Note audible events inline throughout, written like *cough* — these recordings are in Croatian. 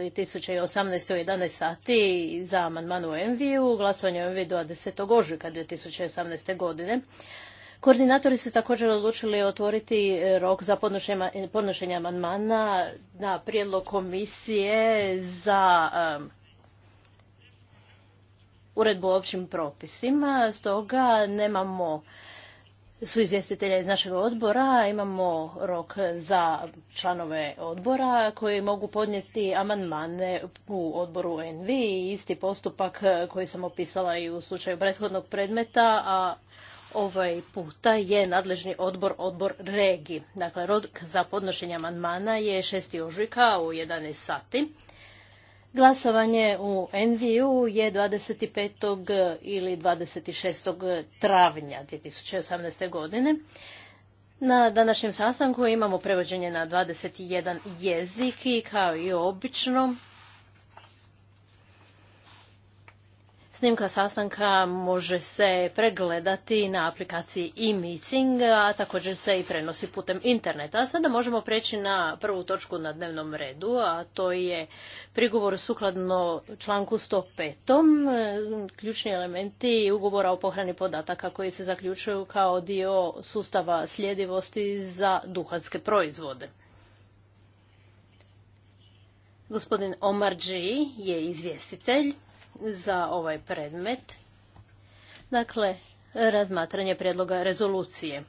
2018. u 11 sati za amandman u Enviju, glasovanje u Enviju 20. ožujka 2018. godine. Koordinatori su također odlučili otvoriti rok za podnošenje amandmana na prijedlog komisije za uredbu o općim propisima, stoga nemamo su izvjestitelja iz našeg odbora. Imamo rok za članove odbora koji mogu podnijeti amandmane u odboru NV. Isti postupak koji sam opisala i u slučaju prethodnog predmeta, a ovaj puta je nadležni odbor odbor regi. Dakle, rok za podnošenje amandmana je 6. ožujka u 11 sati. Glasovanje u NVU je 25. ili 26. travnja 2018. godine. Na današnjem sastanku imamo prevođenje na 21 jezik i kao i obično Snimka sastanka može se pregledati na aplikaciji e-meeting, a također se i prenosi putem interneta. A sada možemo preći na prvu točku na dnevnom redu, a to je prigovor sukladno članku 105. Ključni elementi ugovora o pohrani podataka koji se zaključuju kao dio sustava sljedivosti za duhanske proizvode. Gospodin Omar G. je izvjestitelj za ovaj predmet. Dakle, razmatranje prijedloga rezolucije.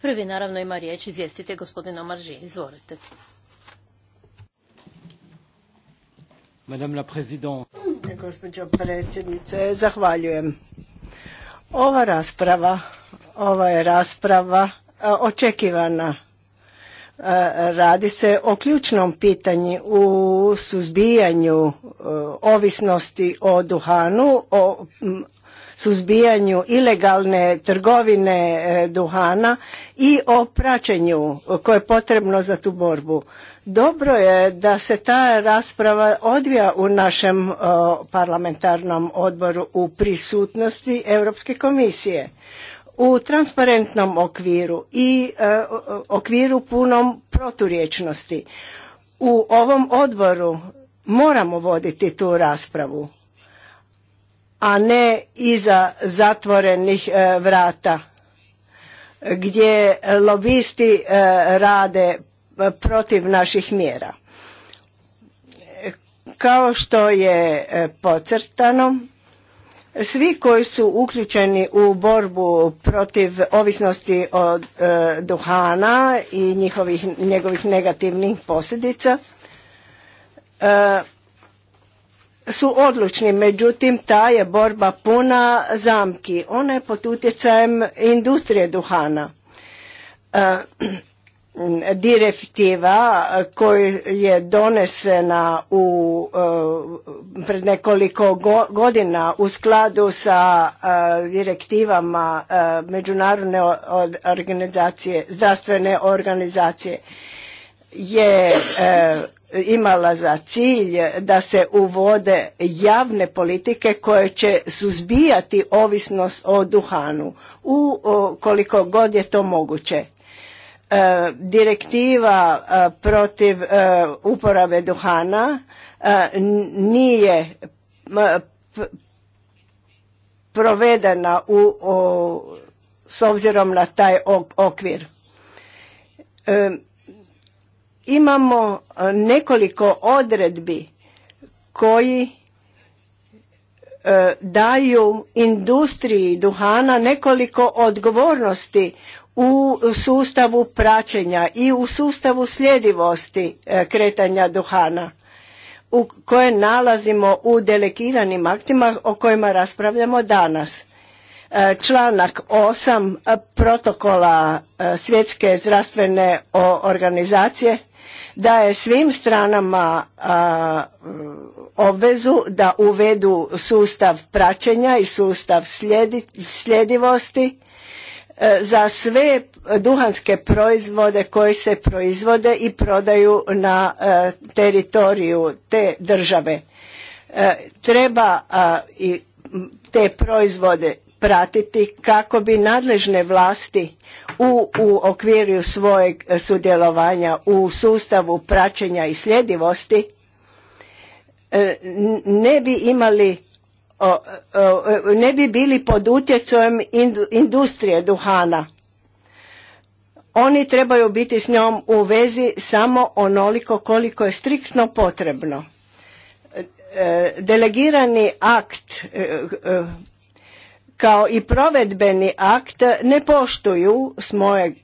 Prvi naravno ima riječ izvjestite gospodina Omarži. Izvolite. Madame la Gospođo predsjednice, zahvaljujem. Ova rasprava, ova je rasprava e, očekivana Radi se o ključnom pitanju u suzbijanju e, ovisnosti o duhanu, o suzbijanju ilegalne trgovine e, duhana i o praćenju koje je potrebno za tu borbu. Dobro je da se ta rasprava odvija u našem e, parlamentarnom odboru u prisutnosti Europske komisije u transparentnom okviru i e, okviru punom proturječnosti. U ovom odboru moramo voditi tu raspravu, a ne iza zatvorenih e, vrata gdje lobisti e, rade protiv naših mjera. Kao što je podcrtano, svi koji su uključeni u borbu protiv ovisnosti od e, duhana i njegovih negativnih posljedica e, su odlučni, međutim ta je borba puna zamki. Ona je pod utjecajem industrije duhana. E, direktiva koja je donesena u, e, pred nekoliko godina u skladu sa e, direktivama e, Međunarodne organizacije, zdravstvene organizacije je imala za cilj da se uvode javne politike koje će suzbijati ovisnost o duhanu u koliko god je to moguće E, direktiva e, protiv e, uporabe duhana nije provedena s obzirom na taj okvir. imamo nekoliko odredbi koji daju industriji duhana nekoliko odgovornosti u sustavu praćenja i u sustavu sljedivosti e, kretanja duhana u koje nalazimo u delegiranim aktima o kojima raspravljamo danas. E, članak 8 e, protokola Svjetske zdravstvene organizacije daje svim stranama obvezu da uvedu sustav praćenja i sustav sljedivosti E, za sve duhanske proizvode koji se proizvode i prodaju na e, teritoriju te države. E, treba i te proizvode pratiti kako bi nadležne vlasti u, u okviru svojeg sudjelovanja u sustavu praćenja i sljedivosti ne bi imali ne bi bili pod utjecajem industrije duhana. Oni trebaju biti s njom u vezi samo onoliko koliko je striktno potrebno. E, delegirani akt e, e, kao i provedbeni akt ne poštuju s moje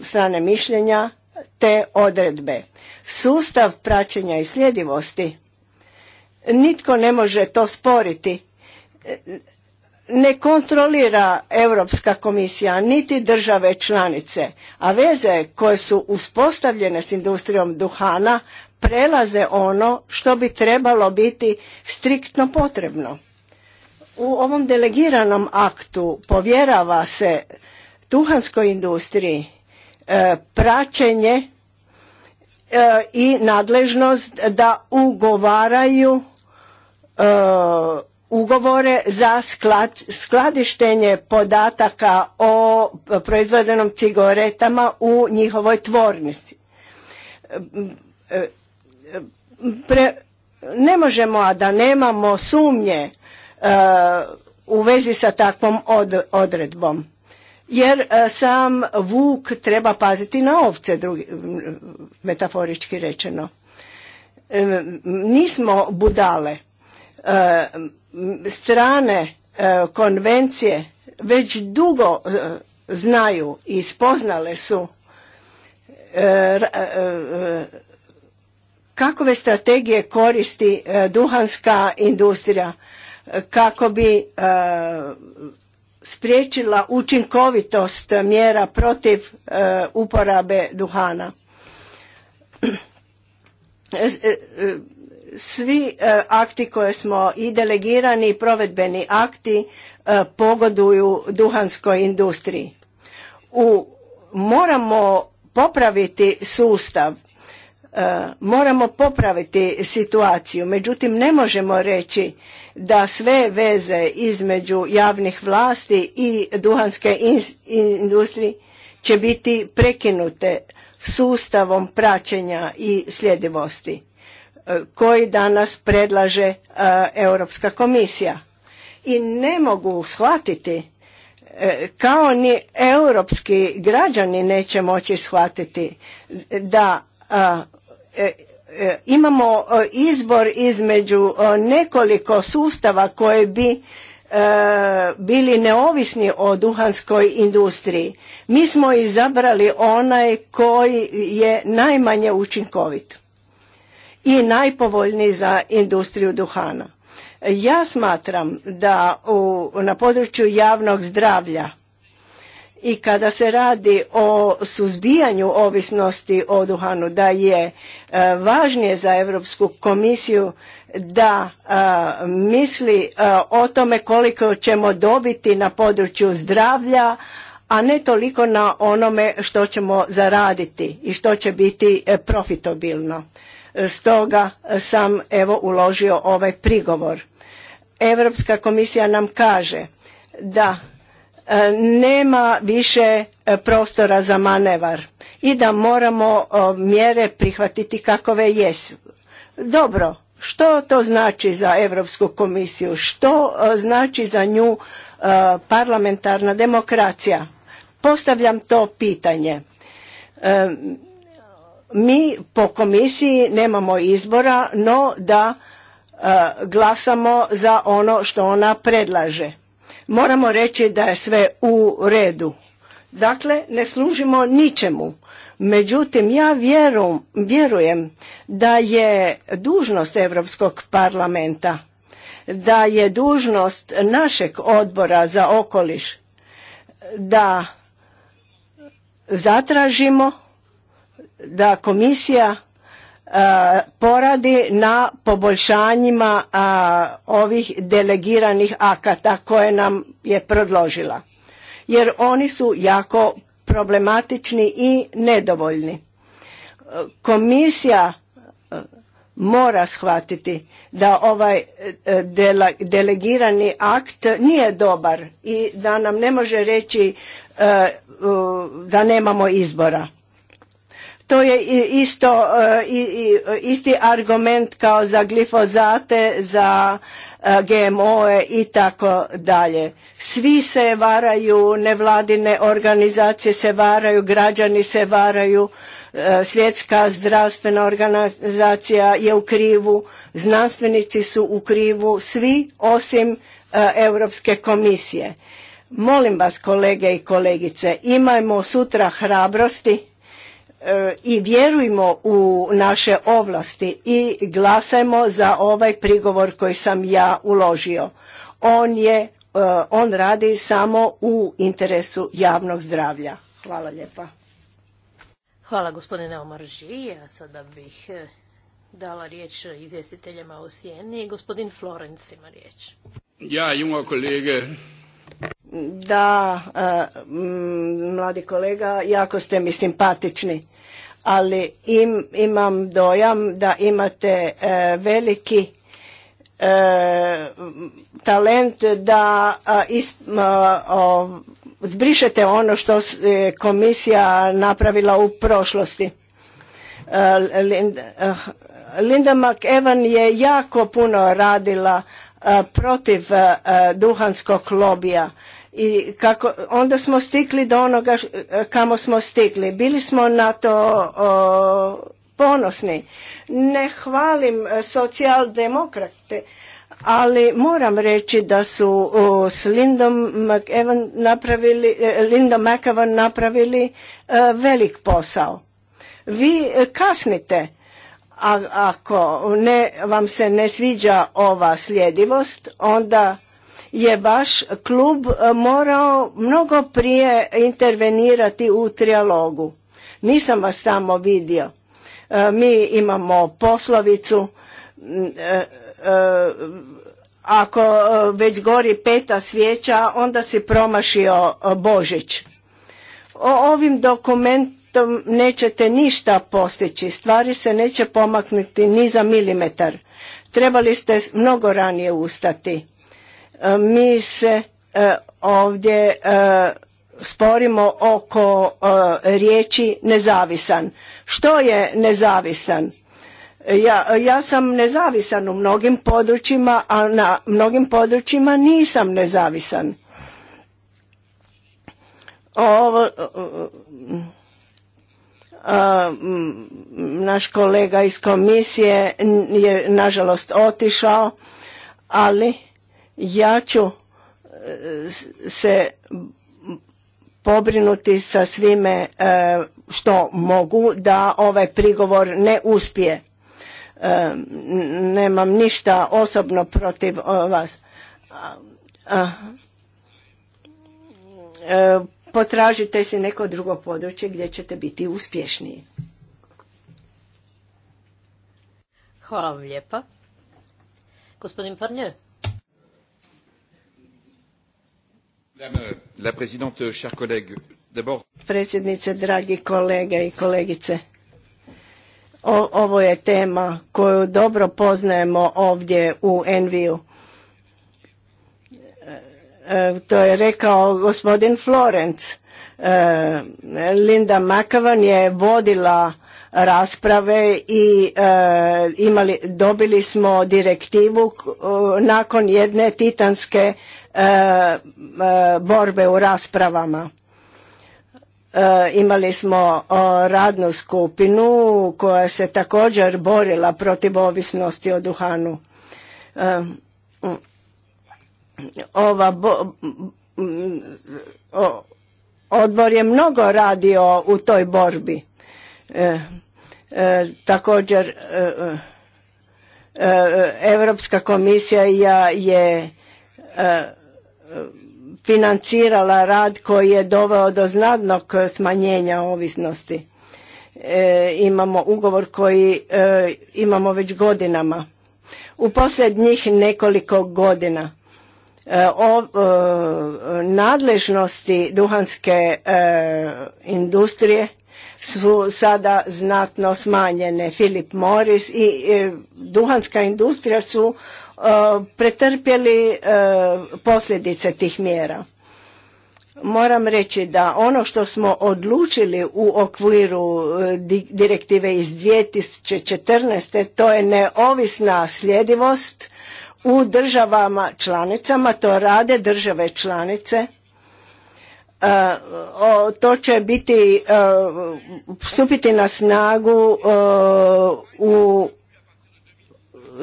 strane mišljenja te odredbe. Sustav praćenja i sljedivosti Nitko ne može to sporiti. Ne kontrolira Europska komisija, niti države članice, a veze koje su uspostavljene s industrijom duhana prelaze ono što bi trebalo biti striktno potrebno. U ovom delegiranom aktu povjerava se duhanskoj industriji e, praćenje e, i nadležnost da ugovaraju E, ugovore za skladištenje podataka o proizvedenom cigaretama u njihovoj tvornici. E, e, ne možemo, a da nemamo sumnje u vezi sa takvom odredbom. Jer sam vuk treba paziti na ovce, metaforički rečeno. nismo budale E, strane e, konvencije već dugo e, znaju i spoznale su kakove strategije koristi duhanska industrija kako bi spriječila učinkovitost mjera protiv uporabe duhana *clears throat* Svi e, akti koje smo i delegirani i provedbeni akti e, pogoduju duhanskoj industriji. U, moramo popraviti sustav, e, moramo popraviti situaciju, međutim ne možemo reći da sve veze između javnih vlasti i duhanske industrije će biti prekinute sustavom praćenja i sljedivosti E, koji danas predlaže e, Europska komisija. I ne mogu shvatiti, e, kao ni europski građani neće moći shvatiti da imamo izbor između nekoliko sustava koje bi bili neovisni o duhanskoj industriji. Mi smo izabrali onaj koji je najmanje učinkovit i najpovoljniji za industriju duhana. Ja smatram da u, na području javnog zdravlja i kada se radi o suzbijanju ovisnosti o duhanu da je e, važnije za Europsku komisiju da e, misli e, o tome koliko ćemo dobiti na području zdravlja, a ne toliko na onome što ćemo zaraditi i što će biti e, profitabilno. Stoga sam evo uložio ovaj prigovor. Europska komisija nam kaže da e, nema više e, prostora za manevar i da moramo mjere prihvatiti kakove jesu. Dobro, što to znači za Europsku komisiju? Što e, znači za nju parlamentarna demokracija? Postavljam to pitanje. Mi po komisiji nemamo izbora, no da e, glasamo za ono što ona predlaže. Moramo reći da je sve u redu. Dakle, ne služimo ničemu. Međutim, ja vjerujem, vjerujem da je dužnost Europskog parlamenta, da je dužnost našeg odbora za okoliš, da zatražimo da komisija e, poradi na poboljšanjima e, ovih delegiranih akata koje nam je predložila. Jer oni su jako problematični i nedovoljni. E, komisija mora shvatiti da ovaj delegirani akt nije dobar i da nam ne može reći da nemamo izbora. To je isto, e, isti argument kao za glifozate, za e, GMO i tako dalje. Svi se varaju, nevladine organizacije se varaju, građani se varaju, e, svjetska zdravstvena organizacija je u krivu, znanstvenici su u krivu, svi osim Europske komisije. Molim vas kolege i kolegice, imajmo sutra hrabrosti E, i vjerujmo u naše ovlasti i glasajmo za ovaj prigovor koji sam ja uložio. On je, e, on radi samo u interesu javnog zdravlja. Hvala lijepa. Hvala gospodine Omarži. A sada bih e, dala riječ izvjestiteljima u Sijeni. Gospodin Florenc ima riječ. Ja, jungo kolege, da, e, mladi kolega, jako ste mi simpatični, ali imam dojam da imate e, veliki e, talent da is, zbrišete ono što je komisija napravila u prošlosti. Linda, Linda McEvan je jako puno radila protiv duhanskog lobija i kako onda smo stigli do onoga kamo smo stigli bili smo na to ponosni ne hvalim e, socijaldemokrate ali moram reći da su s Lindom napravili e, Linda napravili e, velik posao vi kasnite a ako ne vam se ne sviđa ova sljedivost onda je vaš klub e, morao mnogo prije intervenirati u trijalogu. Nisam vas tamo vidio. E, mi imamo poslovicu e, ako već gori peta svijeća, onda si promašio Božić. O ovim dokumentom nećete ništa postići, stvari se neće pomaknuti ni za milimetar. Trebali ste mnogo ranije ustati. E, mi se e, ovdje e, sporimo oko riječi nezavisan. Što je nezavisan? Ja, ja sam nezavisan u mnogim područjima, a na mnogim područjima nisam nezavisan. naš kolega iz komisije je nažalost otišao, ali ja ću e, se pobrinuti sa svime e, što mogu da ovaj prigovor ne uspije. E, nemam ništa osobno protiv vas. Potražite si neko drugo područje gdje ćete biti uspješniji. Hvala vam lijepa. Gospodin Parnjev. Predsjednice, dragi kolege i kolegice, ovo je tema koju dobro poznajemo ovdje u Enviju. E, e, to je rekao gospodin Florenc. E, Linda Makavan je vodila rasprave i imali, dobili smo direktivu nakon jedne titanske E, e, borbe u raspravama. E, imali smo radnu skupinu koja se također borila protiv ovisnosti o duhanu. Ova odbor je mnogo radio u toj borbi. Također Europska komisija je financirala rad koji je doveo do znadnog smanjenja ovisnosti. E, imamo ugovor koji e, imamo već godinama. U posljednjih nekoliko godina e, o nadležnosti duhanske industrije su sada znatno smanjene. Philip Morris i duhanska industrija su E, pretrpjeli e, posljedice tih mjera. Moram reći da ono što smo odlučili u okviru e, direktive iz 2014. to je neovisna sljedivost u državama članicama, to rade države članice. To će biti, stupiti na snagu u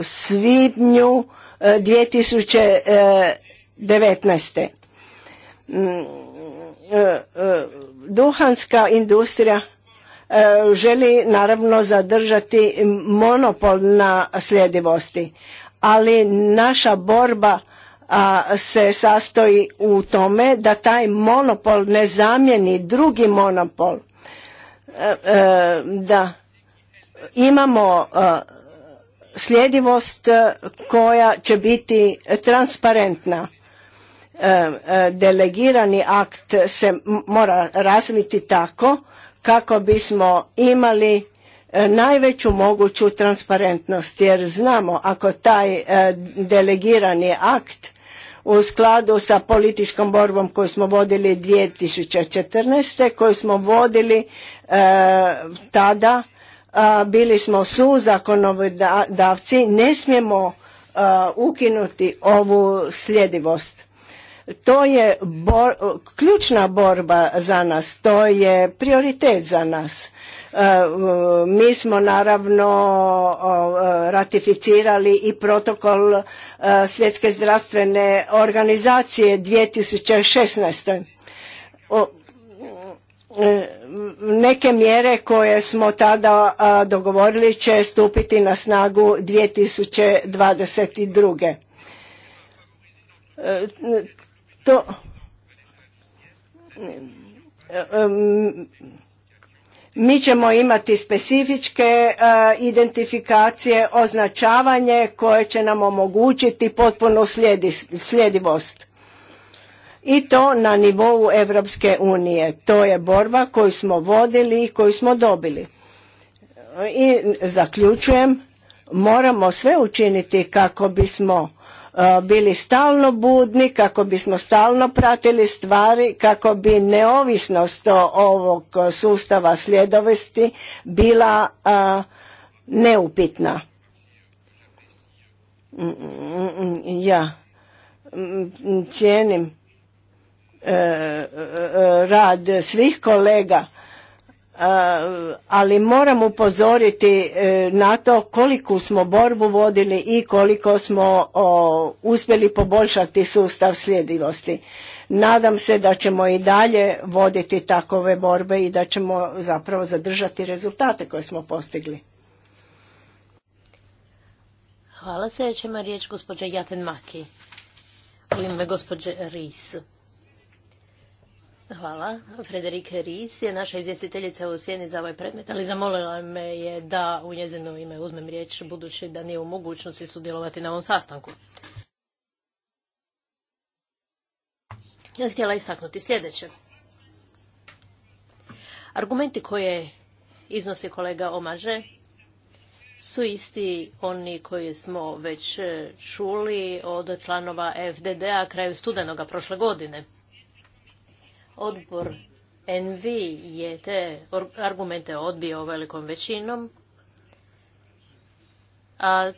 svibnju 2019. E, mm, e, e, duhanska industrija želi naravno zadržati monopol na sljedivosti, ali naša borba se sastoji u tome da taj monopol ne zamjeni drugi monopol. da imamo sljedivost e, koja će biti transparentna. E, e, delegirani akt se mora razviti tako kako bismo imali najveću moguću transparentnost jer znamo ako taj delegirani akt u skladu sa političkom borbom koju smo vodili 2014. koju smo vodili tada bili smo su zakonodavci, ne smijemo ukinuti ovu sljedivost. To je ključna borba za nas, to je prioritet za nas. Mi smo naravno ratificirali i protokol Svjetske zdravstvene organizacije 2016. E, neke mjere koje smo tada dogovorili će stupiti na snagu 2022. E, to e, mi ćemo imati specifičke identifikacije, označavanje koje će nam omogućiti potpunu sljedivost i to na nivou Europske unije. To je borba koju smo vodili i koju smo dobili. I zaključujem, moramo sve učiniti kako bismo e, bili stalno budni, kako bismo stalno pratili stvari, kako bi neovisnost ovog sustava sljedovesti bila e, neupitna. Mm, mm, mm, ja cijenim E, e, rad svih kolega, e, ali moram upozoriti na to koliku smo borbu vodili i koliko smo uspjeli poboljšati sustav sljedivosti. Nadam se da ćemo i dalje voditi takove borbe i da ćemo zapravo zadržati rezultate koje smo postigli. Hvala, sljedeća riječ gospođa Jaten Maki u gospođe Ris. Hvala. Frederike Ries je naša izvjestiteljica u sjeni za ovaj predmet, ali zamolila me je da u njezino ime uzmem riječ, budući da nije u mogućnosti sudjelovati na ovom sastanku. Ja htjela istaknuti sljedeće. Argumenti koje iznosi kolega Omaže su isti oni koji smo već čuli od članova FDD-a krajem studenoga prošle godine. Odbor NV je te argumente odbio velikom većinom, a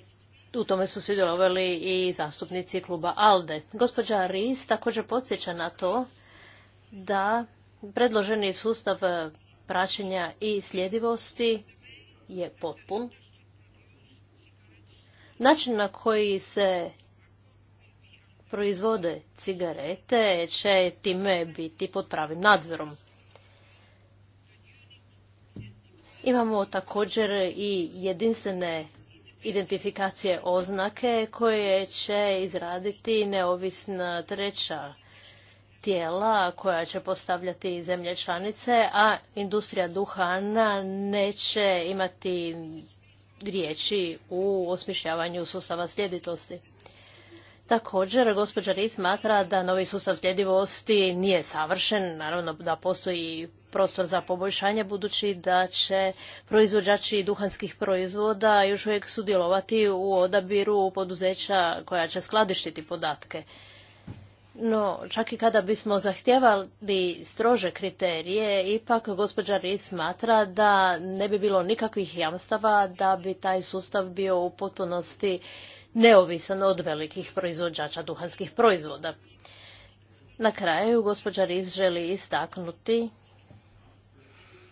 u tome su sudjelovali i zastupnici kluba ALDE. Gospođa Ries također podsjeća na to da predloženi sustav praćenja i sljedivosti je potpun. Način na koji se proizvode cigarete će time biti pod pravim nadzorom. Imamo također i jedinstvene identifikacije oznake koje će izraditi neovisna treća tijela koja će postavljati zemlje članice, a industrija duhana neće imati riječi u osmišljavanju sustava slijeditosti. Također, gospođa Ris smatra da novi sustav sljedivosti nije savršen, naravno da postoji prostor za poboljšanje budući da će proizvođači duhanskih proizvoda još uvijek sudjelovati u odabiru poduzeća koja će skladištiti podatke. No, čak i kada bismo zahtjevali strože kriterije, ipak gospođa Riz smatra da ne bi bilo nikakvih jamstava da bi taj sustav bio u potpunosti neovisan od velikih proizvođača duhanskih proizvoda. Na kraju, gospođa Riz želi istaknuti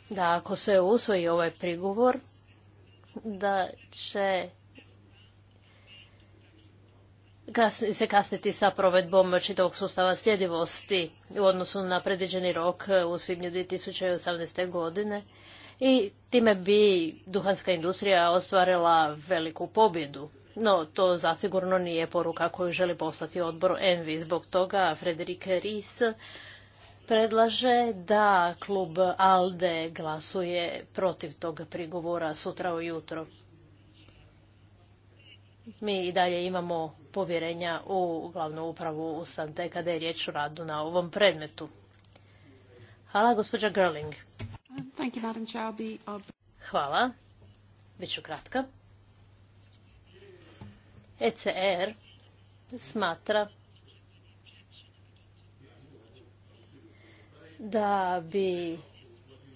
da ako se usvoji ovaj prigovor, da će se kasniti sa provedbom čitavog sustava sljedivosti u odnosu na predviđeni rok u svibnju 2018. godine i time bi duhanska industrija ostvarila veliku pobjedu. No, to zasigurno nije poruka koju želi poslati odbor Envi. Zbog toga Frederik Ries predlaže da klub ALDE glasuje protiv tog prigovora sutra ujutro. Mi i dalje imamo povjerenja u glavnu upravu Ustante kada je riječ o radu na ovom predmetu. Hvala, gospođa Gerling. Hvala. ću kratka. ECR smatra da bi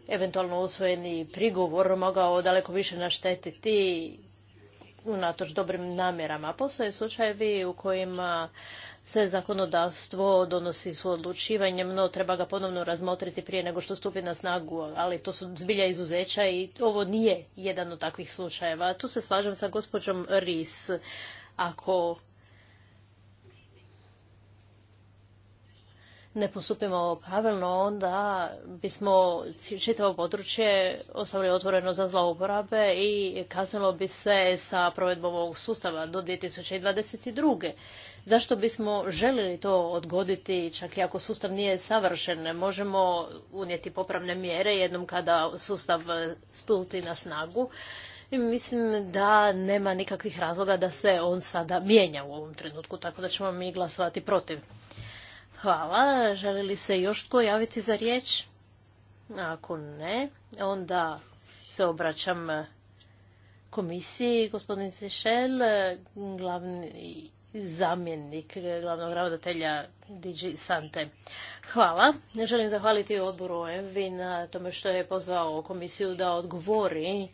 eventualno usvojeni prigovor mogao daleko više naštetiti unatoč dobrim namjerama. Postoje slučajevi u kojima se zakonodavstvo donosi su odlučivanjem, no treba ga ponovno razmotriti prije nego što stupi na snagu, ali to su zbilja izuzeća i ovo nije jedan od takvih slučajeva. Tu se slažem sa gospođom Ris ako ne postupimo pravilno, onda bismo čitavo područje ostavili otvoreno za zlouporabe i kaznilo bi se sa provedbom ovog sustava do 2022. Zašto bismo željeli to odgoditi, čak i ako sustav nije savršen? Možemo unijeti popravne mjere jednom kada sustav sputi na snagu mislim da nema nikakvih razloga da se on sada mijenja u ovom trenutku, tako da ćemo mi glasovati protiv. Hvala. Želi li se još tko javiti za riječ? Ako ne, onda se obraćam komisiji. Gospodin Sešel, glavni zamjenik glavnog ravnatelja Digi Sante. Hvala. Želim zahvaliti odboru ENVI na tome što je pozvao komisiju da odgovori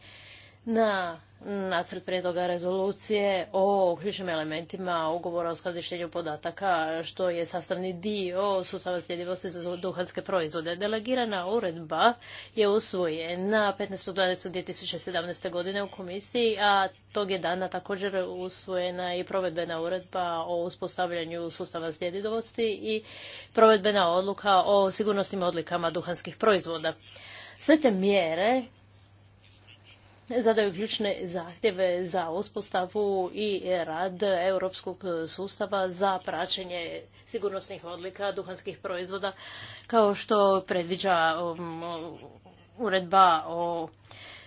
na nacrt prijedloga rezolucije o ključnim elementima ugovora o skladištenju podataka, što je sastavni dio sustava sljedivosti za duhanske proizvode. Delegirana uredba je usvojena 15.12.2017. godine u komisiji, a tog je dana također usvojena i provedbena uredba o uspostavljanju sustava sljedivosti i provedbena odluka o sigurnosnim odlikama duhanskih proizvoda. Sve te mjere zadaju ključne zahtjeve za uspostavu i rad europskog sustava za praćenje sigurnosnih odlika duhanskih proizvoda kao što predviđa um, uredba o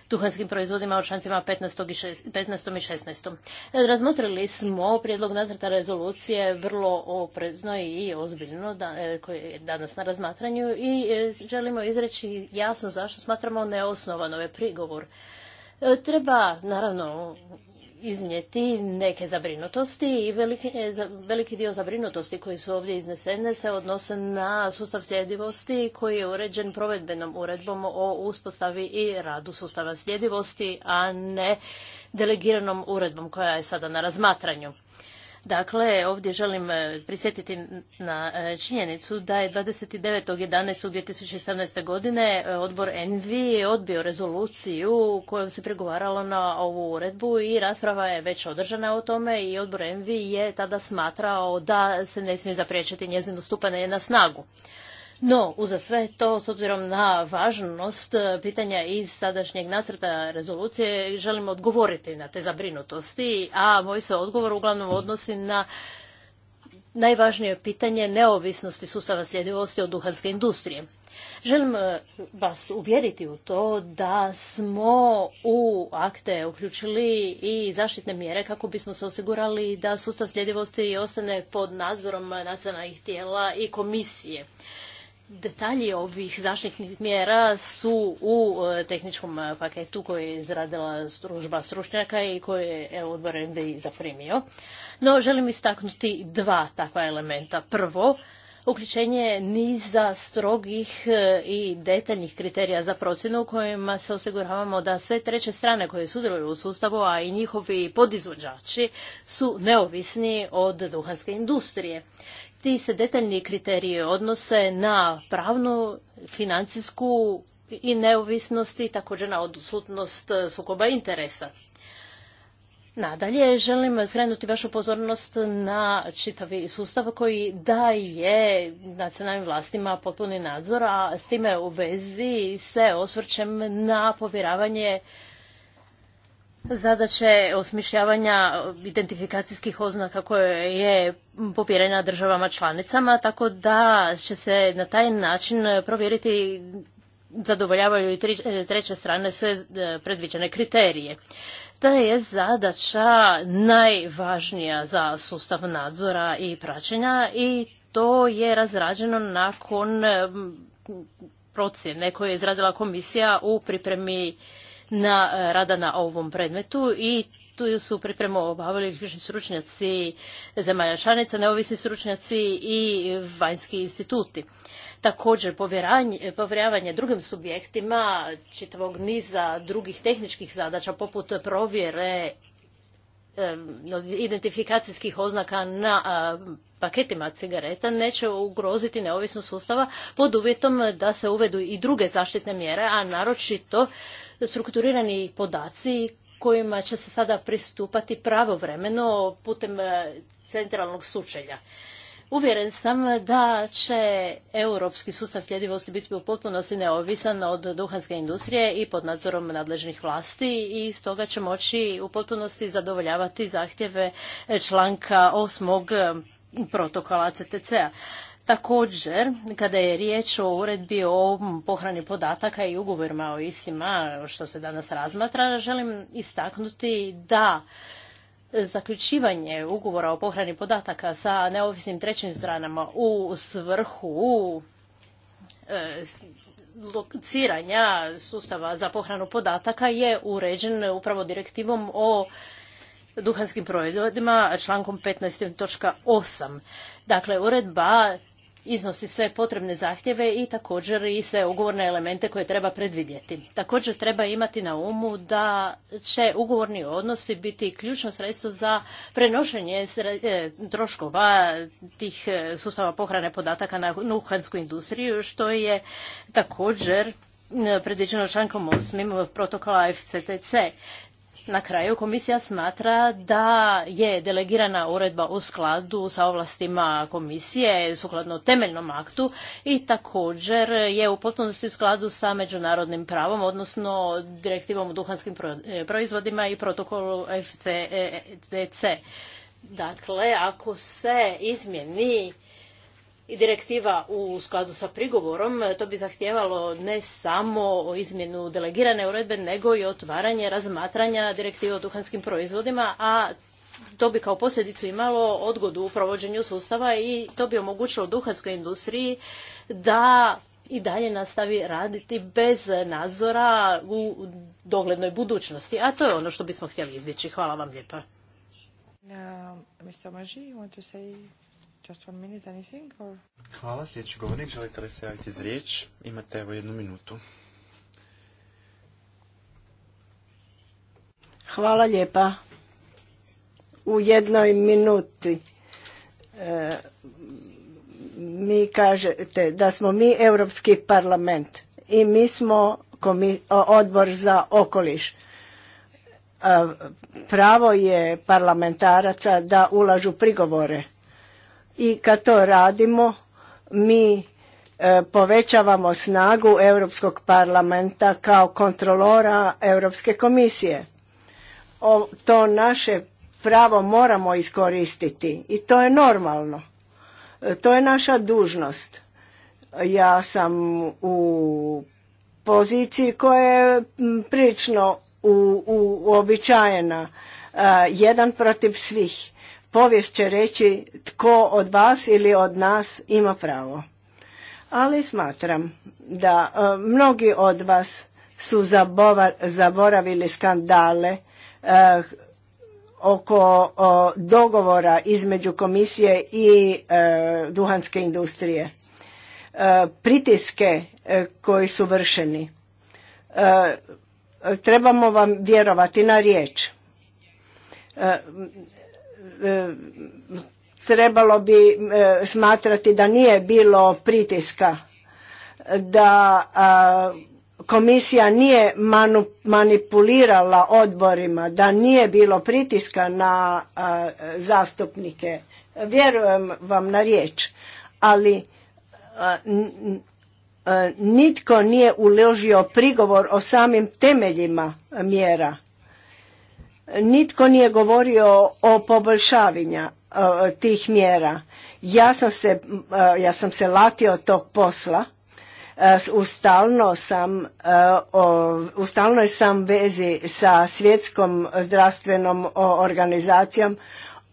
duhanskim proizvodima u člancima 15. i, 16. Razmotrili smo prijedlog nacrta rezolucije vrlo oprezno i ozbiljno da, e, koji je danas na razmatranju i e, želimo izreći jasno zašto smatramo neosnovan ovaj prigovor E, treba, naravno, iznijeti neke zabrinutosti i e, veliki, dio zabrinutosti koji su ovdje iznesene se odnose na sustav sljedivosti koji je uređen provedbenom uredbom o uspostavi i radu sustava sljedivosti, a ne delegiranom uredbom koja je sada na razmatranju. Dakle, ovdje želim e, prisjetiti na e, činjenicu da je 29.11.2017. godine e, odbor ENVI odbio rezoluciju kojom se pregovaralo na ovu uredbu i rasprava je već održana o tome i odbor ENVI je tada smatrao da se ne smije zapriječiti njezino stupanje na snagu. No, uza sve to, s obzirom na važnost e, pitanja iz sadašnjeg nacrta rezolucije, želimo odgovoriti na te zabrinutosti, a moj se odgovor uglavnom odnosi na najvažnije pitanje neovisnosti sustava sljedivosti od duhanske industrije. Želim e, vas uvjeriti u to da smo u akte uključili i zaštitne mjere kako bismo se osigurali da sustav sljedivosti ostane pod nadzorom nacionalnih tijela i komisije. Detalji ovih zaštitnih mjera su u e, tehničkom e, paketu koji je izradila stružba stručnjaka i koji je odbor i zaprimio. No, želim istaknuti dva takva elementa. Prvo, uključenje niza strogih e, i detaljnih kriterija za procjenu kojima se osiguravamo da sve treće strane koje sudjeluju u sustavu, a i njihovi podizvođači su neovisni od duhanske industrije ti se detaljni kriteriji odnose na pravnu, financijsku i neovisnost i također na odsutnost sukoba interesa. Nadalje, želim skrenuti vašu pozornost na čitavi sustav koji daje nacionalnim vlastima potpuni nadzor, a s time u vezi se osvrćem na povjeravanje zadaće osmišljavanja identifikacijskih oznaka koje je povjerena državama članicama, tako da će se na taj način provjeriti zadovoljavaju i treće strane sve e, predviđene kriterije. Ta je zadaća najvažnija za sustav nadzora i praćenja i to je razrađeno nakon procjene koju je izradila komisija u pripremi na e, rada na ovom predmetu i tu su pripremu obavili ključni stručnjaci zemalja članica, neovisni stručnjaci i vanjski instituti. Također, povjeravanje drugim subjektima čitavog niza drugih tehničkih zadaća, poput provjere e, identifikacijskih oznaka na e, paketima cigareta neće ugroziti neovisnost sustava pod uvjetom da se uvedu i druge zaštitne mjere, a naročito strukturirani podaci kojima će se sada pristupati pravovremeno putem e, centralnog sučelja. Uvjeren sam da će europski sustav sljedivosti biti u potpunosti neovisan od duhanske industrije i pod nadzorom nadležnih vlasti i stoga će moći u potpunosti zadovoljavati zahtjeve članka osmog protokola CTC-a. Također, kada je riječ o uredbi o pohrani podataka i ugovorima o istima, što se danas razmatra, želim istaknuti da zaključivanje ugovora o pohrani podataka sa neovisnim trećim stranama u svrhu e, lociranja sustava za pohranu podataka je uređen upravo direktivom o duhanskim proizvodima člankom 15.8. Dakle, uredba iznosi sve potrebne zahtjeve i također i sve ugovorne elemente koje treba predvidjeti. Također treba imati na umu da će ugovorni odnosi biti ključno sredstvo za prenošenje e, troškova tih e, sustava pohrane podataka na nuhansku industriju, što je također e, predviđeno člankom 8. protokola FCTC. Na kraju komisija smatra da je delegirana uredba u skladu sa ovlastima komisije sukladno temeljnom aktu i također je u potpunosti u skladu sa međunarodnim pravom, odnosno direktivom o duhanskim e, proizvodima i protokolu FCDC. E dakle, ako se izmjeni i direktiva u skladu sa prigovorom, to bi zahtijevalo ne samo izmjenu delegirane uredbe, nego i otvaranje razmatranja direktive o duhanskim proizvodima, a to bi kao posljedicu imalo odgodu u provođenju sustava i to bi omogućilo duhanskoj industriji da i dalje nastavi raditi bez nadzora u doglednoj budućnosti. A to je ono što bismo htjeli izbjeći. Hvala vam lijepa. Just one minute, anything, Hvala, sljedeći govornik, želite li se javiti za riječ? Imate evo jednu minutu. Hvala lijepa. U jednoj minuti e, mi kažete da smo mi Europski parlament i mi smo odbor za okoliš. E, pravo je parlamentaraca da ulažu prigovore i kad to radimo, mi e, povećavamo snagu Europskog parlamenta kao kontrolora Europske komisije. to naše pravo moramo iskoristiti i to je normalno. E, to je naša dužnost. Ja sam u poziciji koja je prilično uobičajena. E, jedan protiv svih povijest će reći tko od vas ili od nas ima pravo. Ali smatram da e, mnogi od vas su zaboravili skandale e, oko dogovora između komisije i e, duhanske industrije. Pritiske koji su vršeni. Trebamo vam vjerovati na riječ E, trebalo bi e, smatrati da nije bilo pritiska, da komisija nije manipulirala odborima, da nije bilo pritiska na zastupnike. Vjerujem vam na riječ, ali nitko nije uložio prigovor o samim temeljima mjera Nitko nije govorio o poboljšavinja e, tih mjera. Ja sam se, e, ja sam se latio tog posla. E, Ustalno sam, u stalnoj sam vezi sa svjetskom zdravstvenom organizacijom.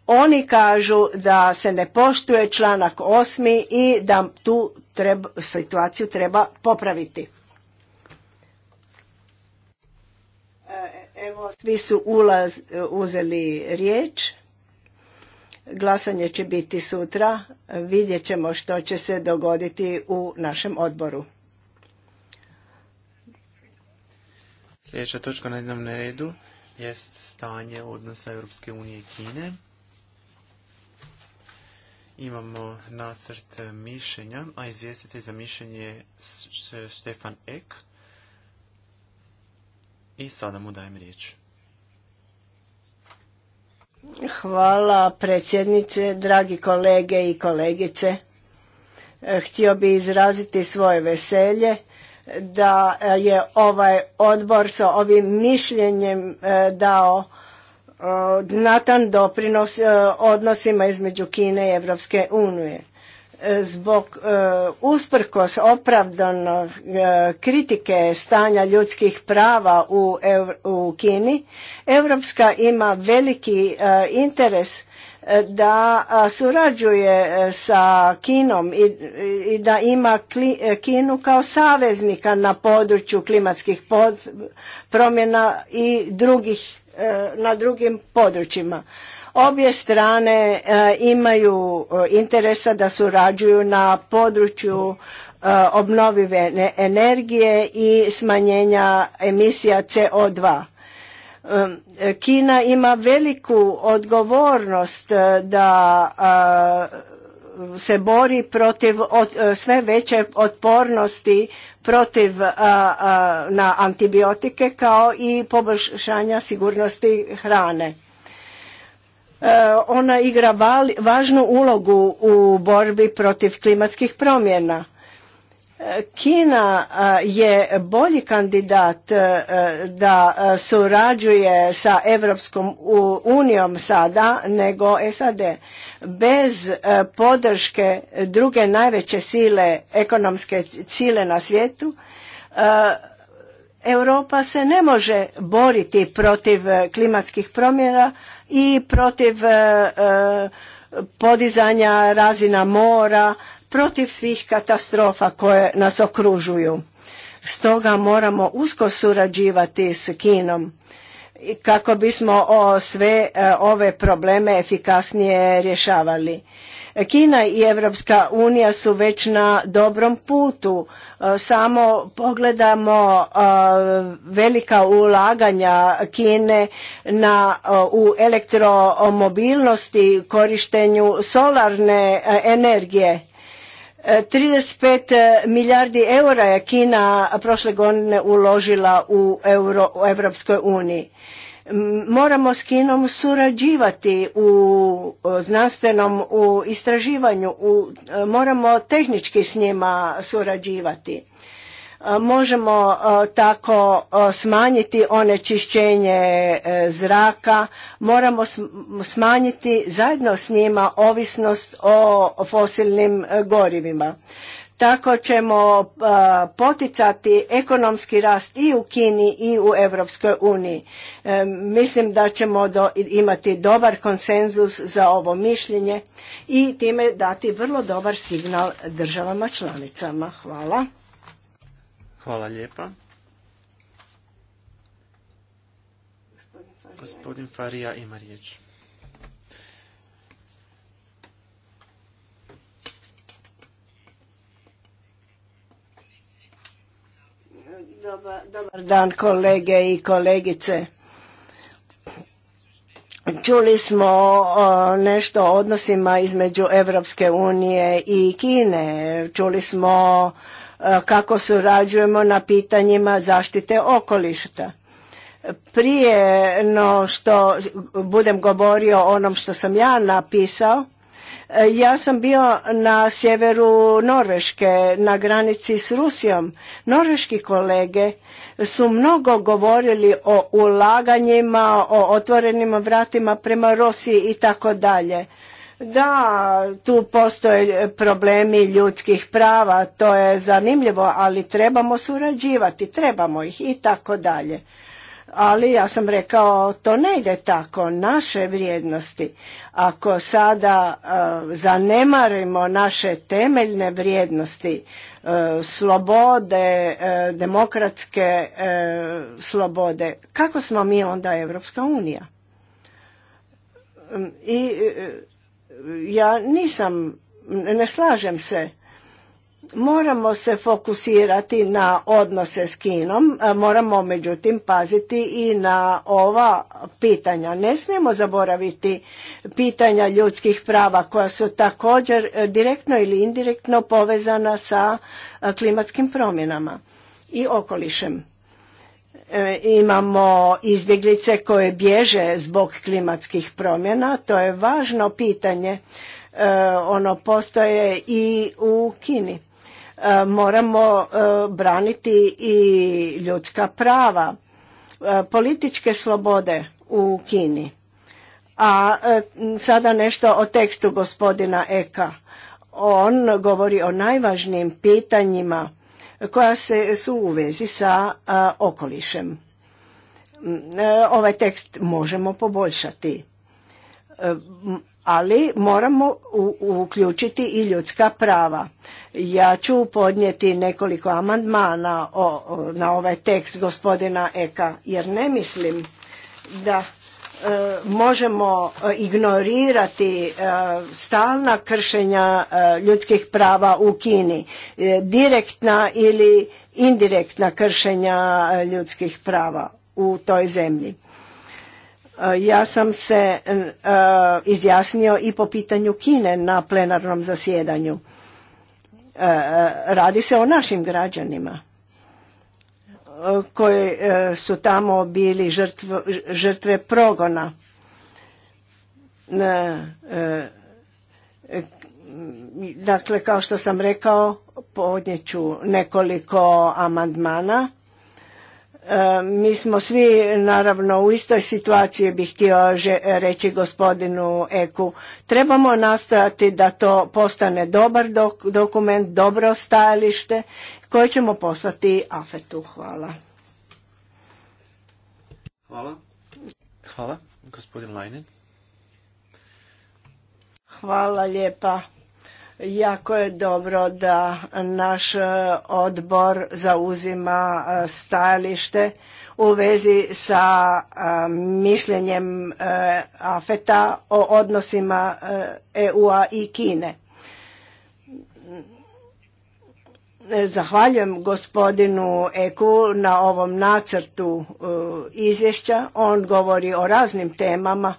Oni kažu da se ne poštuje članak osmi i da tu situaciju treba popraviti. Evo, svi su ulaz, uzeli riječ. Glasanje će biti sutra. Vidjet ćemo što će se dogoditi u našem odboru. Sljedeća točka na jednom redu jest stanje odnosa Europske unije i Kine. Imamo nacrt mišljenja, a izvjestitelj za mišljenje je Štefan Ek. I sada mu dajem riječ. Hvala predsjednice, dragi kolege i kolegice. E, htio bi izraziti svoje veselje da je ovaj odbor sa ovim mišljenjem e, dao e, znatan doprinos odnosima između Kine i Evropske unije zbog e, usprkos opravdano e, kritike stanja ljudskih prava u, Kini, Europska ima veliki e, interes da surađuje sa Kinom i, da ima Kinu kao saveznika na području klimatskih promjena i drugih na drugim područjima. Obje strane e, imaju e, interesa da surađuju na području e, obnovive energije i smanjenja emisija CO2. Kina ima veliku odgovornost da se bori protiv sve veće otpornosti protiv na antibiotike kao i poboljšanja sigurnosti hrane. E, ona igra važnu ulogu u borbi protiv klimatskih promjena. E, Kina e, je bolji kandidat da surađuje sa Europskom unijom sada nego SAD. Bez podrške druge najveće sile, ekonomske sile na svijetu, Europa se ne može boriti protiv eh, klimatskih promjena i protiv eh, eh, podizanja razina mora, protiv svih katastrofa koje nas okružuju. Stoga moramo usko surađivati s Kinom kako bismo sve e, ove probleme efikasnije rješavali. Kina i Europska unija su već na dobrom putu. E, samo pogledamo e, velika ulaganja Kine na, u elektromobilnosti, korištenju solarne energije 35 eh, milijardi eura je Kina prošle godine uložila u, uniji. Moramo s Kinom surađivati u eh, znanstvenom u istraživanju, u, eh, moramo tehnički s njima surađivati možemo tako smanjiti onečišćenje e, zraka, moramo smanjiti zajedno s njima ovisnost o fosilnim e, gorivima. Tako ćemo poticati ekonomski rast i u Kini i u Europskoj uniji. E, mislim da ćemo imati dobar konsenzus za ovo mišljenje i time dati vrlo dobar signal državama članicama. Hvala. Hvala lijepa. Gospodin Farija ima riječ. Dobar, dan kolege i kolegice. Čuli smo nešto o odnosima između Evropske unije i Kine. Čuli smo kako surađujemo na pitanjima zaštite okolišta. Prije no što budem govorio o onom što sam ja napisao, ja sam bio na sjeveru Norveške, na granici s Rusijom. Norveški kolege su mnogo govorili o ulaganjima, o otvorenim vratima prema Rusiji i tako dalje. Da, tu postoje problemi ljudskih prava, to je zanimljivo, ali trebamo surađivati, trebamo ih i tako dalje. Ali ja sam rekao, to ne ide tako, naše vrijednosti. Ako sada e, zanemarimo naše temeljne vrijednosti, e, slobode, e, demokratske slobode, kako smo mi onda Evropska unija? I ja nisam, ne slažem se. Moramo se fokusirati na odnose s Kinom, moramo međutim paziti i na ova pitanja. Ne smijemo zaboraviti pitanja ljudskih prava koja su također e, direktno ili indirektno povezana sa klimatskim promjenama i okolišem. E, imamo izbjeglice koje bježe zbog klimatskih promjena, to je važno pitanje, e, ono postoje i u Kini. E, moramo braniti i ljudska prava, političke slobode u Kini. A sada nešto o tekstu gospodina Eka. On govori o najvažnijim pitanjima koja se, su u vezi sa okolišem. E, ovaj tekst možemo poboljšati, e, ali moramo uključiti i ljudska prava. Ja ću podnijeti nekoliko amandmana o, na ovaj tekst gospodina Eka, jer ne mislim da E, možemo e, ignorirati e, stalna kršenja ljudskih prava u Kini, direktna ili indirektna kršenja ljudskih prava u toj zemlji. Ja sam se izjasnio i po pitanju Kine na plenarnom zasjedanju. Radi se o našim građanima koji e, su tamo bili žrtve progona. E, e, dakle, kao što sam rekao, ću nekoliko amandmana. Mi smo svi, naravno, u istoj situaciji bih htio reći gospodinu Eku. Trebamo nastojati da to postane dobar dokument, dobro stajalište koje ćemo poslati Afetu. Hvala. Hvala. Hvala, gospodin Lajnin. Hvala lijepa. Jako je dobro da naš e, odbor zauzima e, stajalište u vezi sa e, mišljenjem AFETA o odnosima EU-a i Kine. Zahvaljujem gospodinu Eku na ovom nacrtu e, izvješća. On govori o raznim temama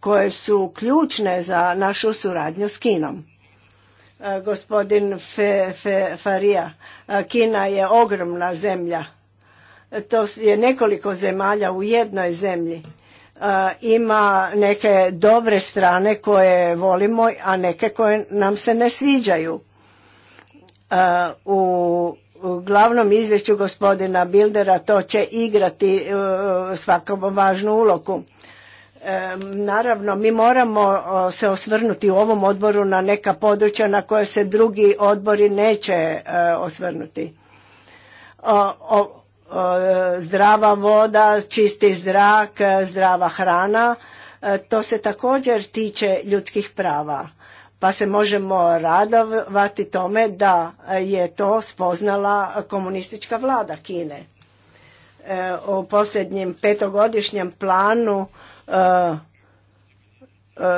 koje su ključne za našu suradnju s Kinom. E, gospodin Fe, Farija, e, Kina je ogromna zemlja. To je nekoliko zemalja u jednoj zemlji. Ima neke dobre strane koje volimo, a neke koje nam se ne sviđaju E, u glavnom izvješću gospodina Bildera to će igrati e, svakom važnu ulogu. E, naravno, mi moramo se osvrnuti u ovom odboru na neka područja na koje se drugi odbori neće osvrnuti. Zdrava voda, čisti zrak, zdrava hrana, to se također tiče ljudskih prava pa se možemo radovati tome da je to spoznala komunistička vlada Kine. E, u posljednjem petogodišnjem planu e, e,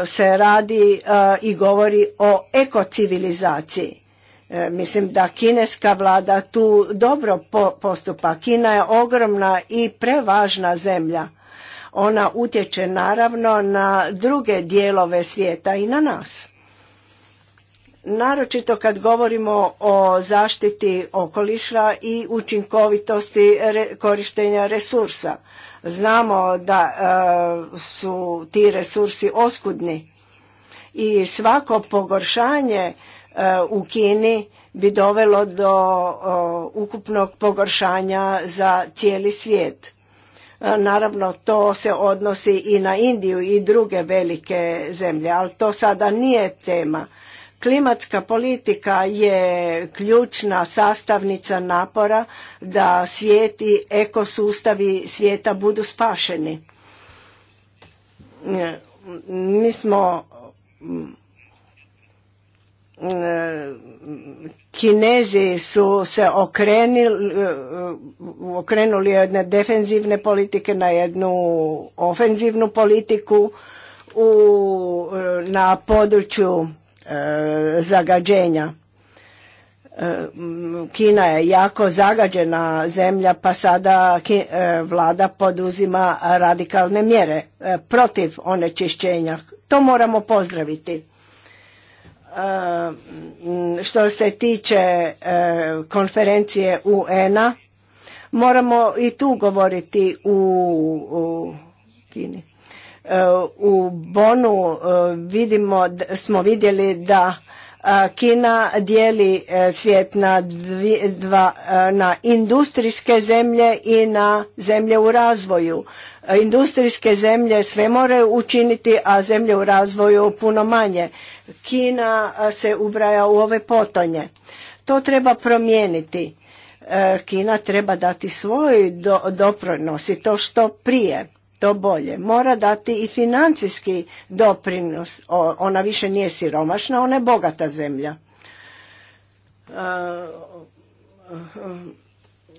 se radi i govori o ekocivilizaciji. Mislim da kineska vlada tu dobro postupa. Kina je ogromna i prevažna zemlja. Ona utječe naravno na druge dijelove svijeta i na nas naročito kad govorimo o zaštiti okoliša i učinkovitosti korištenja resursa. Znamo da e, su ti resursi oskudni i svako pogoršanje e, u Kini bi dovelo do ukupnog pogoršanja za cijeli svijet. E, naravno, to se odnosi i na Indiju i druge velike zemlje, ali to sada nije tema Klimatska politika je ključna sastavnica napora da svijet i ekosustavi svijeta budu spašeni. Mi smo Kinezi su se okrenili, okrenuli jedne defenzivne politike na jednu ofenzivnu politiku u, na području E, zagađenja. E, Kina je jako zagađena zemlja pa sada e, vlada poduzima radikalne mjere protiv onečišćenja. To moramo pozdraviti. Što se tiče konferencije UN-a, moramo i tu govoriti u Kini u Bonu e, vidimo, smo vidjeli da e, Kina dijeli e, svijet na, dva, na industrijske zemlje i na zemlje u razvoju. Industrijske zemlje sve moraju učiniti, a zemlje u razvoju puno manje. Kina se ubraja u ove potonje. To treba promijeniti. Kina treba dati svoj do, doprinos i to što prije to bolje. Mora dati i financijski doprinos. Ona više nije siromašna, ona je bogata zemlja. E,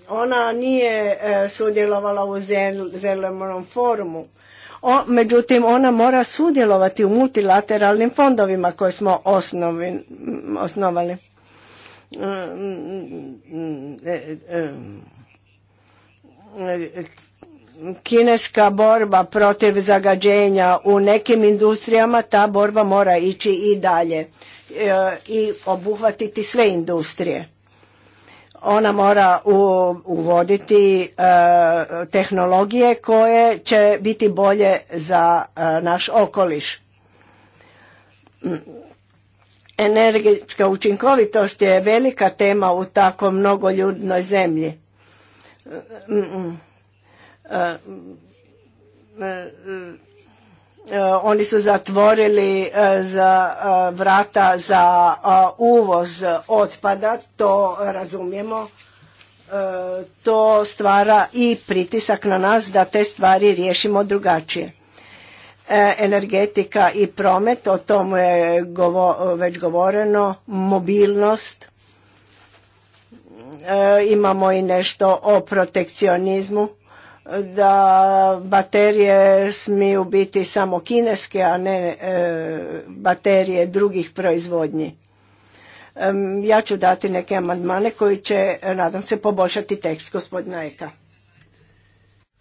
ona nije e, sudjelovala u zelenom forumu. međutim, ona mora sudjelovati u multilateralnim fondovima koje smo osnovali kineska borba protiv zagađenja u nekim industrijama, ta borba mora ići i dalje e, i obuhvatiti sve industrije. Ona mora uvoditi e, tehnologije koje će biti bolje za e, naš okoliš. Energetska učinkovitost je velika tema u tako mnogoljudnoj zemlji. Mm, mm. Uh, uh, uh, oni su zatvorili za vrata za uvoz otpada, to razumijemo. To stvara i pritisak na nas da te stvari riješimo drugačije. Energetika i promet, o tome je već govoreno, mobilnost, imamo i nešto o protekcionizmu da baterije smiju biti samo kineske, a ne e, baterije drugih proizvodnji. Ja ću dati neke amandmane koji će, e, nadam se, poboljšati tekst gospodina Eka.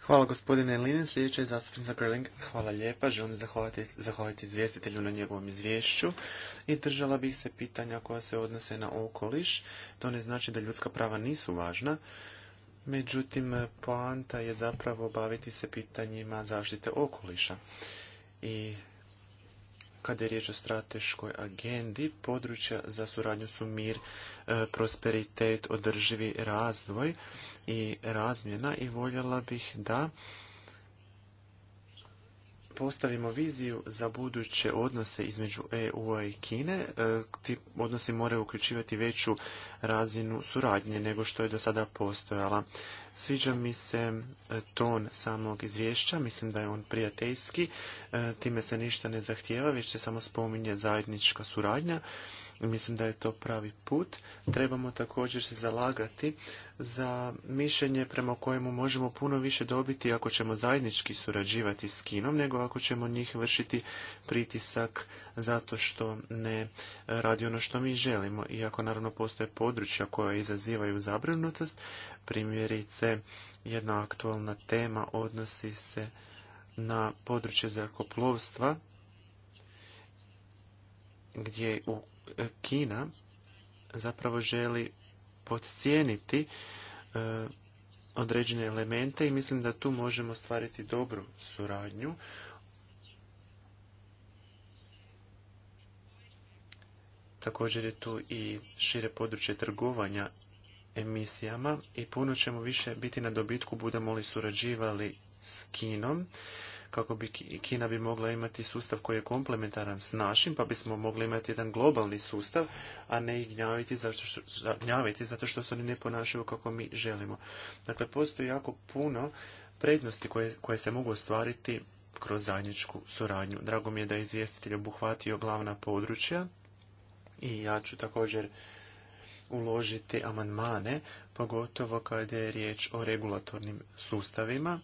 Hvala gospodine Linen, sljedeća je zastupnica Grilling. Hvala lijepa, želim zahvaliti, zahvaliti izvjestitelju na njegovom izvješću i držala bih se pitanja koja se odnose na okoliš. To ne znači da ljudska prava nisu važna, Međutim, poanta je zapravo baviti se pitanjima zaštite okoliša. I kada je riječ o strateškoj agendi, područja za suradnju su mir, e, prosperitet, održivi razvoj i razmjena i voljela bih da postavimo viziju za buduće odnose između EU-a i Kine, e, ti odnosi moraju uključivati veću razinu suradnje nego što je do sada postojala. Sviđa mi se e, ton samog izvješća, mislim da je on prijateljski, e, time se ništa ne zahtijeva, već se samo spominje zajednička suradnja Mislim da je to pravi put. Trebamo također se zalagati za mišljenje prema kojemu možemo puno više dobiti ako ćemo zajednički surađivati s Kinom, nego ako ćemo njih vršiti pritisak zato što ne radi ono što mi želimo. Iako naravno postoje područja koja izazivaju zabrinutost, primjerice jedna aktualna tema odnosi se na područje zrakoplovstva gdje u Kina zapravo želi podcijeniti e, određene elemente i mislim da tu možemo stvariti dobru suradnju. Također je tu i šire područje trgovanja emisijama i puno ćemo više biti na dobitku budemo li surađivali s Kinom kako bi Kina bi mogla imati sustav koji je komplementaran s našim, pa bismo mogli imati jedan globalni sustav, a ne ih gnjaviti, što, gnjaviti zato što se oni ne ponašaju kako mi želimo. Dakle, postoji jako puno prednosti koje, koje se mogu ostvariti kroz zajedničku suradnju. Drago mi je da je izvjestitelj obuhvatio glavna područja i ja ću također uložiti amandmane, pogotovo kada je riječ o regulatornim sustavima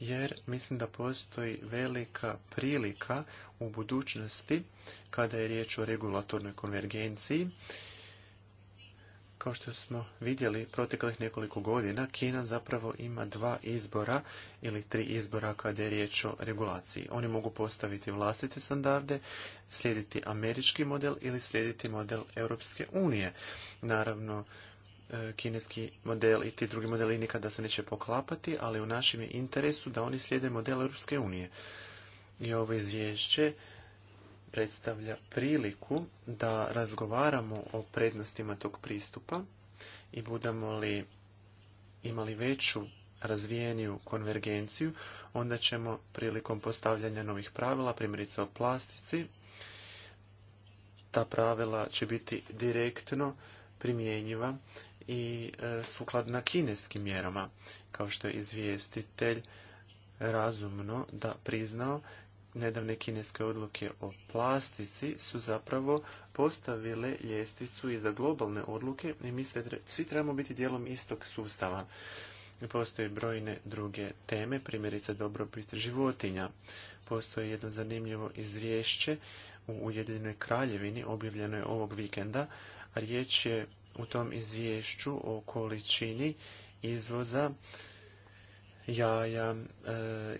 jer mislim da postoji velika prilika u budućnosti kada je riječ o regulatornoj konvergenciji. Kao što smo vidjeli proteklih nekoliko godina, Kina zapravo ima dva izbora ili tri izbora kada je riječ o regulaciji. Oni mogu postaviti vlastite standarde, slijediti američki model ili slijediti model Europske unije. Naravno, E, kineski model i ti drugi modeli nikada se neće poklapati, ali u našem je interesu da oni slijede model Europske unije. I ovo izvješće predstavlja priliku da razgovaramo o prednostima tog pristupa i budemo li imali veću razvijeniju konvergenciju, onda ćemo prilikom postavljanja novih pravila, primjerice o plastici, ta pravila će biti direktno primjenjiva i e, sukladna kineskim mjerama, kao što je izvijestitelj razumno da priznao nedavne kineske odluke o plastici su zapravo postavile ljestvicu i za globalne odluke i mi se, svi trebamo biti dijelom istog sustava. Postoje brojne druge teme, primjerice dobrobit životinja. Postoje jedno zanimljivo izvješće u Ujedinjenoj kraljevini, objavljeno je ovog vikenda, a riječ je u tom izvješću o količini izvoza jaja e,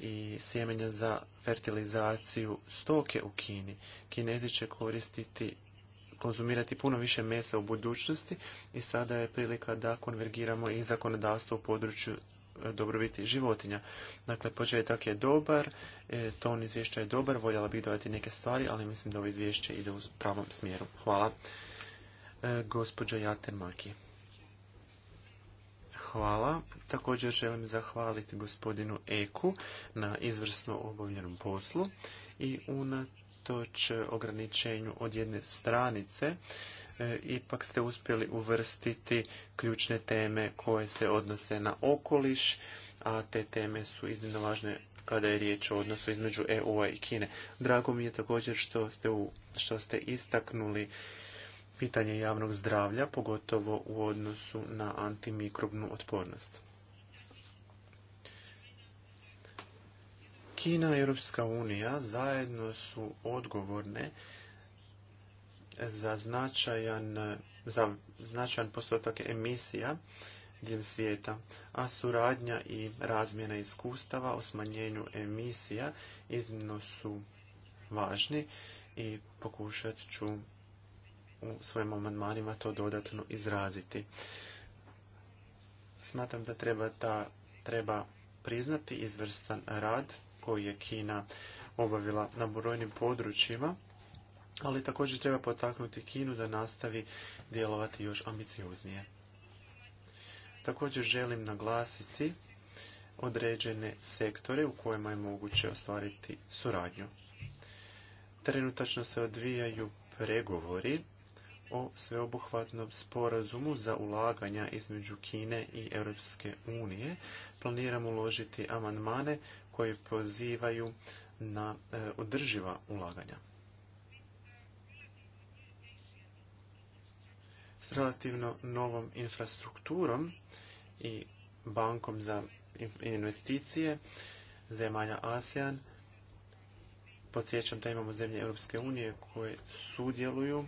i sjemenja za fertilizaciju stoke u Kini. Kinezi će koristiti konzumirati puno više mesa u budućnosti i sada je prilika da konvergiramo i zakonodavstvo u području e, dobrobiti životinja. Dakle, početak je dobar, e, ton izvješća je dobar, voljela bih dodati neke stvari, ali mislim da ovo izvješće ide u pravom smjeru. Hvala. E, gospođa Jate Maki. Hvala. Također želim zahvaliti gospodinu Eku na izvrsno obavljenom poslu i unatoč ograničenju od jedne stranice e, ipak ste uspjeli uvrstiti ključne teme koje se odnose na okoliš, a te teme su iznimno važne kada je riječ o odnosu između EU-a i Kine. Drago mi je također što ste, što ste istaknuli pitanje javnog zdravlja, pogotovo u odnosu na antimikrobnu otpornost. Kina i Europska unija zajedno su odgovorne za značajan, za značajan postotak emisija diljem svijeta, a suradnja i razmjena iskustava o smanjenju emisija iznimno su važni i pokušat ću u svojim amandmanima to dodatno izraziti. Smatram da treba, ta, treba priznati izvrstan rad koji je Kina obavila na brojnim područjima, ali također treba potaknuti Kinu da nastavi djelovati još ambicioznije. Također želim naglasiti određene sektore u kojima je moguće ostvariti suradnju. Trenutačno se odvijaju pregovori o sveobuhvatnom sporazumu za ulaganja između Kine i Europske unije. Planiram uložiti amandmane koji pozivaju na e, održiva ulaganja. S relativno novom infrastrukturom i bankom za investicije zemalja ASEAN podsjećam da imamo zemlje Europske unije koje sudjeluju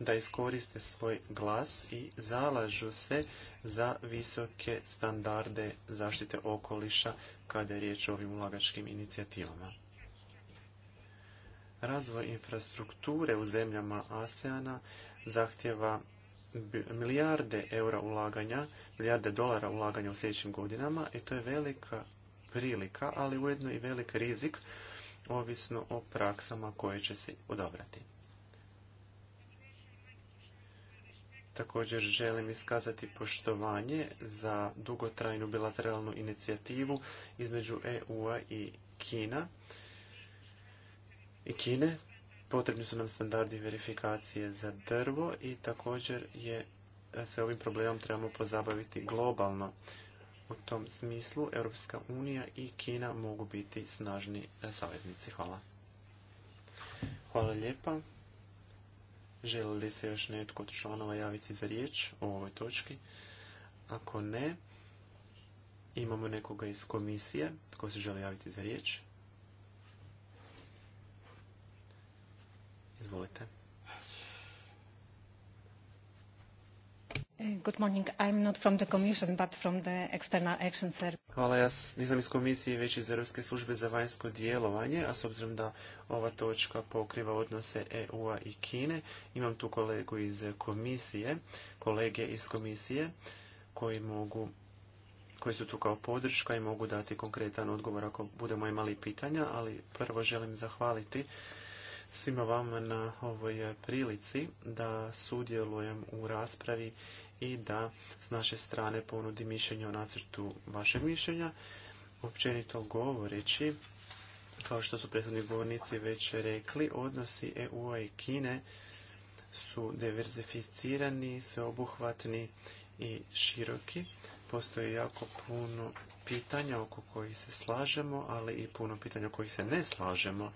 da iskoriste svoj glas i zalažu se za visoke standarde zaštite okoliša kada je riječ o ovim ulagačkim inicijativama. Razvoj infrastrukture u zemljama ASEANA zahtjeva milijarde eura ulaganja, milijarde dolara ulaganja u sljedećim godinama i to je velika prilika, ali ujedno i velik rizik, ovisno o praksama koje će se odabrati. Također želim iskazati poštovanje za dugotrajnu bilateralnu inicijativu između EU-a i Kina. I Kine potrebni su nam standardi verifikacije za drvo i također je se ovim problemom trebamo pozabaviti globalno. U tom smislu Europska unija i Kina mogu biti snažni saveznici. Hvala. Hvala lijepa. Želi li se još netko od članova javiti za riječ o ovoj točki? Ako ne, imamo nekoga iz komisije tko se želi javiti za riječ. Izvolite. Eh, good morning. Hvala, ja nisam iz komisije, već iz Europske službe za vanjsko djelovanje, a s obzirom da ova točka pokriva odnose EU-a i Kine, imam tu kolegu iz komisije, kolege iz komisije, koji mogu koji su tu kao podrška i mogu dati konkretan odgovor ako budemo imali pitanja, ali prvo želim zahvaliti svima vama na ovoj eh, prilici da sudjelujem u raspravi i da s naše strane ponudi mišljenje o nacrtu vašeg mišljenja. Općenito govoreći, kao što su prethodni govornici već rekli, odnosi EU-a i Kine su diverzificirani, sveobuhvatni i široki. Postoji jako puno pitanja oko kojih se slažemo, ali i puno pitanja kojih se ne slažemo.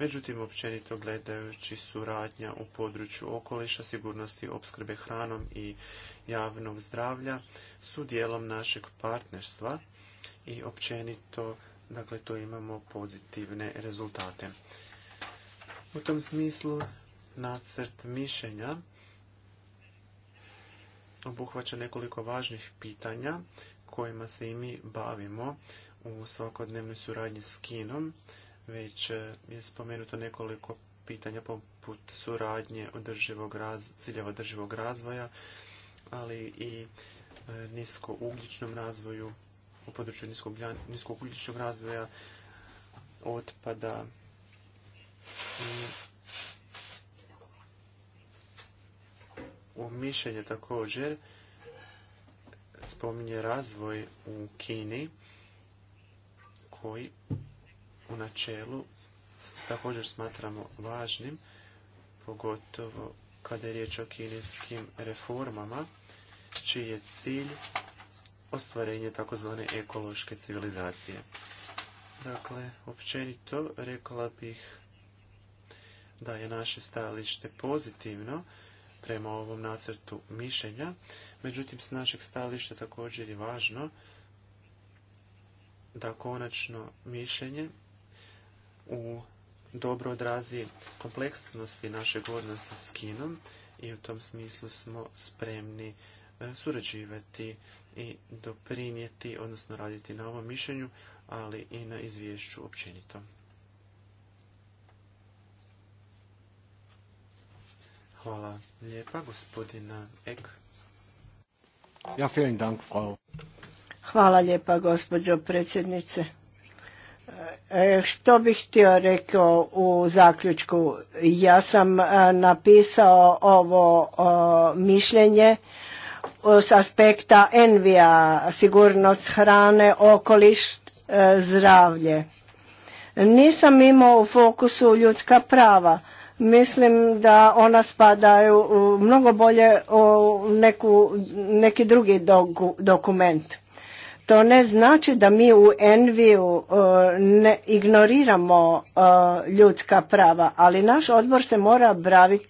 Međutim, općenito gledajući suradnja u području okoliša, sigurnosti opskrbe hranom i javnog zdravlja su dijelom našeg partnerstva i općenito dakle, to imamo pozitivne rezultate. U tom smislu nacrt mišljenja obuhvaća nekoliko važnih pitanja kojima se i mi bavimo u svakodnevnoj suradnji s Kinom. Već e, je spomenuto nekoliko pitanja poput suradnje održivog raz, ciljeva održivog razvoja, ali i e, niskougljičnom razvoju, u području niskougljičnog razvoja, otpada, U također spominje razvoj u Kini koji u načelu također smatramo važnim, pogotovo kada je riječ o kineskim reformama, čiji je cilj ostvarenje takozvane ekološke civilizacije. Dakle, općenito rekla bih da je naše stajalište pozitivno, prema ovom nacrtu mišljenja. Međutim, s našeg stališta također je važno da konačno mišljenje u dobro odrazi kompleksnosti našeg odnosa s Kinom i u tom smislu smo spremni e, surađivati i doprinijeti, odnosno raditi na ovom mišljenju, ali i na izvješću općenito. Hvala lijepa, Ek. Ja, vielen Dank, Frau. Hvala lijepa, gospođo predsjednice. E, što bih htio rekao u zaključku? Ja sam e, napisao ovo mišljenje s aspekta envija, sigurnost hrane, okoliš, e, zdravlje. Nisam imao u fokusu ljudska prava Mislim da ona spadaju mnogo bolje u neku, neki drugi dokument. To ne znači da mi u Enviju e, ne ignoriramo e, ljudska prava, ali naš odbor se mora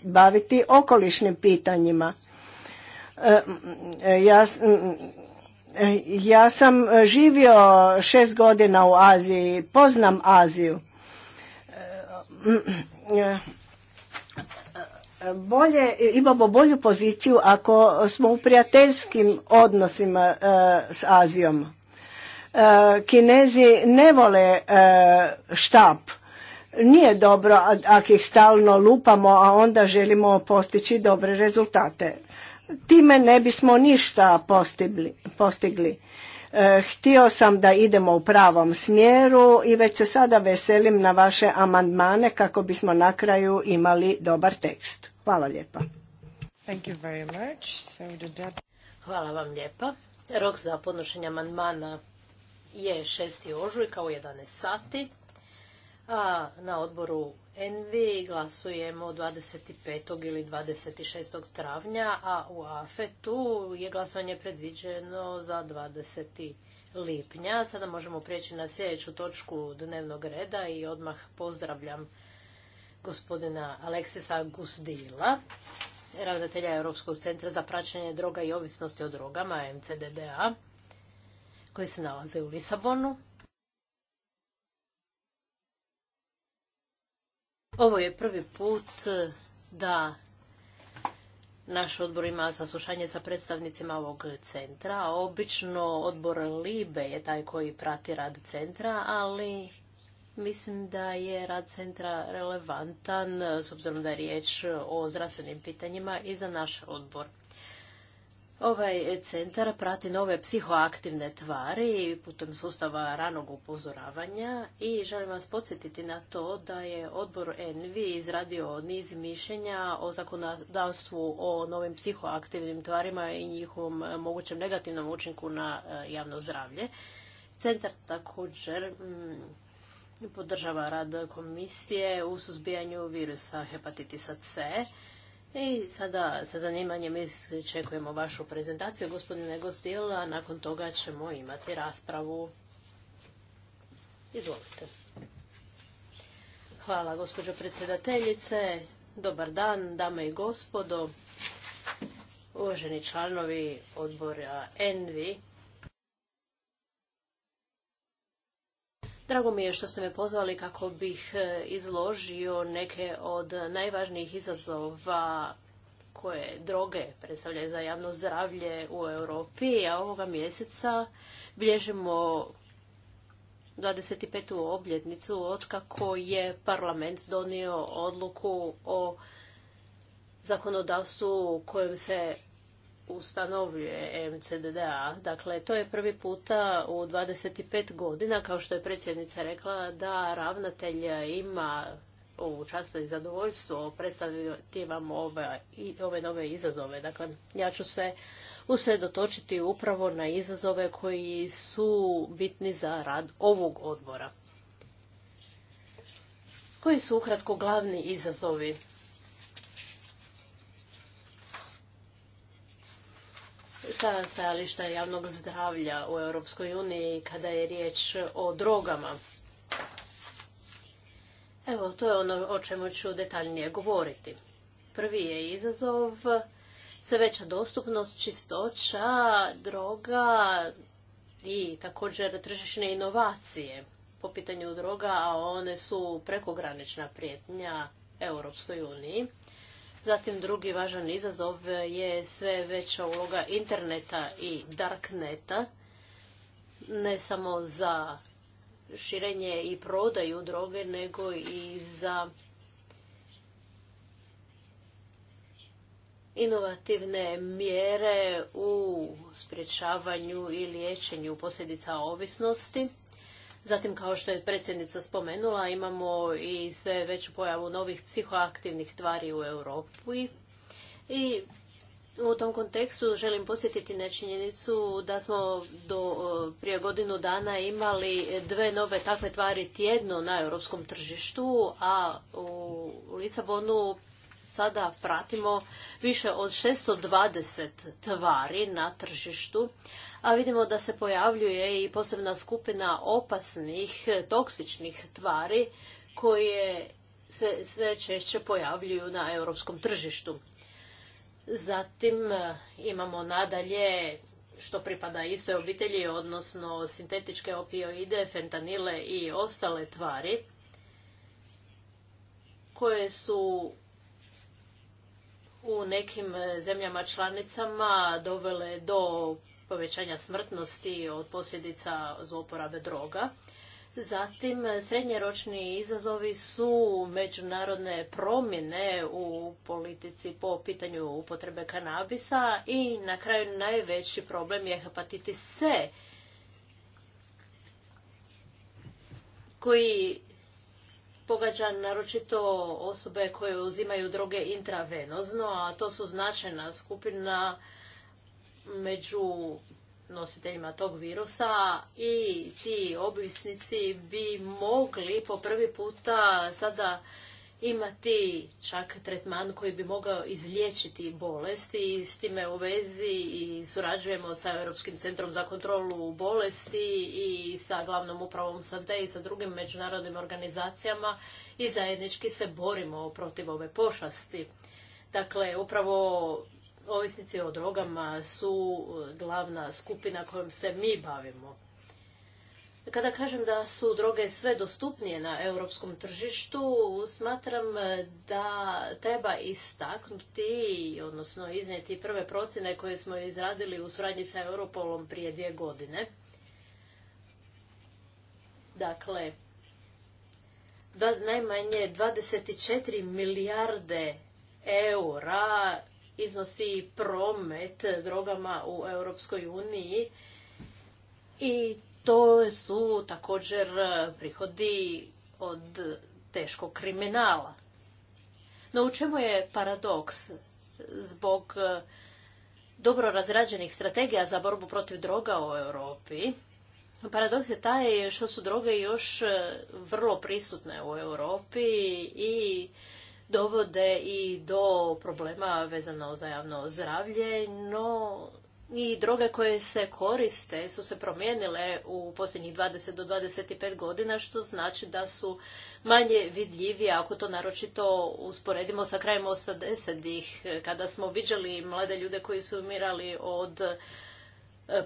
baviti okolišnim pitanjima. E, ja, ja sam živio šest godina u Aziji, poznam Aziju bolje, imamo bolju poziciju ako smo u prijateljskim odnosima e, s Azijom. E, Kinezi ne vole e, štap. Nije dobro ako ih stalno lupamo, a onda želimo postići dobre rezultate. Time ne bismo ništa postigli. postigli. Htio sam da idemo u pravom smjeru i već se sada veselim na vaše amandmane kako bismo na kraju imali dobar tekst. Hvala lijepa. Thank you very much. So the... Hvala vam lijepa. Rok za podnošenje amandmana je 6. ožujka u 11 sati. A na odboru Envi glasujemo 25. ili 26. travnja, a u afet je glasovanje predviđeno za 20. lipnja. Sada možemo prijeći na sljedeću točku dnevnog reda i odmah pozdravljam gospodina Aleksisa Gusdila, ravnatelja Europskog centra za praćenje droga i ovisnosti o drogama, MCDDA, koji se nalaze u Lisabonu. Ovo je prvi put da naš odbor ima saslušanje sa predstavnicima ovog centra. Obično odbor Libe je taj koji prati rad centra, ali Mislim da je rad centra relevantan, eh, s obzirom da je riječ o zdravstvenim pitanjima i za naš odbor. Ovaj centar prati nove psihoaktivne tvari putem sustava ranog upozoravanja i želim vas podsjetiti na to da je odbor ENVI izradio niz mišljenja o zakonodavstvu o novim psihoaktivnim tvarima i njihovom eh, mogućem negativnom učinku na eh, javno zdravlje. Centar također mm, podržava rad komisije u suzbijanju virusa hepatitisa C. I sada sa zanimanjem čekujemo vašu prezentaciju, gospodine Gostil, a nakon toga ćemo imati raspravu. Izvolite. Hvala, gospođo predsjedateljice. Dobar dan, dame i gospodo, uvaženi članovi odbora ENVI. Drago mi je što ste me pozvali kako bih e, izložio neke od najvažnijih izazova koje droge predstavljaju za javno zdravlje u Europi, a ovoga mjeseca bilježimo 25. obljetnicu otkako je parlament donio odluku o zakonodavstvu kojem se ustanovljuje MCDDA. Dakle, to je prvi puta u 25 godina, kao što je predsjednica rekla, da ravnatelj ima ovu čast i zadovoljstvo predstaviti vam ove, ove nove izazove. Dakle, ja ću se usredotočiti upravo na izazove koji su bitni za rad ovog odbora. Koji su ukratko glavni izazovi? sa stajališta javnog zdravlja u Europskoj uniji kada je riječ o drogama. Evo, to je ono o čemu ću detaljnije govoriti. Prvi je izazov sve veća dostupnost, čistoća, droga i također tržišne inovacije po pitanju droga, a one su prekogranična prijetnja Europskoj uniji. Zatim drugi važan izazov je sve veća uloga interneta i darkneta, ne samo za širenje i prodaju droge, nego i za inovativne mjere u sprječavanju i liječenju posljedica ovisnosti. Zatim, kao što je predsjednica spomenula, imamo i sve veću pojavu novih psihoaktivnih tvari u Europi. I u tom kontekstu želim posjetiti na da smo do prije godinu dana imali dve nove takve tvari tjedno na europskom tržištu, a u Lisabonu sada pratimo više od 620 tvari na tržištu, a vidimo da se pojavljuje i posebna skupina opasnih, toksičnih tvari koje se sve češće pojavljuju na europskom tržištu. Zatim e, imamo nadalje što pripada istoj obitelji, odnosno sintetičke opioide, fentanile i ostale tvari koje su u nekim e, zemljama članicama dovele do povećanja smrtnosti od posljedica zloporabe droga. Zatim, srednjeročni izazovi su međunarodne promjene u politici po pitanju upotrebe kanabisa i na kraju najveći problem je hepatitis C, koji pogađa naročito osobe koje uzimaju droge intravenozno, a to su značajna skupina među nositeljima tog virusa i ti obvisnici bi mogli po prvi puta sada imati čak tretman koji bi mogao izliječiti bolesti i s time u vezi i surađujemo sa Europskim centrom za kontrolu bolesti i sa glavnom upravom Sante i sa drugim međunarodnim organizacijama i zajednički se borimo protiv ove pošasti. Dakle, upravo ovisnici o drogama su e, glavna skupina kojom se mi bavimo. Kada kažem da su droge sve dostupnije na europskom tržištu, smatram e, da treba istaknuti, odnosno iznijeti prve procjene koje smo izradili u suradnji sa Europolom prije dvije godine. Dakle, najmanje najmanje 24 milijarde eura iznosi promet drogama u Europskoj uniji i to su također e, prihodi od teškog kriminala. No u čemu je paradoks? Zbog e, dobro razrađenih strategija za borbu protiv droga u Europi, Paradoks je taj što su droge još e, vrlo prisutne u Europi i dovode i do problema vezano za javno zdravlje, no i droge koje se koriste su se promijenile u posljednjih 20 do 25 godina, što znači da su manje vidljivije, ako to naročito usporedimo sa krajem 80-ih, kada smo viđali mlade ljude koji su umirali od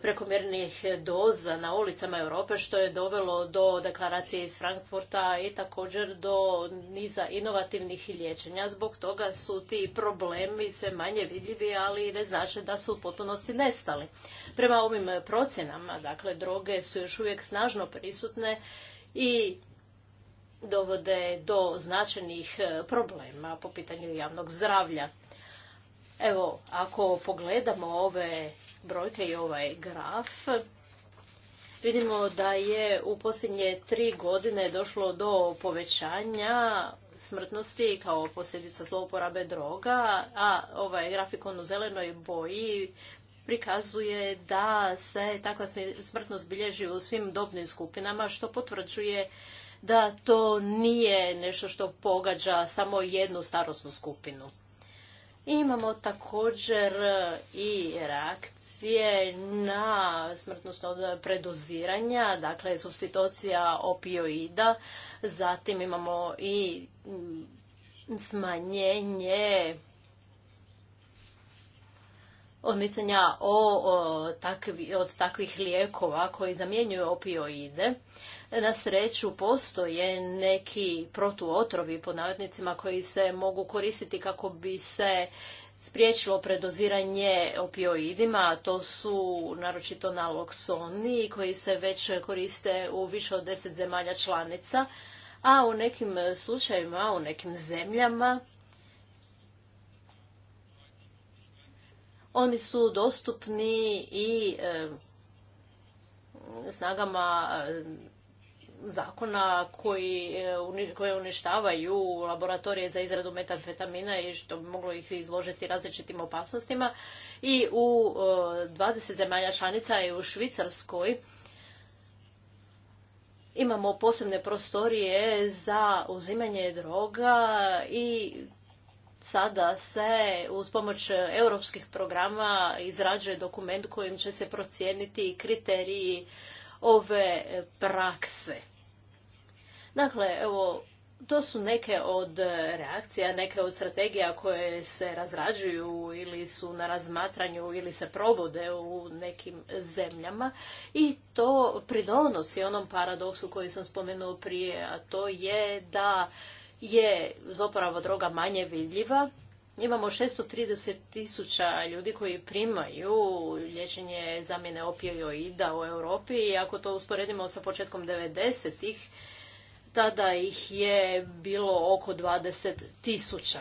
prekomjernih doza na ulicama Europe, što je dovelo do deklaracije iz Frankfurta i također do niza inovativnih liječenja. Zbog toga su ti problemi sve manje vidljivi, ali ne znači da su u potpunosti nestali. Prema ovim procjenama, dakle, droge su još uvijek snažno prisutne i dovode do značajnih problema po pitanju javnog zdravlja. Evo, ako pogledamo ove brojke i ovaj graf, vidimo da je u posljednje tri godine došlo do povećanja smrtnosti kao posljedica zlouporabe droga, a ovaj grafikon u zelenoj boji prikazuje da se takva smrtnost bilježi u svim dobnim skupinama, što potvrđuje da to nije nešto što pogađa samo jednu starosnu skupinu. Imamo također e, i reakcije na smrtnost od predoziranja, dakle substitucija opioida, zatim imamo i smanjenje odmicanja o, od takvih lijekova koji zamjenjuju opioide na sreću postoje neki protuotrovi po navodnicima koji se mogu koristiti kako bi se spriječilo predoziranje opioidima, to su naročito naloksoni koji se već koriste u više od deset zemalja članica, a u nekim slučajevima, u nekim zemljama oni su dostupni i e, snagama e, zakona koji, e, koje uništavaju laboratorije za izradu metamfetamina i što bi moglo ih izložiti različitim opasnostima. I u 20 e, zemalja članica i u Švicarskoj imamo posebne prostorije za uzimanje droga i sada se uz pomoć europskih programa izrađuje dokument kojim će se procijeniti kriteriji ove prakse. Dakle, evo, to su neke od e, reakcija, neke od strategija koje se razrađuju ili su na razmatranju ili se provode u nekim zemljama i to pridonosi onom paradoksu koji sam spomenuo prije, a to je da je zapravo droga manje vidljiva. Imamo 630 tisuća ljudi koji primaju liječenje zamjene opioida u Europi i ako to usporedimo sa početkom 90-ih, tada ih je bilo oko 20.000. tisuća.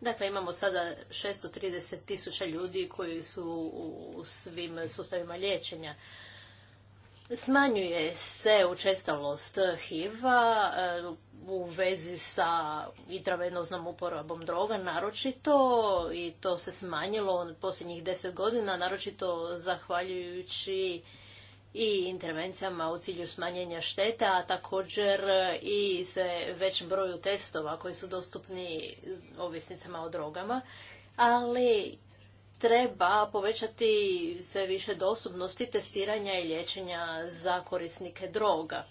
Dakle, imamo sada 630 tisuća ljudi koji su u svim sustavima liječenja. Smanjuje se učestalost HIV-a e, u vezi sa intravenoznom uporabom droga, naročito, i to se smanjilo od posljednjih deset godina, naročito zahvaljujući i intervencijama u cilju smanjenja šteta, a također i se većem broju testova koji su dostupni ovisnicama o drogama ali treba povećati sve više dostupnosti testiranja i liječenja za korisnike droga.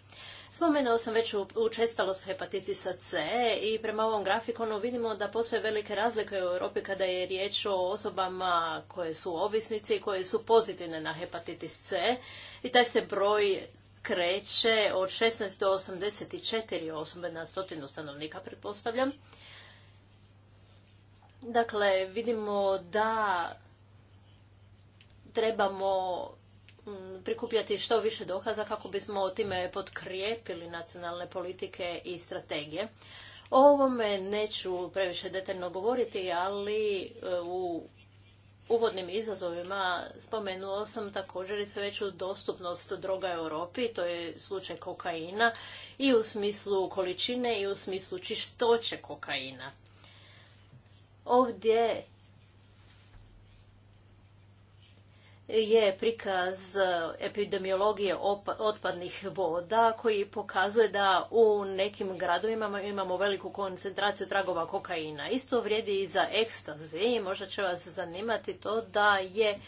Spomenuo sam već učestalost hepatitisa C i prema ovom grafikonu vidimo da postoje velike razlike u Europi kada je riječ o osobama koje su ovisnici i koje su pozitivne na hepatitis C i taj se broj kreće od 16 do 84 osobe na stotinu stanovnika, pretpostavljam. Dakle, vidimo da trebamo mm, prikupljati što više dokaza kako bismo time podkrijepili nacionalne politike i strategije. O ovome neću previše detaljno govoriti, ali e, u uvodnim izazovima spomenuo sam također i sve veću dostupnost droga Europi, to je slučaj kokaina i u smislu količine i u smislu čistoće kokaina. Ovdje je prikaz epidemiologije otpadnih voda koji pokazuje da u nekim gradovima imamo veliku koncentraciju tragova kokaina. Isto vrijedi i za ekstazi. Možda će vas zanimati to da je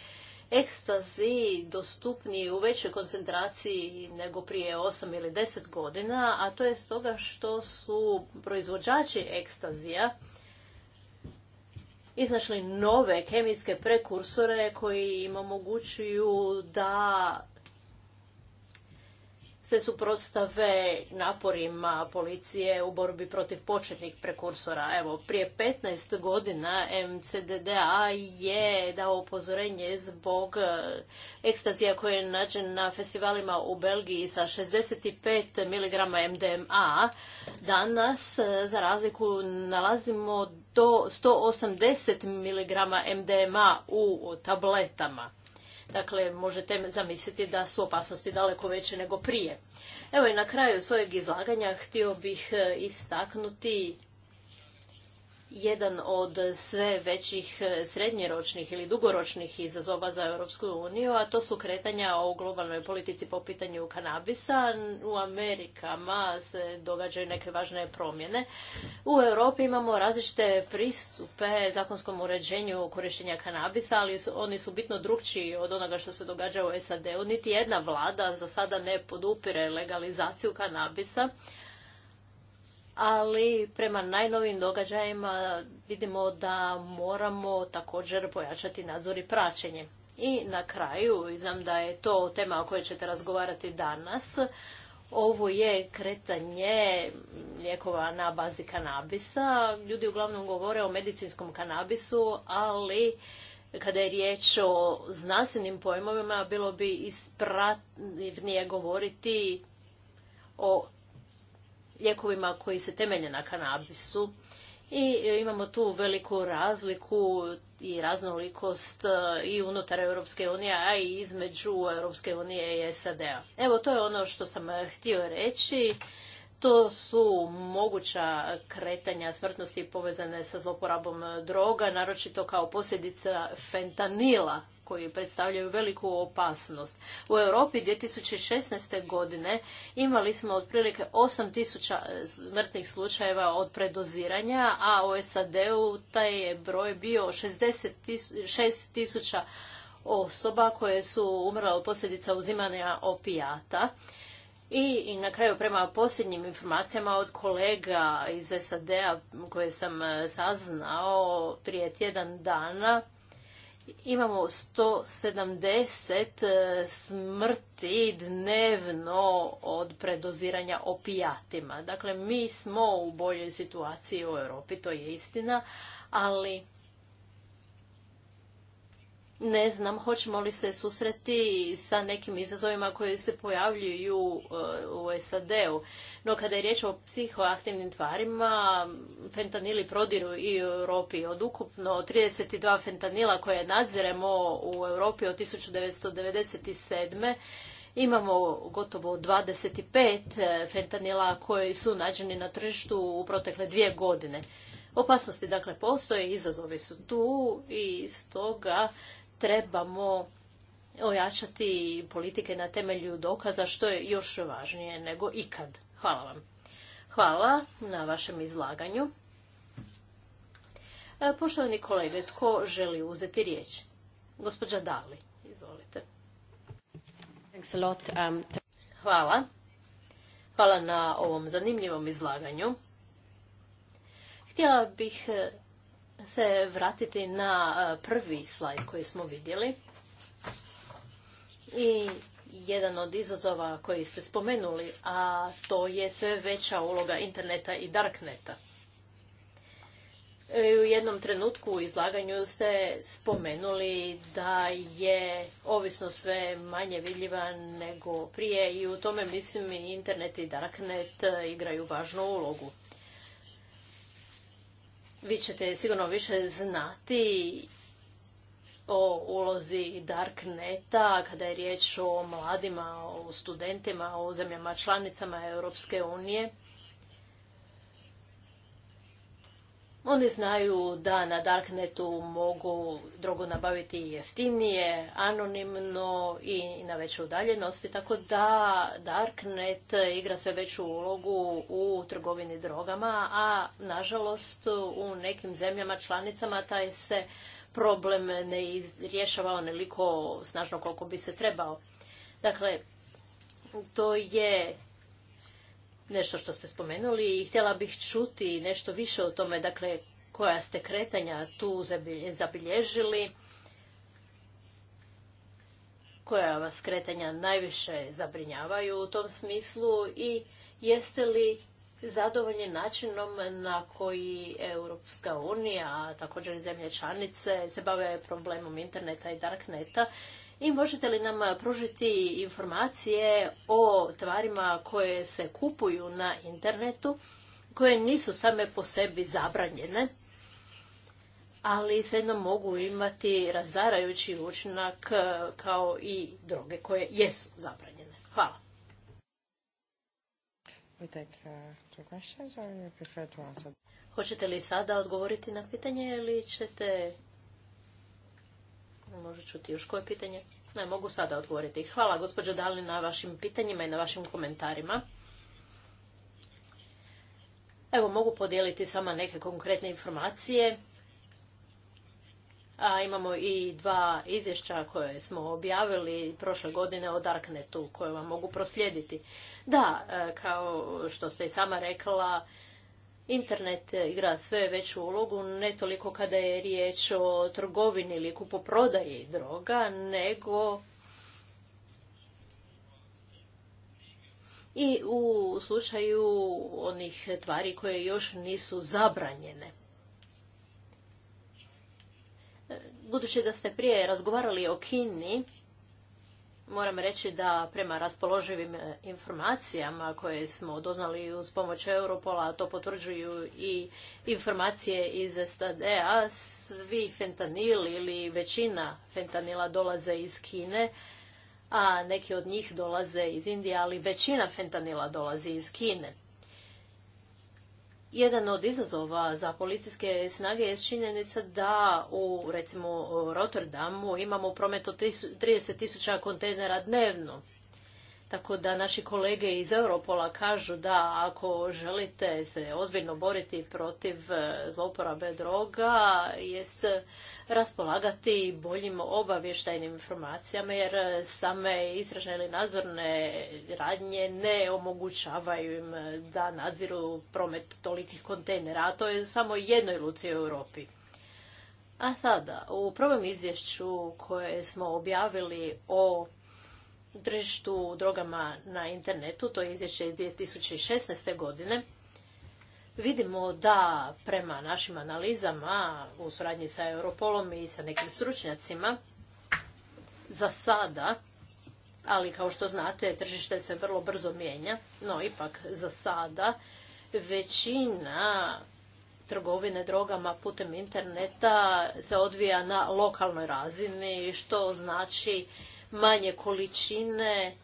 ekstazi dostupni u većoj koncentraciji nego prije 8 ili 10 godina, a to je stoga što su proizvođači ekstazija iznašli nove kemijske prekursore koji im omogućuju da se suprotstave naporima policije u borbi protiv početnih prekursora. Evo, prije 15 godina MCDDA je dao upozorenje zbog e, ekstazija koji je nađen na festivalima u Belgiji sa 65 mg MDMA. Danas, e, za razliku, nalazimo do 180 mg MDMA u tabletama. Dakle, možete zamisliti da su opasnosti daleko veće nego prije. Evo i na kraju svojeg izlaganja htio bih e, istaknuti jedan od sve većih e, srednjeročnih ili dugoročnih izazova za Europsku uniju, a to su kretanja o globalnoj politici po pitanju kanabisa. U Amerikama se događaju neke važne promjene. U Europi imamo različite pristupe zakonskom uređenju korištenja kanabisa, ali oni su bitno drukčiji od onoga što se događa u SAD-u. Niti jedna vlada za sada ne podupire legalizaciju kanabisa ali prema najnovim događajima vidimo da moramo također pojačati nadzor i praćenje. I na kraju, znam da je to tema o kojoj ćete razgovarati danas, ovo je kretanje lijekova na bazi kanabisa. Ljudi uglavnom govore o medicinskom kanabisu, ali kada je riječ o znanstvenim pojmovima, bilo bi ispravnije govoriti o lijekovima koji se temelje na kanabisu. I e, imamo tu veliku razliku i raznolikost e, i unutar Europske unije, a i između Europske unije i SAD-a. Evo, to je ono što sam e, htio reći. To su moguća kretanja smrtnosti povezane sa zloporabom droga, naročito kao posljedica fentanila koji predstavljaju veliku opasnost. U Europi 2016. godine imali smo otprilike 8000 e, smrtnih slučajeva od predoziranja, a u SAD-u taj je broj bio 66.000 osoba koje su umrle od posljedica uzimanja opijata. I na kraju prema posljednjim informacijama od kolega iz SAD-a koje sam e, saznao prije tjedan dana, Imamo 170 eh, smrti dnevno od predoziranja opijatima. Dakle, mi smo u boljoj situaciji u Europi, to je istina, ali ne znam hoćemo li se susreti sa nekim izazovima koji se pojavljuju uh, u SAD-u. No kada je riječ o psihoaktivnim tvarima, fentanili prodiru i u Europi. Od ukupno 32 fentanila koje nadziremo u Europi od 1997. Imamo gotovo 25 uh, fentanila koji su nađeni na tržištu u protekle dvije godine. Opasnosti dakle postoje, izazovi su tu i stoga trebamo ojačati politike na temelju dokaza, što je još važnije nego ikad. Hvala vam. Hvala na vašem izlaganju. E, poštovani kolege, tko želi uzeti riječ? Gospođa Dali, izvolite. Um, Hvala. Hvala na ovom zanimljivom izlaganju. Htjela bih e, se vratiti na e, prvi slajd koji smo vidjeli. I jedan od izazova koji ste spomenuli, a to je sve veća uloga interneta i darkneta. E, u jednom trenutku u izlaganju ste spomenuli da je ovisno sve manje vidljiva nego prije i u tome mislim internet i darknet e, igraju važnu ulogu vi ćete sigurno više znati o ulozi Darkneta kada je riječ o mladima, o studentima, o zemljama članicama Europske unije. Oni znaju da na Darknetu mogu drogu nabaviti jeftinije, anonimno i na veću udaljenosti, tako da Darknet igra sve veću ulogu u trgovini drogama, a nažalost u nekim zemljama članicama taj se problem ne rješava onoliko snažno koliko bi se trebao. Dakle, to je nešto što ste spomenuli i htjela bih čuti nešto više o tome, dakle, koja ste kretanja tu zabilježili, koja vas kretanja najviše zabrinjavaju u tom smislu i jeste li zadovoljni načinom na koji Europska unija, a također i zemlje članice, se bave problemom interneta i darkneta i možete li nam pružiti informacije o tvarima koje se kupuju na internetu, koje nisu same po sebi zabranjene, ali svejedno mogu imati razarajući učinak e, kao i droge koje jesu zabranjene. Hvala. Uh, Hoćete li sada odgovoriti na pitanje ili ćete Može čuti još koje pitanje? Ne, mogu sada odgovoriti. Hvala gospođo Dali na vašim pitanjima i na vašim komentarima. Evo, mogu podijeliti sama neke konkretne informacije. A imamo i dva izvješća koje smo objavili prošle godine o Darknetu koje vam mogu proslijediti. Da, e, kao što ste i sama rekla, Internet e, igra sve veću ulogu, ne toliko kada je riječ o trgovini ili kupoprodaji droga, nego i u slučaju onih tvari koje još nisu zabranjene. E, budući da ste prije razgovarali o Kini, Moram reći da prema raspoloživim e, informacijama koje smo doznali uz pomoć Europola, to potvrđuju i informacije iz STD, a svi fentanil ili većina fentanila dolaze iz Kine, a neki od njih dolaze iz Indije, ali većina fentanila dolazi iz Kine. Jedan od izazova za policijske snage je činjenica da u recimo Rotterdamu imamo promet od 30 kontejnera dnevno. Tako da naši kolege iz Europola kažu da ako želite se ozbiljno boriti protiv e, zlouporabe droga, jest raspolagati boljim obavještajnim informacijama, jer same istražne ili nadzorne radnje ne omogućavaju im da nadziru promet tolikih kontejnera, a to je samo jednoj luci u Europi. A sada, u prvom izvješću koje smo objavili o tržištu drogama na internetu, to je izvješće iz 2016. godine, vidimo da prema našim analizama u suradnji sa Europolom i sa nekim stručnjacima, za sada, ali kao što znate, tržište se vrlo brzo mijenja, no ipak za sada većina trgovine drogama putem interneta se odvija na lokalnoj razini, što znači manje količine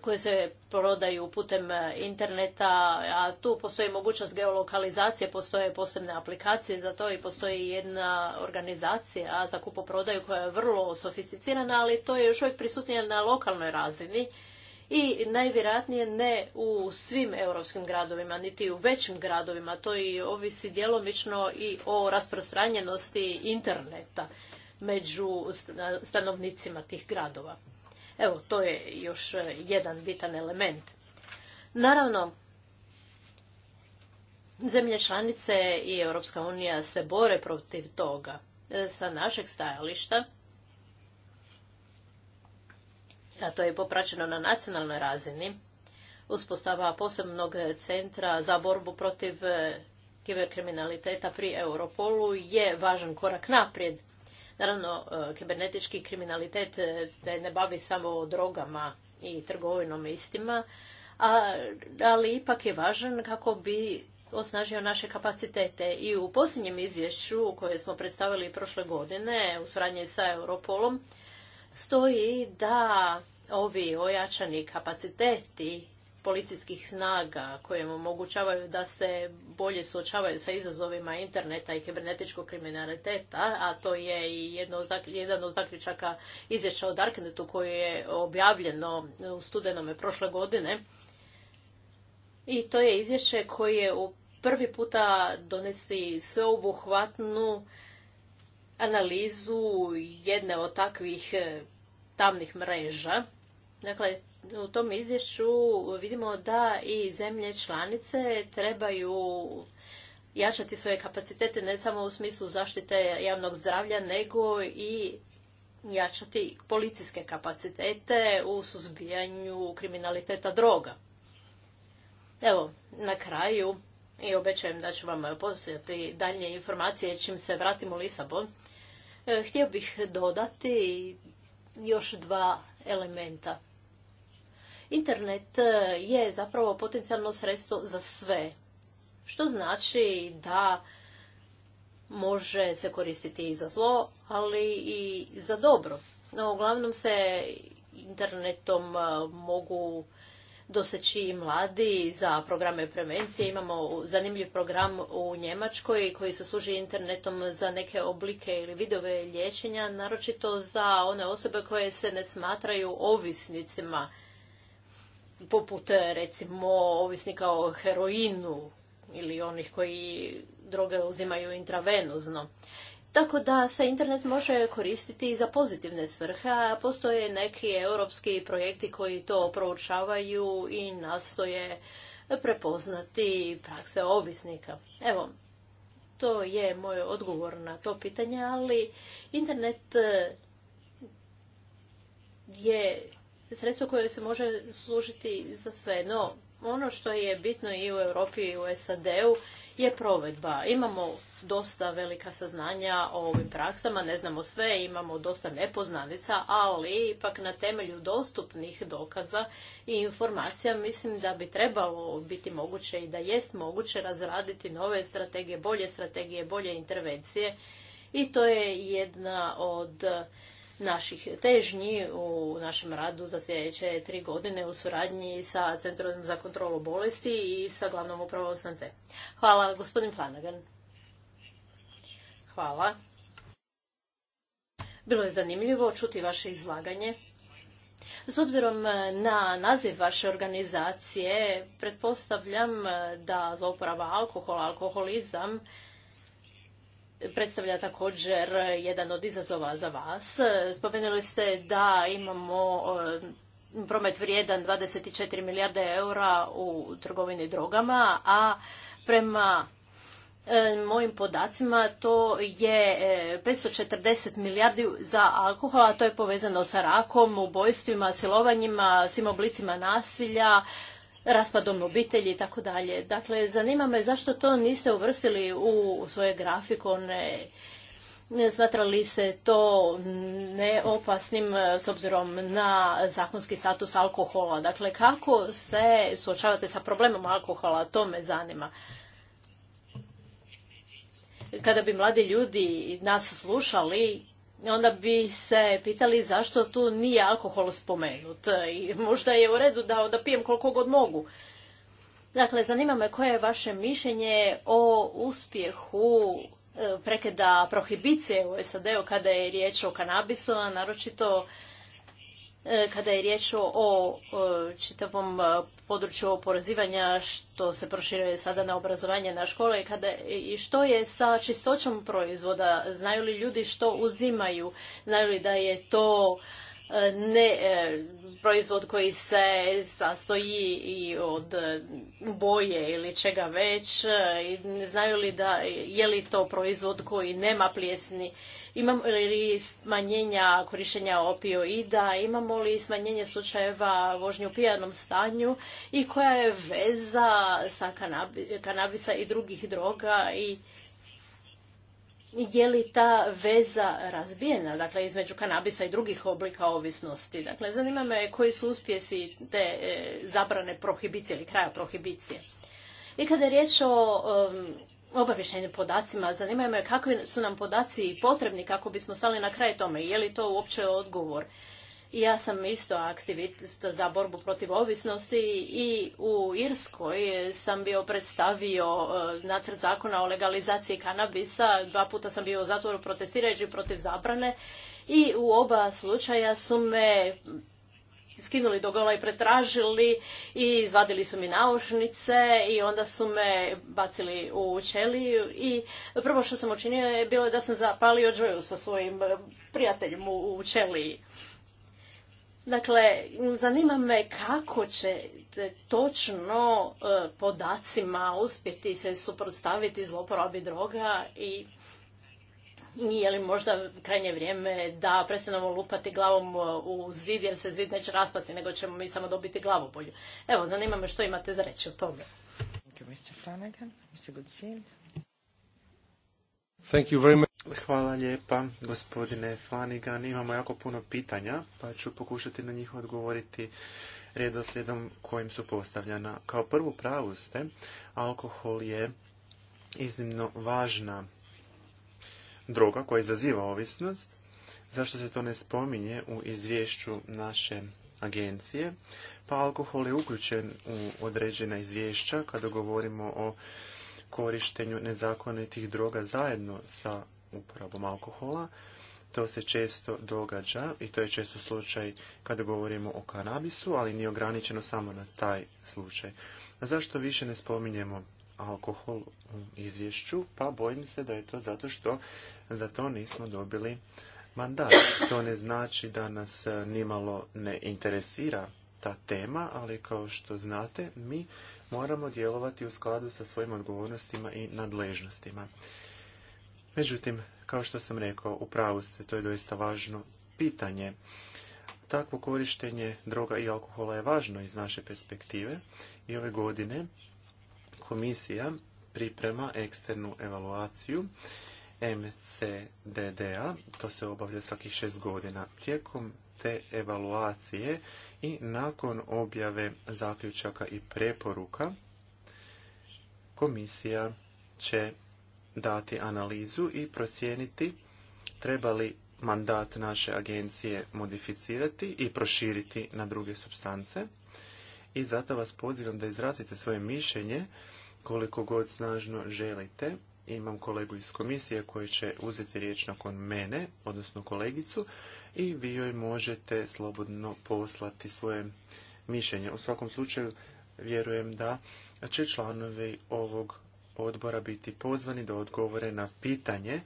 koje se prodaju putem interneta, a tu postoji mogućnost geolokalizacije, postoje posebne aplikacije za to i postoji jedna organizacija za kupoprodaju koja je vrlo sofisticirana, ali to je još uvijek prisutnije na lokalnoj razini i najvjerojatnije ne u svim europskim gradovima, niti u većim gradovima. To i ovisi djelomično i o rasprostranjenosti interneta među stanovnicima tih gradova. Evo, to je još e, jedan bitan element. Naravno, zemlje članice i Europska unija se bore protiv toga. E, sa našeg stajališta, a to je popraćeno na nacionalnoj razini, uspostava posebnog centra za borbu protiv e, kiberkriminaliteta pri Europolu je važan korak naprijed. Naravno, e, kibernetički kriminalitet se ne bavi samo drogama i trgovinom istima, a, ali ipak je važan kako bi osnažio naše kapacitete. I u posljednjem izvješću koje smo predstavili prošle godine u suradnji sa Europolom stoji da ovi ojačani kapaciteti policijskih snaga koje mu omogućavaju da se bolje suočavaju sa izazovima interneta i kibernetičkog kriminaliteta, a to je i jedno, jedan od zaključaka izvješća o Darknetu koje je objavljeno u studenome prošle godine. I to je izvješće koje u prvi puta donesi sveobuhvatnu analizu jedne od takvih eh, tamnih mreža. Dakle, u tom izvješću vidimo da i zemlje članice trebaju jačati svoje kapacitete ne samo u smislu zaštite javnog zdravlja, nego i jačati policijske kapacitete u suzbijanju kriminaliteta droga. Evo, na kraju, i obećajem da ću vam postojati dalje informacije čim se vratim u Lisabon, eh, htio bih dodati još dva elementa. Internet e, je zapravo potencijalno sredstvo za sve, što znači da može se koristiti i za zlo, ali i za dobro. No, uglavnom se internetom e, mogu doseći i mladi za programe prevencije. Imamo zanimljiv program u Njemačkoj koji se služi internetom za neke oblike ili vidove liječenja, naročito za one osobe koje se ne smatraju ovisnicima poput e, recimo ovisnika o heroinu ili onih koji droge uzimaju intravenozno. Tako da se internet može koristiti i za pozitivne svrhe, a postoje neki europski projekti koji to proučavaju i nastoje prepoznati prakse ovisnika. Evo, to je moj odgovor na to pitanje, ali internet e, je sredstvo koje se može služiti za sve. No, ono što je bitno i u Europi i u SAD-u je provedba. Imamo dosta velika saznanja o ovim praksama, ne znamo sve, imamo dosta nepoznanica, ali ipak na temelju dostupnih dokaza i informacija mislim da bi trebalo biti moguće i da jest moguće razraditi nove strategije, bolje strategije, bolje intervencije i to je jedna od naših težnji u našem radu za sljedeće tri godine u suradnji sa Centrom za kontrolu bolesti i sa glavnom upravom Sante. Hvala, gospodin Flanagan. Hvala. Bilo je zanimljivo čuti vaše izlaganje. S obzirom na naziv vaše organizacije, pretpostavljam da zlouporaba alkohola, alkoholizam predstavlja također jedan od izazova za vas. Spomenuli ste da imamo e, promet vrijedan 24 milijarde eura u trgovini drogama, a prema e, mojim podacima to je 540 e, milijardi za alkohol, a to je povezano sa rakom, ubojstvima, silovanjima, svim oblicima nasilja, raspadom obitelji i tako dalje. Dakle, zanima me zašto to niste uvrstili u svoje grafikone, smatrali se to neopasnim eh, s obzirom na zakonski status alkohola. Dakle, kako se suočavate sa problemom alkohola, to me zanima. Kada bi mladi ljudi nas slušali, onda bi se pitali zašto tu nije alkohol spomenut. I možda je u redu da onda pijem koliko god mogu. Dakle, zanima me koje je vaše mišljenje o uspjehu e, prekida prohibicije u SAD-u kada je riječ o kanabisu, a naročito E, kada je riječ o čitavom e, području oporezivanja što se proširuje sada na obrazovanje na škole kada, i što je sa čistoćom proizvoda? Znaju li ljudi što uzimaju? Znaju li da je to e, ne proizvod koji se sastoji i od boje ili čega već? Znaju li da je li to proizvod koji nema pljesni Imamo li smanjenja korištenja opioida, imamo li smanjenje slučajeva vožnje u pijanom stanju i koja je veza sa kanabisa i drugih droga i je li ta veza razbijena, dakle, između kanabisa i drugih oblika ovisnosti. Dakle, zanima me koji su uspjesi te eh, zabrane prohibicije ili kraja prohibicije. I kada je riječ o obavještajnim podacima. Zanima me kakvi su nam podaci potrebni kako bismo stali na kraj tome. Je li to uopće odgovor? Ja sam isto aktivist za borbu protiv ovisnosti i u Irskoj sam bio predstavio e, nacrt zakona o legalizaciji kanabisa. Dva puta sam bio u zatvoru protestirajući protiv zabrane i u oba slučaja su me skinuli do gola i pretražili i izvadili su mi naušnice i onda su me bacili u ćeliju i prvo što sam učinio je bilo da sam zapalio džoju sa svojim e, prijateljem u ćeliji. Dakle, zanima me kako će točno e, podacima uspjeti se suprotstaviti zloporabi droga i nije li možda krajnje vrijeme da prestanemo lupati glavom e, u zid jer se zid neće raspasti nego ćemo mi samo dobiti glavobolju? Evo, zanima me što imate za reći o tome. Hvala lijepa, gospodine Flanagan. Imamo jako puno pitanja, pa ću pokušati na njih odgovoriti redoslijedom kojim su postavljena. Kao prvu pravu ste, alkohol je iznimno važna droga koja izaziva ovisnost. Zašto se to ne spominje u izvješću naše agencije? Pa alkohol je uključen u određena izvješća kada govorimo o korištenju nezakonitih droga zajedno sa uporabom alkohola. To se često događa i to je često slučaj kada govorimo o kanabisu, ali nije ograničeno samo na taj slučaj. A zašto više ne spominjemo alkohol u izvješću, pa bojim se da je to zato što za to nismo dobili mandat. To ne znači da nas nimalo ne interesira ta tema, ali kao što znate, mi moramo djelovati u skladu sa svojim odgovornostima i nadležnostima. Međutim, kao što sam rekao, u pravu ste, to je doista važno pitanje. Takvo korištenje droga i alkohola je važno iz naše perspektive i ove godine komisija priprema eksternu evaluaciju mcdd to se obavlja svakih šest godina. Tijekom te evaluacije i nakon objave zaključaka i preporuka, komisija će dati analizu i procijeniti treba li mandat naše agencije modificirati i proširiti na druge substance. I zato vas pozivam da izrazite svoje mišljenje koliko god snažno želite. Imam kolegu iz komisije koji će uzeti riječ nakon mene, odnosno kolegicu, i vi joj možete slobodno poslati svoje mišljenje. U svakom slučaju vjerujem da će članovi ovog odbora biti pozvani da odgovore na pitanje e,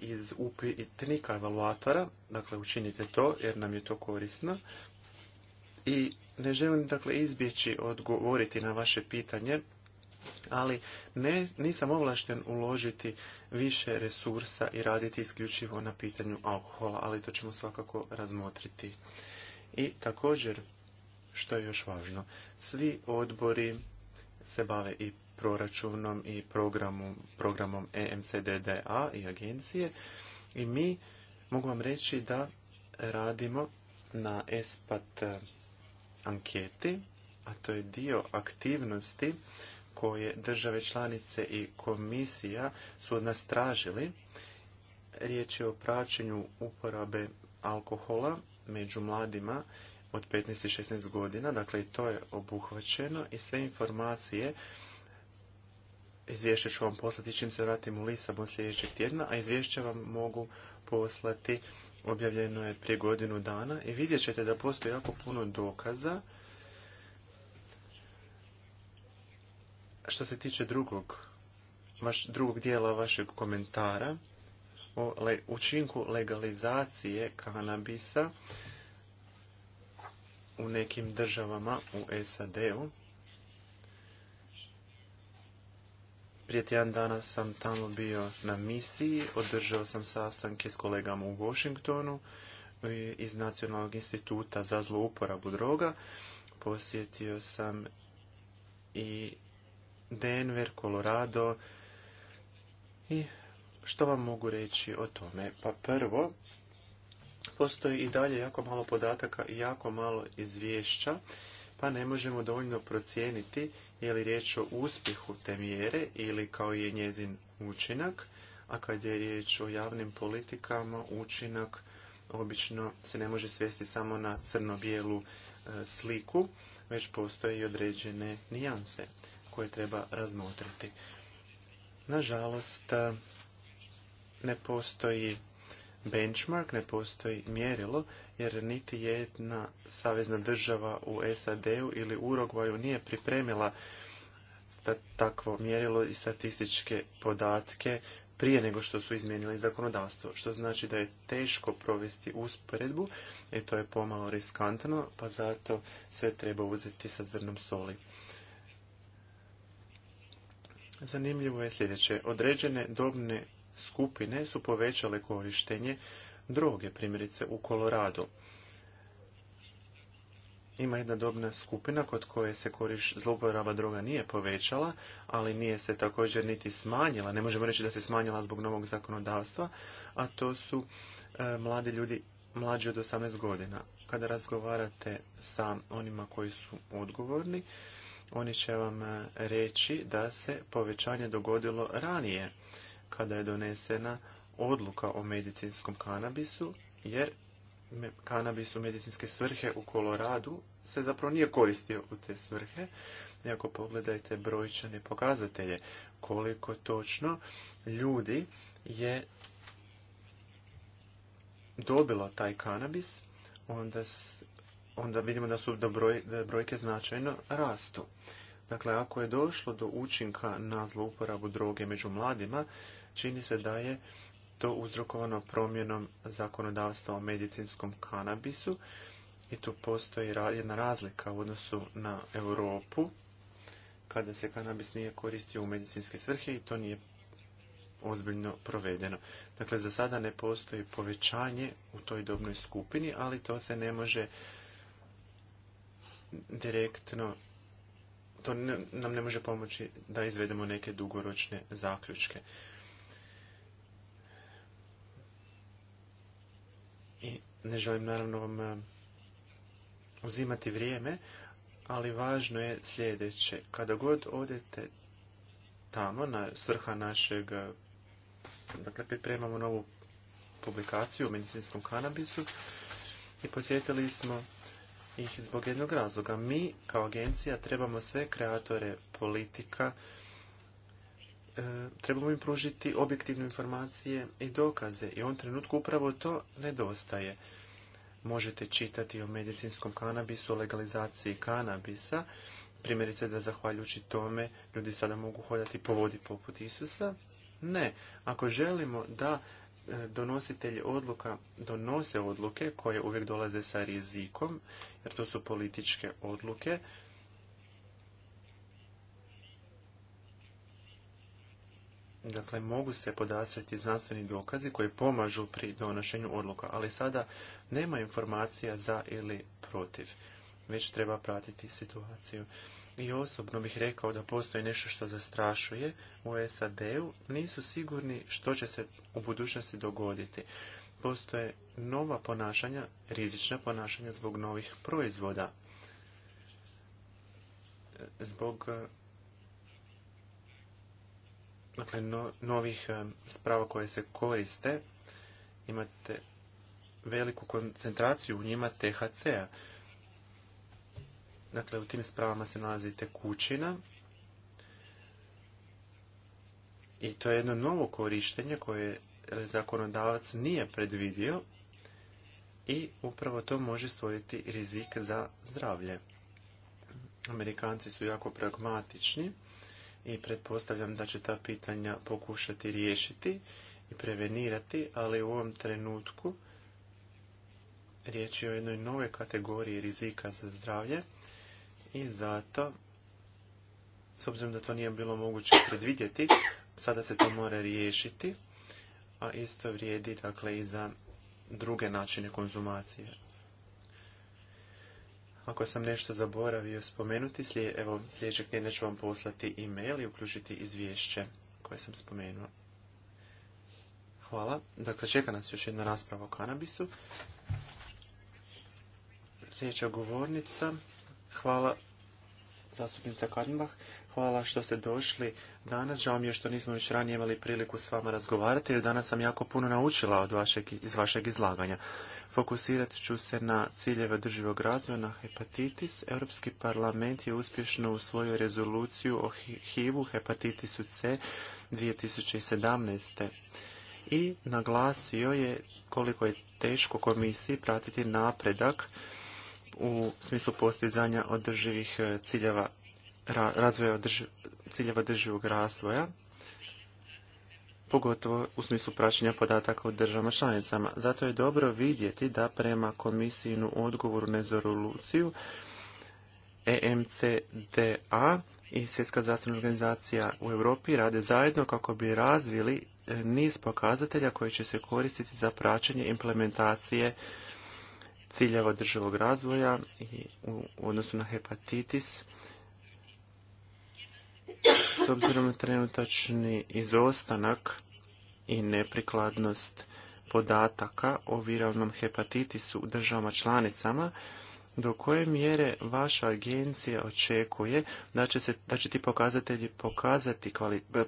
iz upitnika evaluatora, dakle učinite to jer nam je to korisno. I ne želim dakle izbjeći odgovoriti na vaše pitanje ali ne, nisam ovlašten uložiti više resursa i raditi isključivo na pitanju alkohola, ali to ćemo svakako razmotriti. I također, što je još važno, svi odbori se bave i proračunom i programu, programom EMCDDA i agencije i mi mogu vam reći da radimo na ESPAT anketi, a to je dio aktivnosti koje države članice i komisija su od nas tražili. Riječ je o praćenju uporabe alkohola među mladima od 15 i 16 godina, dakle i to je obuhvaćeno i sve informacije izvješće ću vam poslati čim se vratim u Lisabon sljedećeg tjedna, a izvješće vam mogu poslati objavljeno je prije godinu dana i vidjet ćete da postoji jako puno dokaza Što se tiče drugog, vaš, drugog dijela vašeg komentara o učinku legalizacije kanabisa u nekim državama u SAD-u, prije tjedan dana sam tamo bio na misiji, održao sam sastanke s kolegama u Washingtonu iz Nacionalnog instituta za zlouporabu droga. Posjetio sam i Denver, Colorado i što vam mogu reći o tome? Pa prvo, postoji i dalje jako malo podataka i jako malo izvješća, pa ne možemo dovoljno procijeniti je li riječ o uspjehu te mjere ili kao je njezin učinak, a kad je riječ o javnim politikama, učinak obično se ne može svesti samo na crno-bijelu e, sliku, već postoje i određene nijanse koje treba razmotriti. Nažalost, ne postoji benchmark, ne postoji mjerilo, jer niti jedna savezna država u SAD-u ili urogvaju nije pripremila takvo mjerilo i statističke podatke prije nego što su izmijenili zakonodavstvo, što znači da je teško provesti usporedbu i e, to je pomalo riskantno, pa zato sve treba uzeti sa zrnom soli. Zanimljivo je sljedeće. Određene dobne skupine su povećale korištenje droge, primjerice u Koloradu. Ima jedna dobna skupina kod koje se koriš, zlouporaba droga nije povećala, ali nije se također niti smanjila. Ne možemo reći da se smanjila zbog novog zakonodavstva, a to su e, mladi ljudi mlađi od 18 godina. Kada razgovarate sa onima koji su odgovorni, oni će vam e, reći da se povećanje dogodilo ranije kada je donesena odluka o medicinskom kanabisu, jer kanabis u medicinske svrhe u Koloradu se zapravo nije koristio u te svrhe. Iako ako pogledajte brojčane pokazatelje, koliko točno ljudi je dobilo taj kanabis, onda onda vidimo da su brojke značajno rastu. Dakle, ako je došlo do učinka na zlouporabu droge među mladima, čini se da je to uzrokovano promjenom zakonodavstva o medicinskom kanabisu i tu postoji jedna razlika u odnosu na Europu kada se kanabis nije koristio u medicinske svrhe i to nije ozbiljno provedeno. Dakle, za sada ne postoji povećanje u toj dobnoj skupini, ali to se ne može direktno, to nam ne može pomoći da izvedemo neke dugoročne zaključke. I ne želim naravno vam eh, uzimati vrijeme, ali važno je sljedeće. Kada god odete tamo, na svrha našeg, eh, dakle, pripremamo novu publikaciju o medicinskom kanabisu i posjetili smo ih zbog jednog razloga. Mi kao agencija trebamo sve kreatore politika, e, trebamo im pružiti objektivne informacije i dokaze i u ovom trenutku upravo to nedostaje. Možete čitati o medicinskom kanabisu, o legalizaciji kanabisa, primjerice da zahvaljujući tome ljudi sada mogu hodati po vodi poput Isusa. Ne, ako želimo da E, donositelji odluka donose odluke koje uvijek dolaze sa rizikom, jer to su političke odluke, Dakle, mogu se podastati znanstveni dokazi koji pomažu pri donošenju odluka, ali sada nema informacija za ili protiv, već treba pratiti situaciju i osobno bih rekao da postoji nešto što zastrašuje u SAD-u, nisu sigurni što će se u budućnosti dogoditi. Postoje nova ponašanja, rizična ponašanja zbog novih proizvoda, zbog eh, dakle, novih eh, sprava koje se koriste, imate veliku koncentraciju u njima THC-a. Dakle, u tim spravama se nalazi tekućina i to je jedno novo korištenje koje zakonodavac nije predvidio i upravo to može stvoriti rizik za zdravlje. Amerikanci su jako pragmatični i pretpostavljam da će ta pitanja pokušati riješiti i prevenirati, ali u ovom trenutku riječ je o jednoj nove kategoriji rizika za zdravlje i zato, s obzirom da to nije bilo moguće predvidjeti, sada se to mora riješiti, a isto vrijedi dakle, i za druge načine konzumacije. Ako sam nešto zaboravio spomenuti, slije, evo, sljedećeg tjedna ću vam poslati e-mail i uključiti izvješće koje sam spomenuo. Hvala. Dakle, čeka nas još jedna rasprava o kanabisu. Sljedeća govornica Hvala zastupnica Kardenbach. Hvala što ste došli danas. Žao mi je što nismo još ranije imali priliku s vama razgovarati, jer danas sam jako puno naučila od vašeg, iz vašeg izlaganja. Fokusirat ću se na ciljeve održivog razvoja, na hepatitis. Europski parlament je uspješno usvojio rezoluciju o HIV-u, hepatitisu C 2017. i naglasio je koliko je teško komisiji pratiti napredak u smislu postizanja održivih e, ciljeva razvoja ciljeva održivog razvoja, pogotovo u smislu praćenja podataka u državama članicama. Zato je dobro vidjeti da prema komisijinu odgovoru na rezoluciju EMCDA i Svjetska zdravstvena organizacija u Europi rade zajedno kako bi razvili e, niz pokazatelja koji će se koristiti za praćenje implementacije ciljeva održivog razvoja i u odnosu na hepatitis. S obzirom na trenutačni izostanak i neprikladnost podataka o viralnom hepatitisu u državama članicama, do koje mjere vaša agencija očekuje da će, se, da će ti pokazatelji pokazati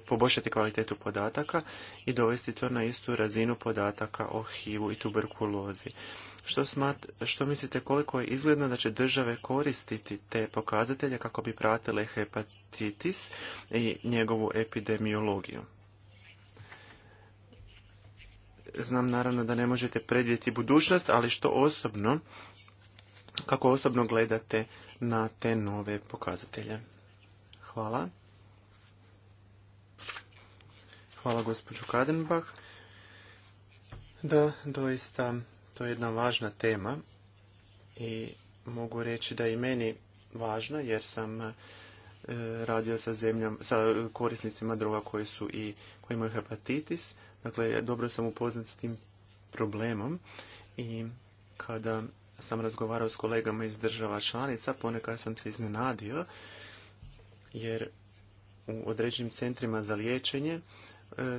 poboljšati kvalitetu podataka i dovesti to na istu razinu podataka o HIV-u i tuberkulozi. Što, smat, što mislite koliko je izgledno da će države koristiti te pokazatelje kako bi pratile hepatitis i njegovu epidemiologiju? Znam naravno da ne možete predvidjeti budućnost, ali što osobno, kako osobno gledate na te nove pokazatelje? Hvala. Hvala gospođu Kadenbach. Da, doista to je jedna važna tema i mogu reći da je i meni važna jer sam e, radio sa zemljom, sa korisnicima droga koji su i koji imaju hepatitis. Dakle, dobro sam upoznat s tim problemom i kada sam razgovarao s kolegama iz država članica, ponekad sam se iznenadio jer u određenim centrima za liječenje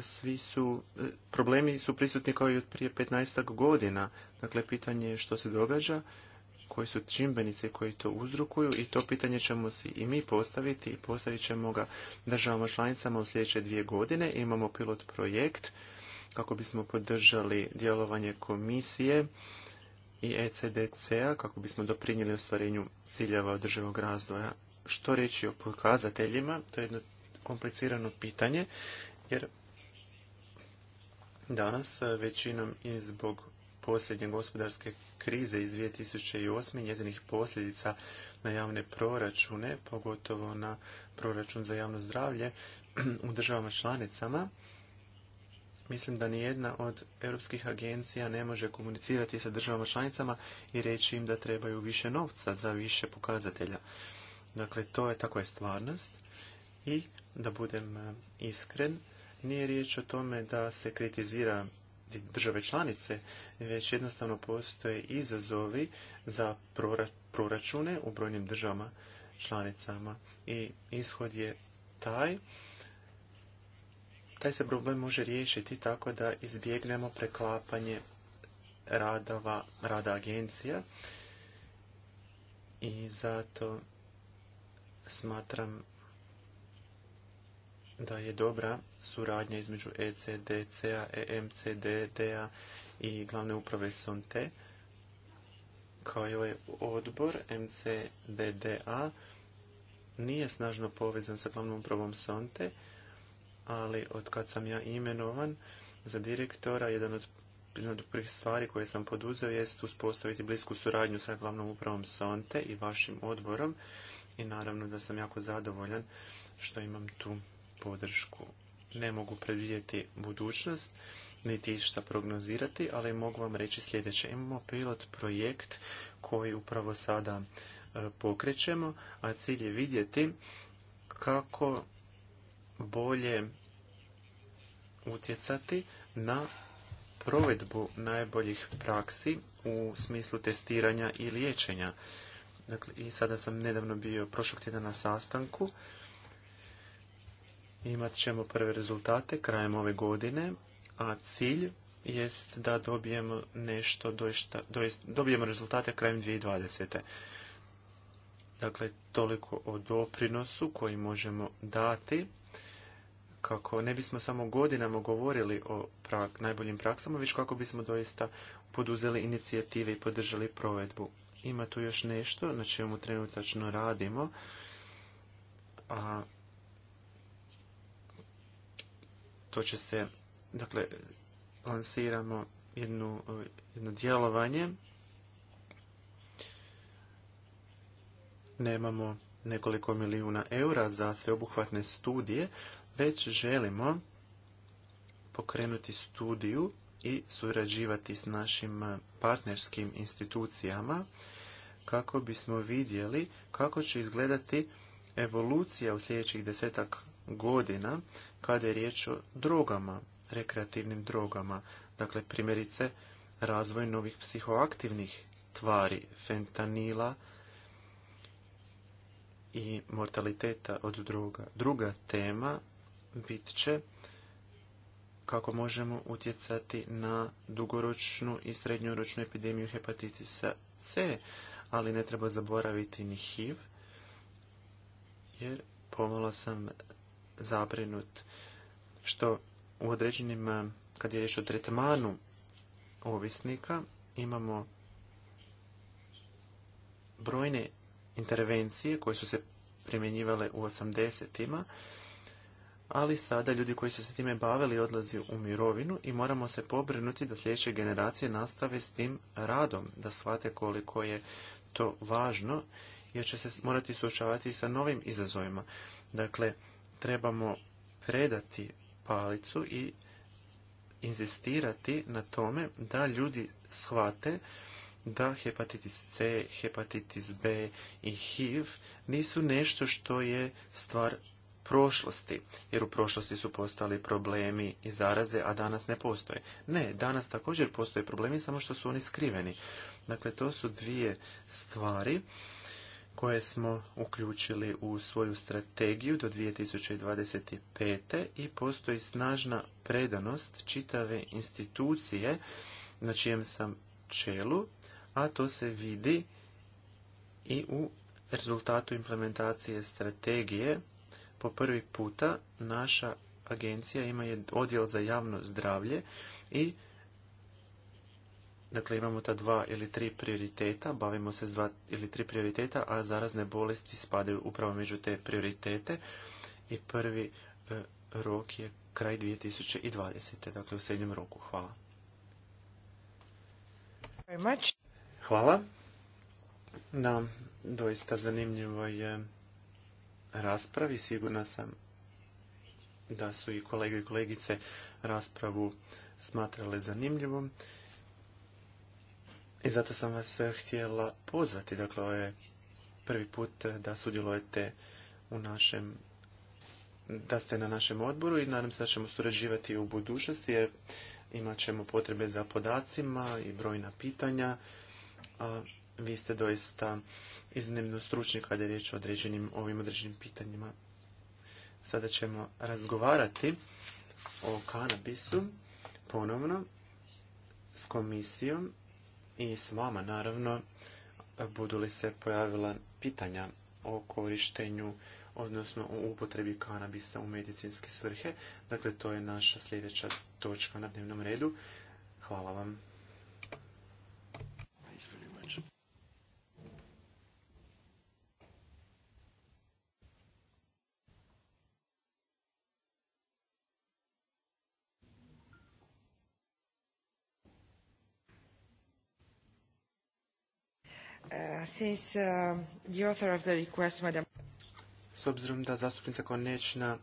svi su, e, problemi su prisutni kao i od prije 15 godina. Dakle, pitanje je što se događa, koji su čimbenice koji to uzrokuju i to pitanje ćemo si i mi postaviti i postavit ćemo ga državama članicama u sljedeće dvije godine. Imamo pilot projekt kako bismo podržali djelovanje komisije i ECDC-a kako bismo doprinijeli ostvarenju ciljeva održivog razvoja. Što reći o pokazateljima? To je jedno komplicirano pitanje jer danas e, većinom i zbog posljednje gospodarske krize iz 2008. njezinih posljedica na javne proračune, pogotovo na proračun za javno zdravlje *clears throat* u državama članicama, mislim da nijedna od europskih agencija ne može komunicirati sa državama članicama i reći im da trebaju više novca za više pokazatelja. Dakle, to je, takva je stvarnost i da budem e, iskren, nije riječ o tome da se kritizira države članice, već jednostavno postoje izazovi za proračune u brojnim državama članicama. I ishod je taj. Taj se problem može riješiti tako da izbjegnemo preklapanje radova, rada agencija i zato smatram da je dobra suradnja između ECDC-a, e a i glavne uprave SONTE, kao i ovaj odbor MCDDA nije snažno povezan sa glavnom upravom SONTE, ali od sam ja imenovan za direktora, jedan od jedna od prvih stvari koje sam poduzeo jest uspostaviti blisku suradnju sa glavnom upravom Sonte i vašim odborom i naravno da sam jako zadovoljan što imam tu podršku. Ne mogu predvidjeti budućnost, niti šta prognozirati, ali mogu vam reći sljedeće. Imamo pilot projekt koji upravo sada e, pokrećemo, a cilj je vidjeti kako bolje utjecati na provedbu najboljih praksi u smislu testiranja i liječenja. Dakle, i sada sam nedavno bio prošlog tjedna na sastanku Imat ćemo prve rezultate krajem ove godine, a cilj jest da dobijemo nešto, dobijemo rezultate krajem 2020. Dakle, toliko o doprinosu koji možemo dati kako ne bismo samo godinama govorili o najboljim praksama, već kako bismo doista poduzeli inicijative i podržali provedbu. Ima tu još nešto na čemu trenutačno radimo, a to će se, dakle, lansiramo jednu, jedno djelovanje. Nemamo nekoliko milijuna eura za sveobuhvatne studije, već želimo pokrenuti studiju i surađivati s našim partnerskim institucijama kako bismo vidjeli kako će izgledati evolucija u sljedećih desetak godina kada je riječ o drogama, rekreativnim drogama, dakle primjerice razvoj novih psihoaktivnih tvari, fentanila i mortaliteta od droga. Druga tema bit će kako možemo utjecati na dugoročnu i srednjoročnu epidemiju hepatitisa C, ali ne treba zaboraviti ni HIV, jer pomalo sam zabrinut što u određenim, eh, kad je riječ o tretmanu ovisnika, imamo brojne intervencije koje su se primjenjivale u 80-ima, ali sada ljudi koji su se time bavili odlazi u mirovinu i moramo se pobrinuti da sljedeće generacije nastave s tim radom, da shvate koliko je to važno, jer će se morati suočavati sa novim izazovima. Dakle, trebamo predati palicu i inzistirati na tome da ljudi shvate da hepatitis C, hepatitis B i HIV nisu nešto što je stvar prošlosti, jer u prošlosti su postali problemi i zaraze, a danas ne postoje. Ne, danas također postoje problemi, samo što su oni skriveni. Dakle, to su dvije stvari koje smo uključili u svoju strategiju do 2025. i postoji snažna predanost čitave institucije na čijem sam čelu, a to se vidi i u rezultatu implementacije strategije. Po prvi puta naša agencija ima odjel za javno zdravlje i Dakle, imamo ta dva ili tri prioriteta, bavimo se s dva ili tri prioriteta, a zarazne bolesti spadaju upravo među te prioritete. I prvi e, rok je kraj 2020. Dakle, u srednjem roku. Hvala. Hvala. Na doista zanimljivoj raspravi. Sigurna sam da su i kolege i kolegice raspravu smatrale zanimljivom. I zato sam vas htjela pozvati, dakle, ovo je prvi put da sudjelujete u našem da ste na našem odboru i nadam se da ćemo surađivati u budućnosti jer imat ćemo potrebe za podacima i brojna pitanja. A vi ste doista iznimno stručni kada je riječ o određenim, ovim određenim pitanjima. Sada ćemo razgovarati o kanabisu ponovno s komisijom i s vama naravno budu li se pojavila pitanja o korištenju odnosno o upotrebi kanabisa u medicinske svrhe. Dakle, to je naša sljedeća točka na dnevnom redu. Hvala vam. Uh, since uh, the S obzirom da zastupnica Konečna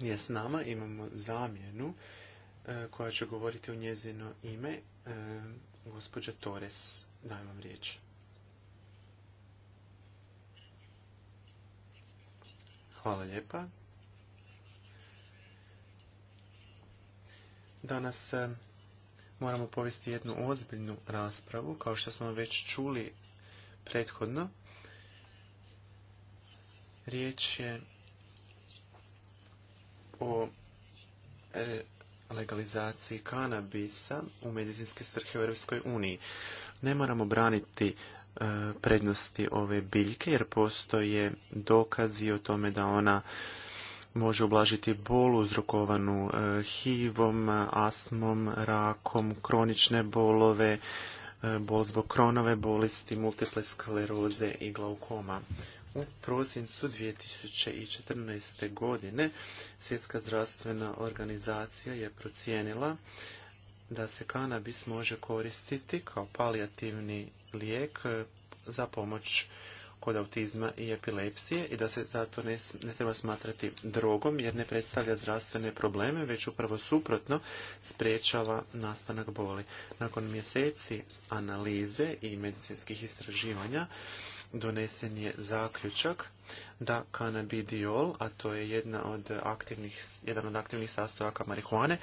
nije s nama, imamo zamjenu uh, koja će govoriti u njezino ime. Gospođa Torres, dajem vam riječ. Hvala lijepa. Danas moramo povesti jednu ozbiljnu raspravu. Kao što smo već čuli prethodno. Riječ je o legalizaciji kanabisa u medicinske strhe u Europskoj uniji. Ne moramo braniti e, prednosti ove biljke jer postoje dokazi o tome da ona može ublažiti bolu uzrokovanu e, hivom, astmom, rakom, kronične bolove, E, bol zbog kronove bolesti, multiple skleroze i glaukoma. U prosincu 2014. godine Svjetska zdravstvena organizacija je procijenila da se kanabis može koristiti kao palijativni lijek za pomoć kod autizma i epilepsije i da se zato ne, ne treba smatrati drogom jer ne predstavlja zdravstvene probleme, već upravo suprotno sprečava nastanak boli. Nakon mjeseci analize i medicinskih istraživanja donesen je zaključak da kanabidiol, a to je jedna od aktivnih, jedan od aktivnih sastojaka marihuane,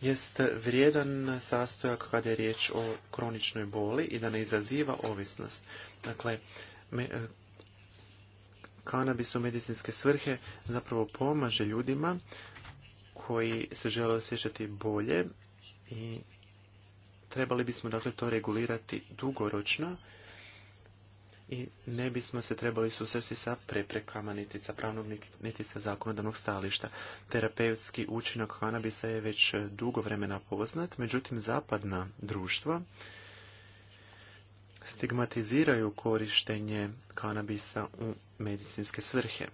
jest vrijedan sastojak kada je riječ o kroničnoj boli i da ne izaziva ovisnost. Dakle, me, e, kanabis u medicinske svrhe zapravo pomaže ljudima koji se žele osjećati bolje i trebali bismo dakle to regulirati dugoročno i ne bismo se trebali susresti sa preprekama niti sa pravnog niti sa zakonodavnog stališta. Terapeutski učinak kanabisa je već dugo vremena poznat, međutim zapadna društva stigmatiziraju korištenje kanabisa u medicinske svrhe.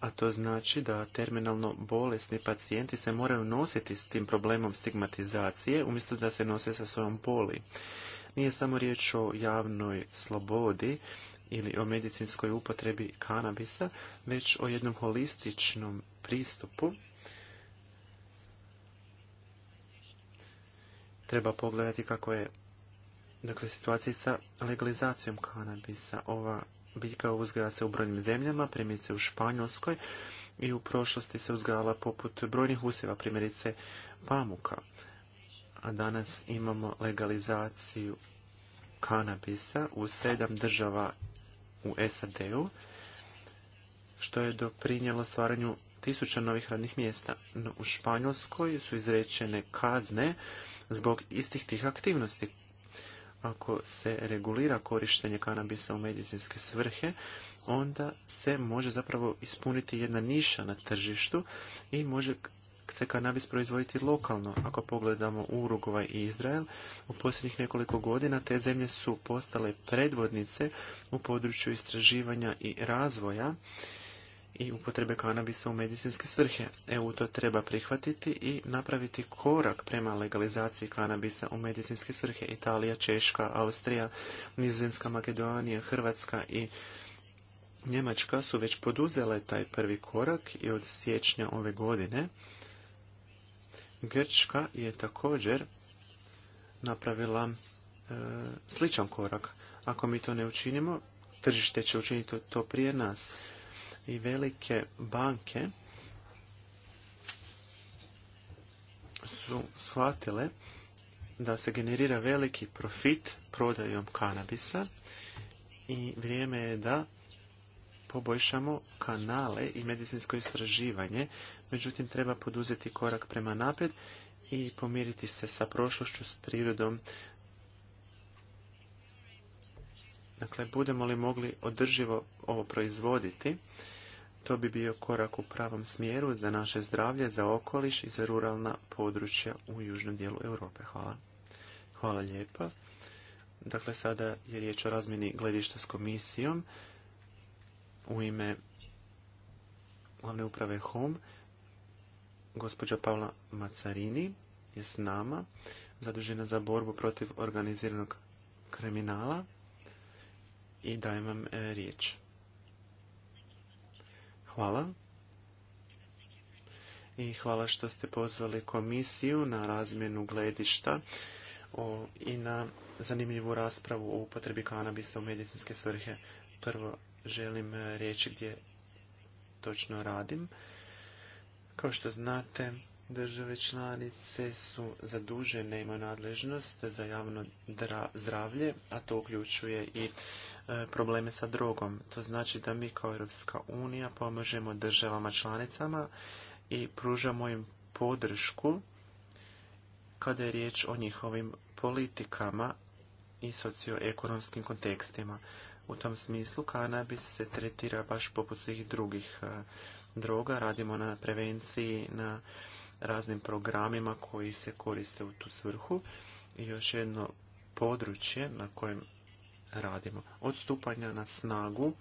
A to znači da terminalno bolesni pacijenti se moraju nositi s tim problemom stigmatizacije umjesto da se nose sa svojom boli. Nije samo riječ o javnoj slobodi ili o medicinskoj upotrebi kanabisa, već o jednom holističnom pristupu treba pogledati kako je dakle, situaciji sa legalizacijom kanabisa. Ova biljka uzgaja se u brojnim zemljama, primjerice u Španjolskoj i u prošlosti se uzgajala poput brojnih usjeva, primjerice pamuka. A danas imamo legalizaciju kanabisa u sedam država u SAD-u, što je doprinjelo stvaranju tisuća novih radnih mjesta. No, u Španjolskoj su izrečene kazne zbog istih tih aktivnosti ako se regulira korištenje kanabisa u medicinske svrhe, onda se može zapravo ispuniti jedna niša na tržištu i može se kanabis proizvoditi lokalno. Ako pogledamo Urugvaj i Izrael, u posljednjih nekoliko godina te zemlje su postale predvodnice u području istraživanja i razvoja i upotrebe kanabisa u medicinske svrhe. EU to treba prihvatiti i napraviti korak prema legalizaciji kanabisa u medicinske svrhe. Italija, Češka, Austrija, Nizozemska, Makedonija, Hrvatska i Njemačka su već poduzele taj prvi korak i od siječnja ove godine Grčka je također napravila e, sličan korak. Ako mi to ne učinimo, tržište će učiniti to prije nas i velike banke su shvatile da se generira veliki profit prodajom kanabisa i vrijeme je da poboljšamo kanale i medicinsko istraživanje, međutim treba poduzeti korak prema naprijed i pomiriti se sa prošlošću, s prirodom, Dakle, budemo li mogli održivo ovo proizvoditi, to bi bio korak u pravom smjeru za naše zdravlje, za okoliš i za ruralna područja u južnom dijelu Europe. Hvala. Hvala lijepa. Dakle, sada je riječ o razmjeni gledišta s komisijom u ime glavne uprave HOM, Gospođa Paula Macarini je s nama, zadužena za borbu protiv organiziranog kriminala i dajem vam e, riječ. Hvala. I hvala što ste pozvali komisiju na razmjenu gledišta i na zanimljivu raspravu o upotrebi kanabisa u medicinske svrhe. Prvo želim e, reći gdje točno radim. Kao što znate, Države članice su zadužene, imaju nadležnost za javno zdravlje, a to uključuje i e, probleme sa drogom. To znači da mi kao Europska unija pomažemo državama članicama i pružamo im podršku kada je riječ o njihovim politikama i socioekonomskim kontekstima. U tom smislu kanabis se tretira baš poput svih drugih e, droga, radimo na prevenciji, na raznim programima koji se koriste u tu svrhu. I još jedno područje na kojem radimo. Od stupanja na snagu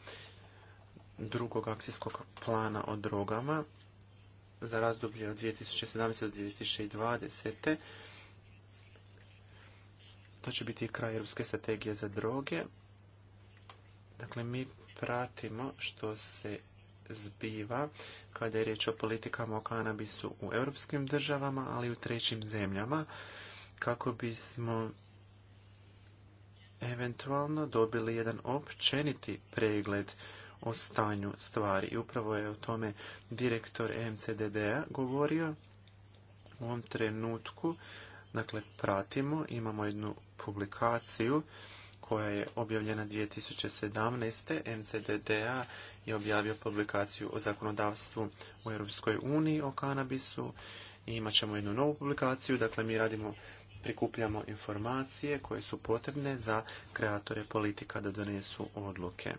drugog akcijskog plana o drogama za razdoblje od 2017. do 2020. To će biti kraj Europske strategije za droge. Dakle, mi pratimo što se zbiva kada je riječ o politikama o kanabisu u europskim državama, ali i u trećim zemljama, kako bismo eventualno dobili jedan općeniti pregled o stanju stvari. I upravo je o tome direktor MCDD-a govorio u ovom trenutku. Dakle, pratimo, imamo jednu publikaciju koja je objavljena 2017. NCDDA je objavio publikaciju o zakonodavstvu u Europskoj uniji o kanabisu i imat ćemo jednu novu publikaciju. Dakle, mi radimo, prikupljamo informacije koje su potrebne za kreatore politika da donesu odluke.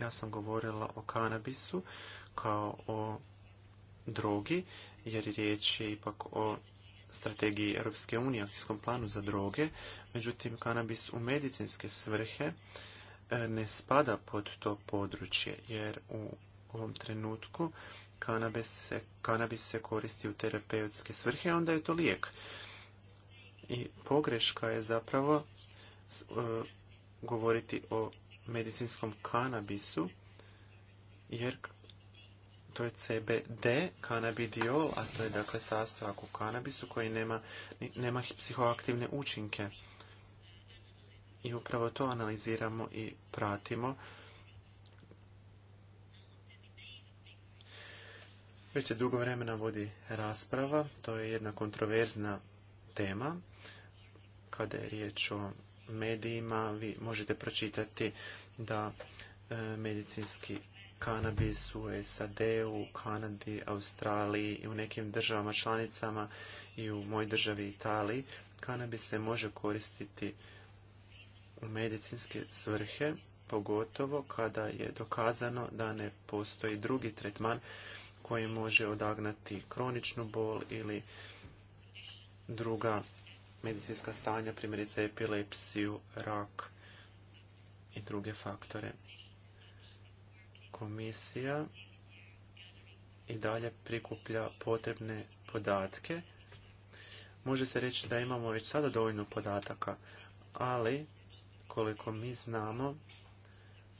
Ja sam govorila o kanabisu kao o drogi, jer riječ je ipak o strategiji Europske unije, akcijskom planu za droge, međutim kanabis u medicinske svrhe e, ne spada pod to područje, jer u ovom trenutku kanabis se, kanabis se koristi u terapeutske svrhe, onda je to lijek. I pogreška je zapravo e, govoriti o medicinskom kanabisu, jer to je CBD, kanabidiol, a to je dakle sastojak u kanabisu koji nema, nema psihoaktivne učinke. I upravo to analiziramo i pratimo. Već se dugo vremena vodi rasprava, to je jedna kontroverzna tema. Kada je riječ o medijima, vi možete pročitati da e, medicinski Kanabis u SAD-u, u Kanadi, Australiji i u nekim državama članicama i u moj državi Italiji. Kanabis se može koristiti u medicinske svrhe, pogotovo kada je dokazano da ne postoji drugi tretman koji može odagnati kroničnu bol ili druga medicinska stanja, primjerice epilepsiju, rak i druge faktore komisija i dalje prikuplja potrebne podatke. Može se reći da imamo već sada dovoljno podataka, ali koliko mi znamo,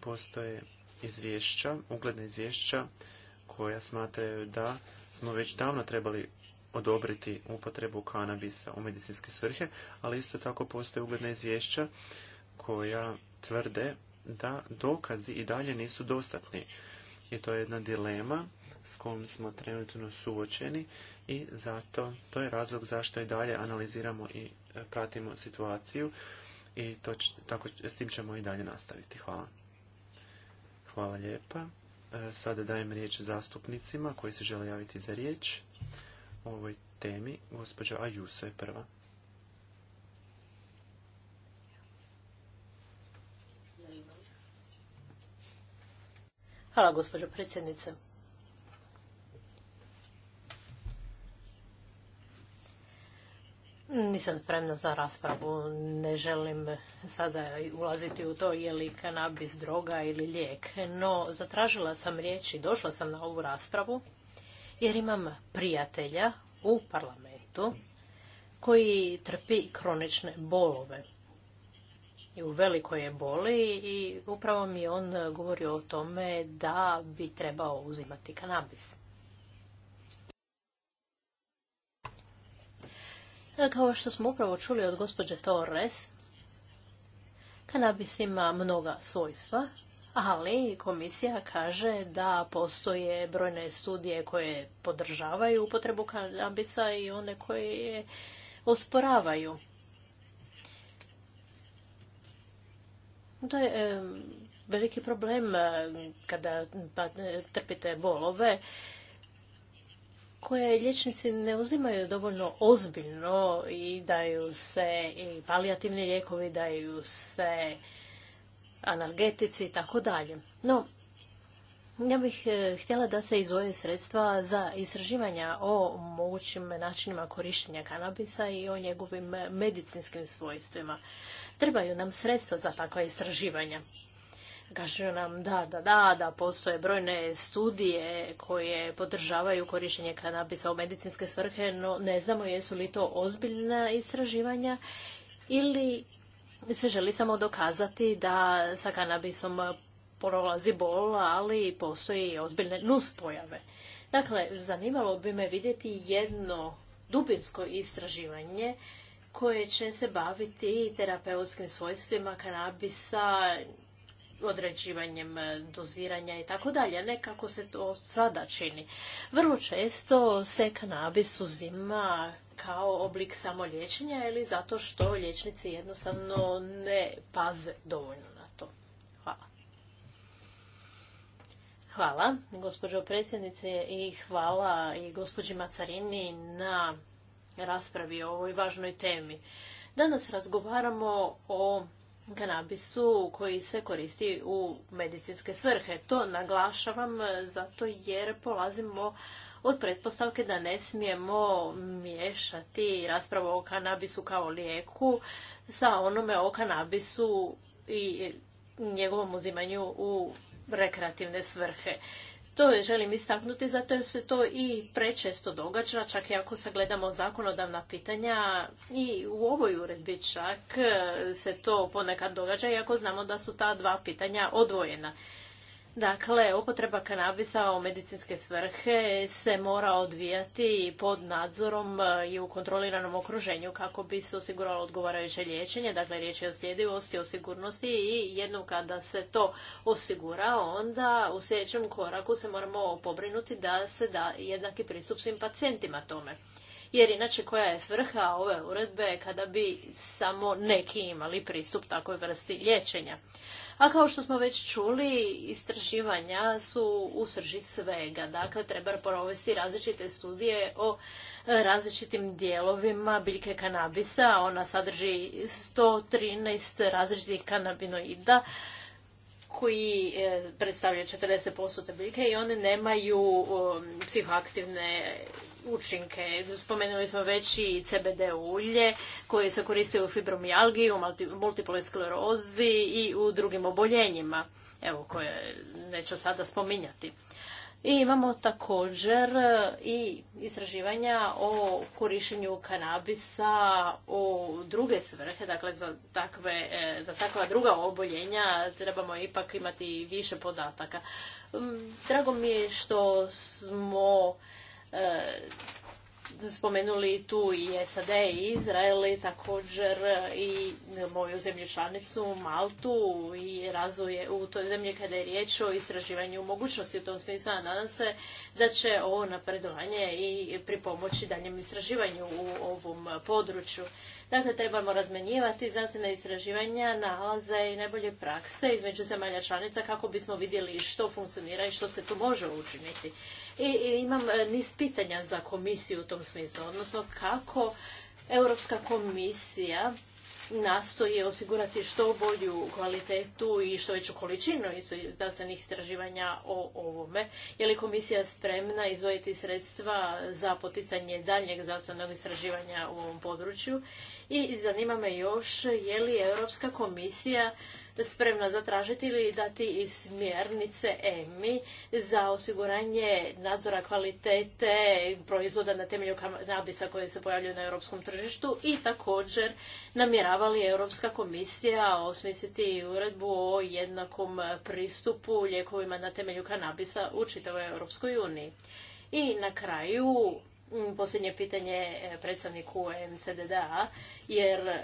postoje izvješća, ugledna izvješća koja smatraju da smo već davno trebali odobriti upotrebu kanabisa u medicinske svrhe, ali isto tako postoje ugledna izvješća koja tvrde da dokazi i dalje nisu dostatni. I to je jedna dilema s kojom smo trenutno suočeni i zato to je razlog zašto i dalje analiziramo i e, pratimo situaciju i to, tako, s tim ćemo i dalje nastaviti. Hvala. Hvala lijepa. E, sada dajem riječ zastupnicima koji se žele javiti za riječ o ovoj temi. Gospođa Ajuso je prva. Hvala, gospođo predsjednice. Nisam spremna za raspravu. Ne želim sada ulaziti u to je li kanabis droga ili lijek. No, zatražila sam riječ i došla sam na ovu raspravu jer imam prijatelja u parlamentu koji trpi kronične bolove i u velikoj je boli i upravo mi on govori o tome da bi trebao uzimati kanabis. Kao što smo upravo čuli od gospođe Torres, kanabis ima mnoga svojstva, ali komisija kaže da postoje brojne studije koje podržavaju upotrebu kanabisa i one koje osporavaju. To je veliki problem kada pa, e, trpite bolove koje liječnici ne uzimaju dovoljno ozbiljno i daju se i palijativni lijekovi, daju se analgetici i tako dalje. No, ja bih e, htjela da se izvoje sredstva za istraživanja o mogućim načinima korištenja kanabisa i o njegovim medicinskim svojstvima. Trebaju nam sredstva za takva istraživanja. Kažu nam da, da, da, da postoje brojne studije koje podržavaju korištenje kanabisa u medicinske svrhe, no ne znamo jesu li to ozbiljna istraživanja ili se želi samo dokazati da sa kanabisom prolazi bol, ali postoji i ozbiljne nuspojave. Dakle, zanimalo bi me vidjeti jedno dubinsko istraživanje koje će se baviti terapeutskim svojstvima kanabisa, određivanjem doziranja i tako dalje, ne kako se to sada čini. Vrlo često se kanabis uzima kao oblik samolječenja ili zato što liječnici jednostavno ne paze dovoljno Hvala, gospođo predsjednice, i hvala i gospođi Macarini na raspravi o ovoj važnoj temi. Danas razgovaramo o kanabisu koji se koristi u medicinske svrhe. To naglašavam zato jer polazimo od pretpostavke da ne smijemo miješati raspravu o kanabisu kao lijeku sa onome o kanabisu i njegovom uzimanju u rekreativne svrhe. To želim istaknuti zato jer se to i prečesto događa, čak i ako sagledamo zakonodavna pitanja i u ovoj uredbi čak se to ponekad događa, iako znamo da su ta dva pitanja odvojena. Dakle, upotreba kanabisa u medicinske svrhe se mora odvijati pod nadzorom e, i u kontroliranom okruženju kako bi se osiguralo odgovarajuće liječenje. Dakle, riječ je o sljedivosti, o sigurnosti i jednom kada se to osigura, onda u sljedećem koraku se moramo pobrinuti da se da jednaki pristup svim pacijentima tome jer inače koja je svrha ove uredbe kada bi samo neki imali pristup takvoj vrsti liječenja. A kao što smo već čuli, istraživanja su u srži svega. Dakle, treba provesti različite studije o različitim dijelovima biljke kanabisa. Ona sadrži 113 različitih kanabinoida koji e, predstavljaju 40% biljke i one nemaju um, psihoaktivne učinke. Spomenuli smo već i CBD ulje koje se koristi u fibromijalgiji, u multiple sklerozi i u drugim oboljenjima, evo koje neću sada spominjati. I imamo također i istraživanja o korištenju kanabisa u druge svrhe, dakle za, e, za takva druga oboljenja trebamo ipak imati više podataka. Drago mi je što smo E, spomenuli tu i SAD i Izrael i također i moju zemlju članicu Maltu i razvoje u toj zemlji kada je riječ o istraživanju mogućnosti u tom smislu. Nadam se da će ovo napredovanje i pripomoći daljem istraživanju u ovom području. Dakle, trebamo razmenjivati znanstvena istraživanja, nalaze i najbolje prakse između zemalja članica kako bismo vidjeli što funkcionira i što se tu može učiniti. I imam e, niz pitanja za komisiju u tom smislu, odnosno kako Europska komisija nastoji osigurati što bolju kvalitetu i što veću količinu zdravstvenih istraživanja o ovome. Je li komisija spremna izvojiti sredstva za poticanje daljnjeg zdravstvenog istraživanja u ovom području i zanima me još je li Europska komisija spremna zatražiti ili dati i smjernice EMI za osiguranje nadzora kvalitete proizvoda na temelju kanabisa koje se pojavljuju na europskom tržištu i također namjerava li Europska komisija osmisliti uredbu o jednakom pristupu lijekovima na temelju kanabisa u čitavoj Europskoj uniji. I na kraju Mm, posljednje pitanje e, predstavniku MCDDA, jer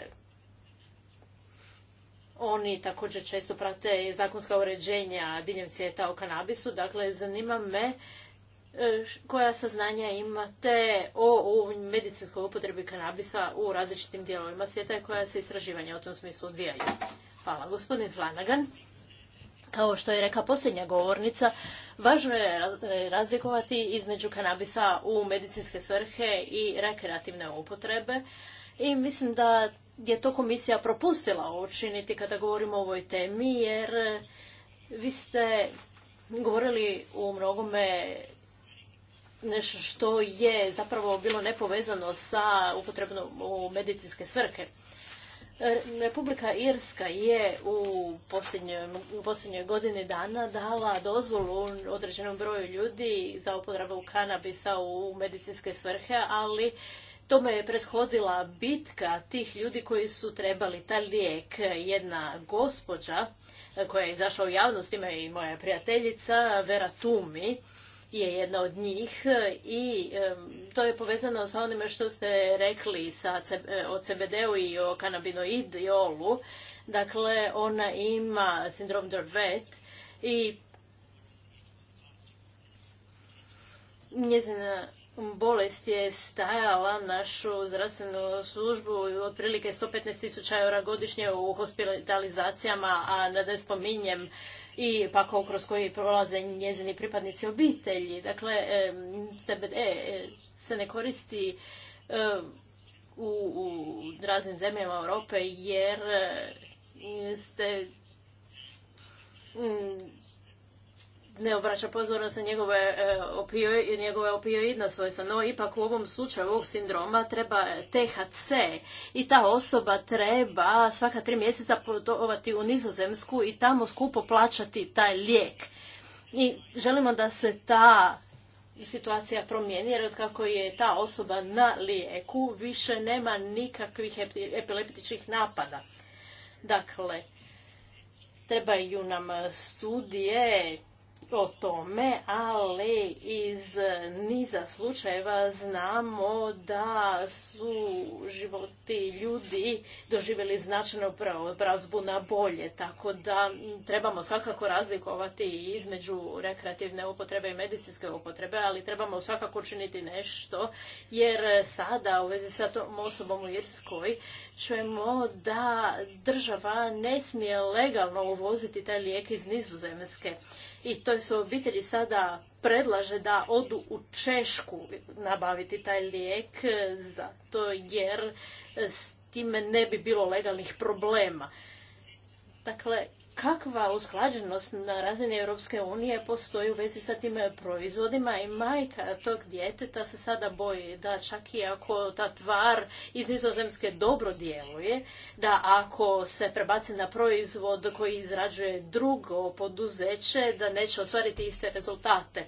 oni također često prate zakonska uređenja diljem svijeta o kanabisu. Dakle, zanima me e, koja saznanja imate o, medicinskoj upotrebi kanabisa u različitim dijelovima svijeta i koja se istraživanja u tom smislu odvijaju. Hvala. Gospodin Flanagan. Kao što je rekla posljednja govornica, važno je e, razlikovati između kanabisa u medicinske svrhe i rekreativne upotrebe i mislim da je to komisija propustila učiniti kada govorimo o ovoj temi jer e, vi ste govorili u mnogome nešto što je zapravo bilo nepovezano sa upotrebom u medicinske svrhe. Republika Irska je u posljednjoj, godini dana dala dozvolu određenom broju ljudi za upotrebu kanabisa u medicinske svrhe, ali tome je prethodila bitka tih ljudi koji su trebali ta lijek. Jedna gospođa koja je izašla u javnost, ima i moja prijateljica Vera Tumi, je jedna od njih e, i to je povezano sa onime što ste rekli e, o CBD-u i o kanabinoidiolu. Dakle, ona ima sindrom Dervet i njezina bolest je stajala našu zdravstvenu službu otprilike 115 tisuća eura godišnje u hospitalizacijama, a da ne spominjem i pako kroz koji prolaze njezini pripadnici obitelji. Dakle, e, e, se ne koristi u, u raznim zemljama Europe jer se ne obraća pozornost na njegove, e, opio, njegove opioidna svojstva, no ipak u ovom slučaju ovog sindroma treba THC i ta osoba treba svaka tri mjeseca podovati u nizozemsku i tamo skupo plaćati taj lijek. I želimo da se ta situacija promijeni, jer od kako je ta osoba na lijeku, više nema nikakvih epileptičnih napada. Dakle, trebaju nam studije o tome, ali iz niza slučajeva znamo da su životi ljudi doživjeli značajnu preobrazbu na bolje, tako da trebamo svakako razlikovati između rekreativne upotrebe i medicinske upotrebe, ali trebamo svakako učiniti nešto, jer sada u vezi sa tom osobom u Irskoj čujemo da država ne smije legalno uvoziti taj lijek iz nizozemske i to su obitelji sada predlaže da odu u Češku nabaviti taj lijek e, zato jer e, s time ne bi bilo legalnih problema. Dakle, kakva usklađenost na razini Europske unije postoji u vezi sa tim proizvodima i majka tog djeteta se sada boji da čak i ako ta tvar iz nizozemske dobro djeluje, da ako se prebaci na proizvod koji izrađuje drugo poduzeće, da neće ostvariti iste rezultate.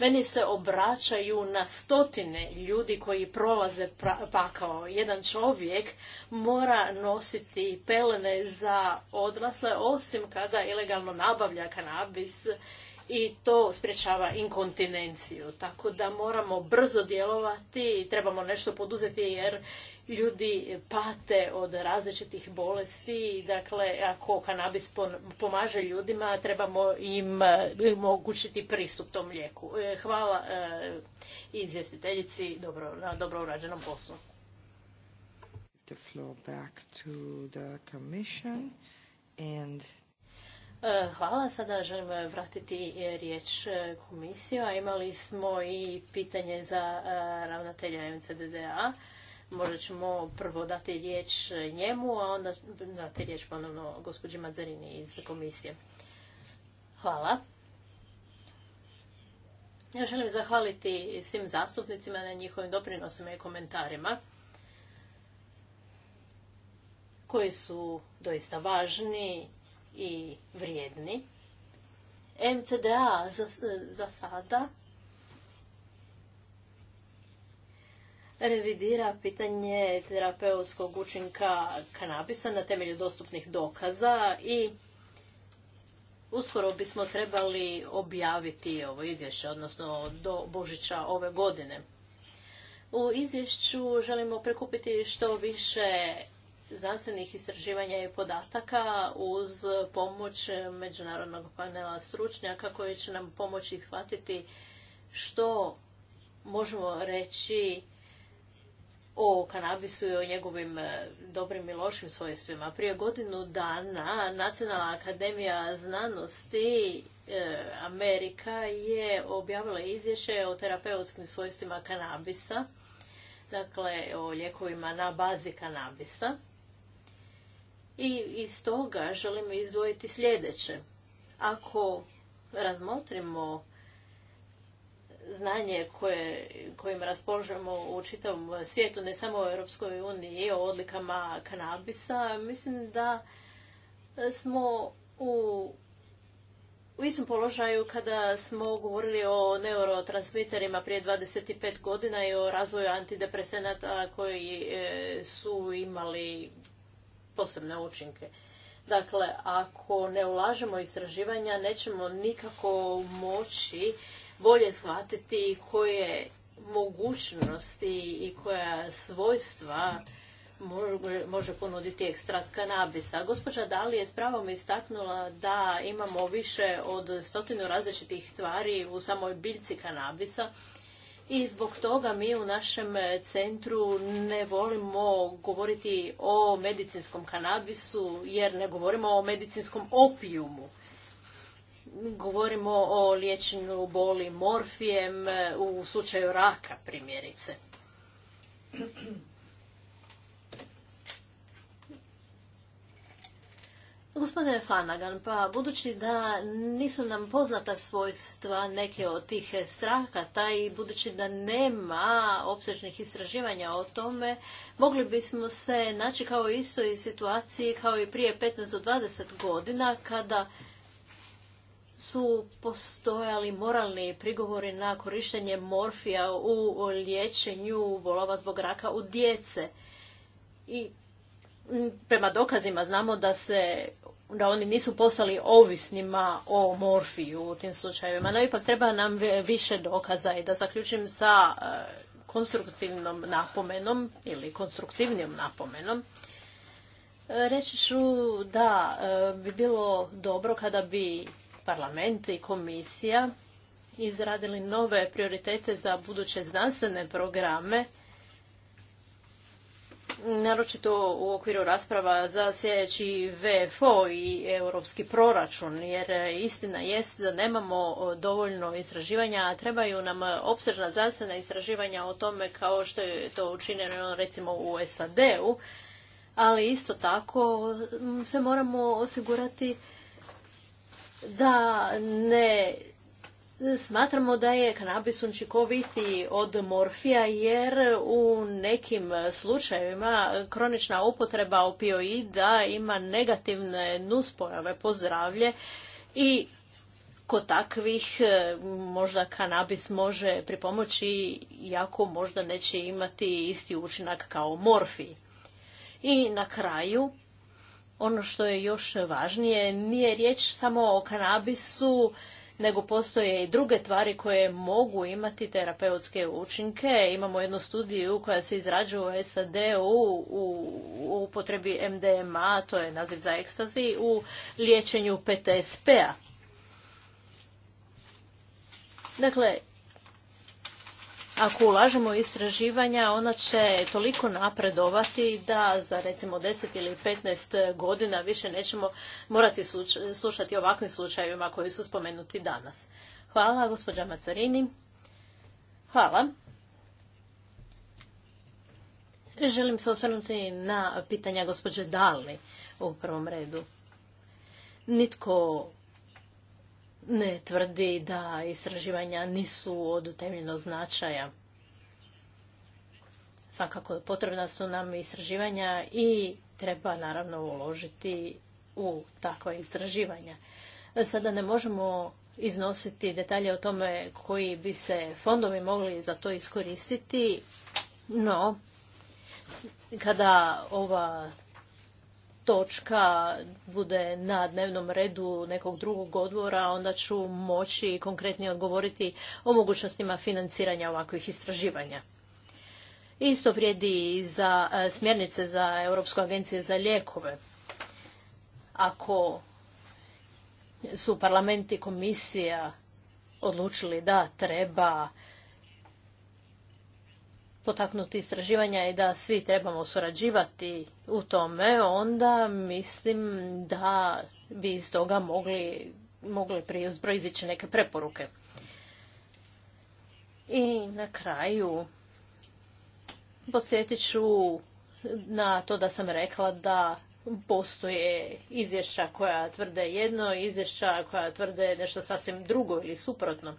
Meni se obraćaju na stotine ljudi koji prolaze pakao. Jedan čovjek mora nositi pelene za odrasle, osim kada ilegalno nabavlja kanabis i to sprječava inkontinenciju. Tako da moramo brzo djelovati i trebamo nešto poduzeti jer ljudi pate od različitih bolesti. i Dakle, ako kanabis pomaže ljudima, trebamo im eh, omogućiti pristup tom lijeku. Eh, hvala eh, izvjestiteljici na dobro urađenom poslu. Hvala. Sada želim vratiti riječ komisiju. Imali smo i pitanje za ravnatelja MCDDA. Možda ćemo prvo dati riječ njemu, a onda dati riječ ponovno gospođi Mazarini iz komisije. Hvala. Ja želim zahvaliti svim zastupnicima na njihovim doprinosima i komentarima koji su doista važni i vrijedni. MCDA za sada revidira pitanje terapeutskog učinka kanabisa na temelju dostupnih dokaza i uskoro bismo trebali objaviti ovo izvješće, odnosno do Božića ove godine. U izvješću želimo prikupiti što više znanstvenih istraživanja i podataka uz pomoć međunarodnog panela stručnjaka koji će nam pomoći shvatiti što možemo reći o kanabisu i o njegovim e, dobrim i lošim svojstvima. Prije godinu dana Nacionalna akademija znanosti e, Amerika je objavila izvješće o terapeutskim svojstvima kanabisa, dakle o lijekovima na bazi kanabisa. I iz toga želim izdvojiti sljedeće. Ako razmotrimo znanje koje, kojim raspolažemo u čitavom svijetu, ne samo u Europskoj uniji, o odlikama kanabisa, mislim da smo u, u istom položaju kada smo govorili o neurotransmiterima prije 25 godina i o razvoju antidepresenata koji e, su imali posebne učinke. Dakle, ako ne ulažemo istraživanja, nećemo nikako moći bolje shvatiti koje mogućnosti i koja svojstva može ponuditi ekstrat kanabisa. Gospođa Dali je s pravom istaknula da imamo više od stotinu različitih tvari u samoj biljci kanabisa i zbog toga mi u našem centru ne volimo govoriti o medicinskom kanabisu jer ne govorimo o medicinskom opijumu govorimo o liječenju boli morfijem e, u slučaju raka primjerice. Gospodine Flanagan, pa budući da nisu nam poznata svojstva neke od tih strahata i budući da nema opsežnih istraživanja o tome, mogli bismo se naći kao u istoj situaciji kao i prije 15 do 20 godina kada su postojali moralni prigovori na korištenje morfija u liječenju bolova zbog raka u djece. I prema dokazima znamo da se da oni nisu postali ovisnima o morfiju u tim slučajevima. No ipak treba nam više dokaza i da zaključim sa e, konstruktivnom napomenom ili konstruktivnijom napomenom. E, reći ću da e, bi bilo dobro kada bi parlament i komisija izradili nove prioritete za buduće znanstvene programe, naročito u okviru rasprava za sljedeći VFO i europski proračun, jer istina jest da nemamo dovoljno istraživanja, a trebaju nam opsežna znanstvena istraživanja o tome kao što je to učinjeno recimo u SAD-u, ali isto tako se moramo osigurati da ne Smatramo da je kanabis učinkovitiji od morfija jer u nekim slučajevima kronična upotreba opioida ima negativne nuspojave po zdravlje i kod takvih e, možda kanabis može pripomoći iako možda neće imati isti učinak kao morfij. I na kraju ono što je još važnije, nije riječ samo o kanabisu, nego postoje i druge tvari koje mogu imati terapeutske učinke. Imamo jednu studiju koja se izrađuje u SAD-u u upotrebi MDMA, to je naziv za ekstazi, u liječenju PTSP-a. Dakle, ako ulažemo u istraživanja, ona će toliko napredovati da za recimo 10 ili 15 godina više nećemo morati slušati ovakvim slučajevima koji su spomenuti danas. Hvala, gospođa Macarini. Hvala. Želim se osvrnuti na pitanja gospođe Dalni u prvom redu. Nitko ne tvrdi da istraživanja nisu od temeljnog značaja. Svakako potrebna su nam istraživanja i treba naravno uložiti u takva istraživanja. Sada ne možemo iznositi detalje o tome koji bi se fondovi mogli za to iskoristiti, no kada ova točka bude na dnevnom redu nekog drugog odbora, onda ću moći konkretnije odgovoriti o mogućnostima financiranja ovakvih istraživanja. Isto vrijedi i za e, smjernice za Europsku agenciju za lijekove. Ako su parlament i komisija odlučili da treba potaknuti istraživanja i da svi trebamo surađivati u tome, onda mislim da bi iz toga mogli, mogli proizići neke preporuke. I na kraju podsjetit ću na to da sam rekla da postoje izvješća koja tvrde jedno, izvješća koja tvrde nešto sasvim drugo ili suprotno.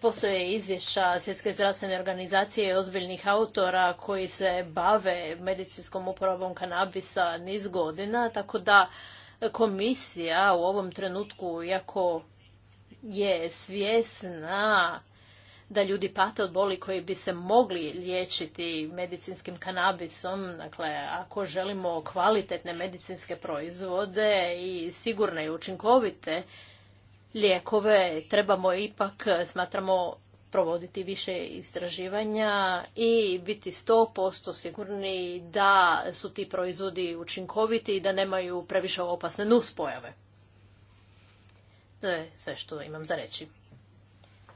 Postoje izvješća Svjetske zdravstvene organizacije i ozbiljnih autora koji se bave medicinskom uporabom kanabisa niz godina, tako da komisija u ovom trenutku, iako je svjesna da ljudi pate od boli koji bi se mogli liječiti medicinskim kanabisom. Dakle, ako želimo kvalitetne medicinske proizvode i sigurne i učinkovite lijekove trebamo ipak, smatramo, provoditi više istraživanja i biti 100% sigurni da su ti proizvodi učinkoviti i da nemaju previše opasne nuspojave. To je sve što imam za reći.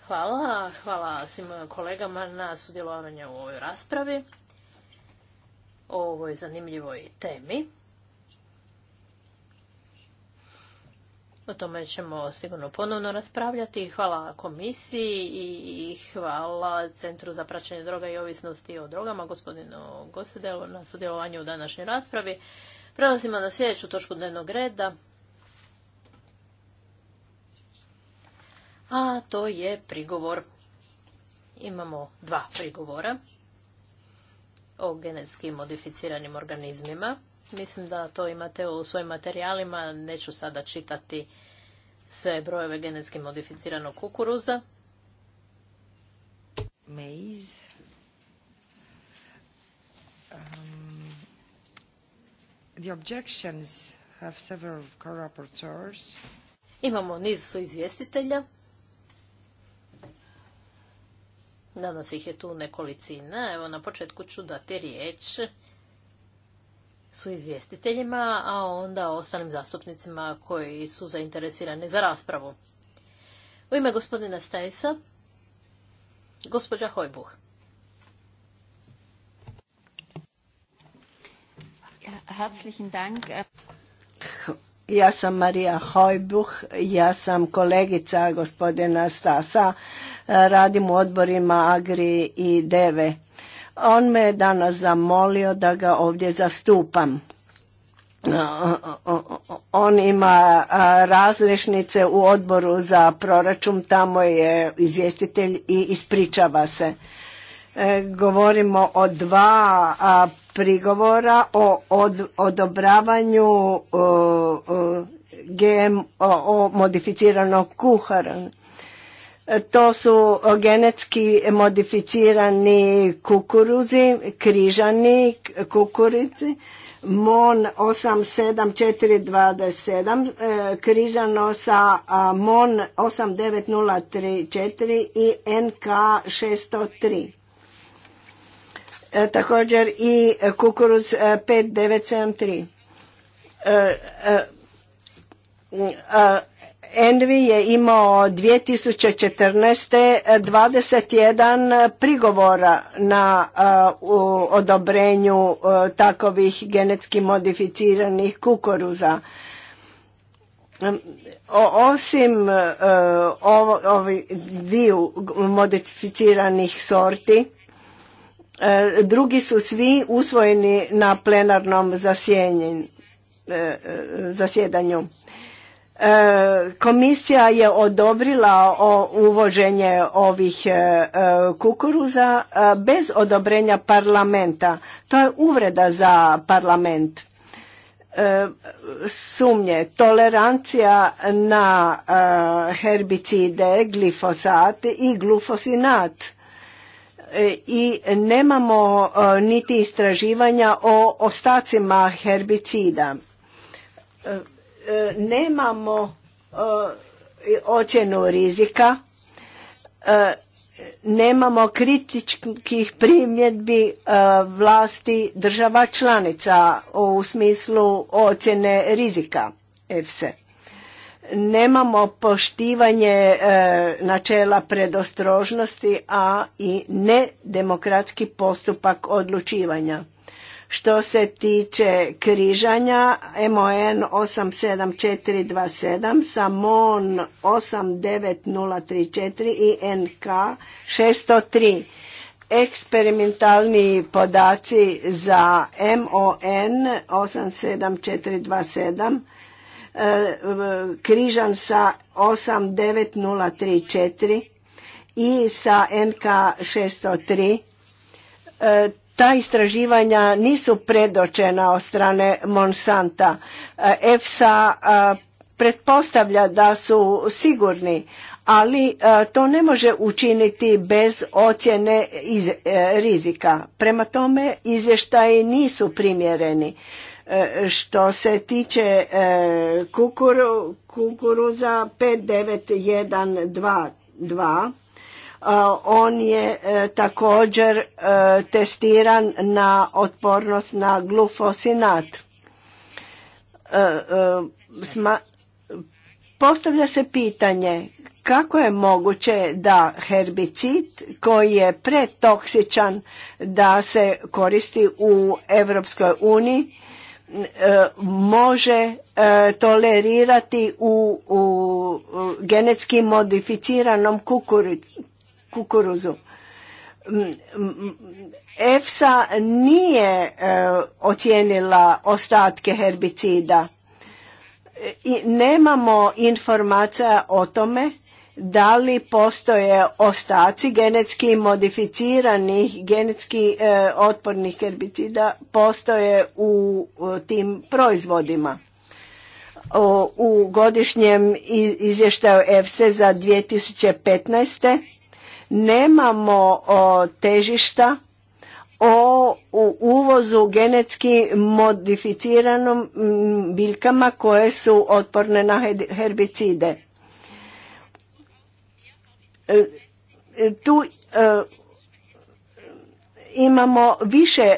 Hvala, hvala svim kolegama na sudjelovanju u ovoj raspravi, o ovoj zanimljivoj temi. O tome ćemo sigurno ponovno raspravljati. Hvala komisiji i hvala Centru za praćenje droga i ovisnosti o drogama, gospodinu Gosedelu, na sudjelovanju u današnjoj raspravi. Prelazimo na sljedeću točku dnevnog reda. A to je prigovor. Imamo dva prigovora o genetski modificiranim organizmima. Mislim da to imate u svojim materijalima. Neću sada čitati sve brojeve genetski modificiranog kukuruza. Um, Imamo niz su izvjestitelja. Danas ih je tu nekolicina. Evo na početku ću dati riječ su izvjestiteljima, a onda ostalim zastupnicima koji su zainteresirani za raspravu. U ime gospodina Stajsa, gospođa Hojbuh. Ja sam Marija Hojbuh, ja sam kolegica gospodina Stasa, radim u odborima Agri i Deve. On me je danas zamolio da ga ovdje zastupam. On ima razrešnice u odboru za proračun, tamo je izvjestitelj i ispričava se. E, govorimo o dva prigovora o odobravanju GMO modificiranog kuhara to su genetski modificirani kukuruzi, križani kukurici, MON 87427, e, križano sa MON 89034 i NK 603. E, također i kukuruz 5973. E, Envi je imao 2014. 21 prigovora na odobrenju takovih genetski modificiranih kukuruza. Osim ovih dviju modificiranih sorti, drugi su svi usvojeni na plenarnom zasjedanju E, komisija je odobrila uvoženje ovih e, e, kukuruza bez odobrenja parlamenta. To je uvreda za parlament. Sumnje, tolerancija na herbicide, glifosat i glufosinat i nemamo niti istraživanja o ostacima herbicida E, nemamo e, ocjenu rizika, e, nemamo kritičkih primjedbi vlasti država članica u smislu ocjene rizika EFSE. Nemamo poštivanje načela predostrožnosti, a i nedemokratski postupak odlučivanja. Što se tiče križanja, MON 87427, SAMON 89034 i NK 603. Eksperimentalni podaci za MON 87427 e, križan sa 89034 i sa NK 603 ta istraživanja nisu predočena od strane Monsanta. E, EFSA e, pretpostavlja da su sigurni, ali e, to ne može učiniti bez ocjene rizika. Prema tome izvještaji nisu primjereni. Što se tiče kukuru, kukuruza 59122, on je e, također e, testiran na otpornost na glufosinat. E, postavlja se pitanje kako je moguće da herbicid koji je pretoksičan da se koristi u Europskoj uniji može tolerirati u, u genetski modificiranom kukuruzu. EFSA nije e, ocijenila ostatke herbicida. I nemamo informacija o tome da li postoje ostaci genetski modificiranih, genetski e, otpornih herbicida postoje u, tim proizvodima. u godišnjem izvještaju EFSA za 2015. Nemamo težišta o uvozu genetski modificiranom biljkama koje su otporne na herbicide. E, e, tu e, imamo više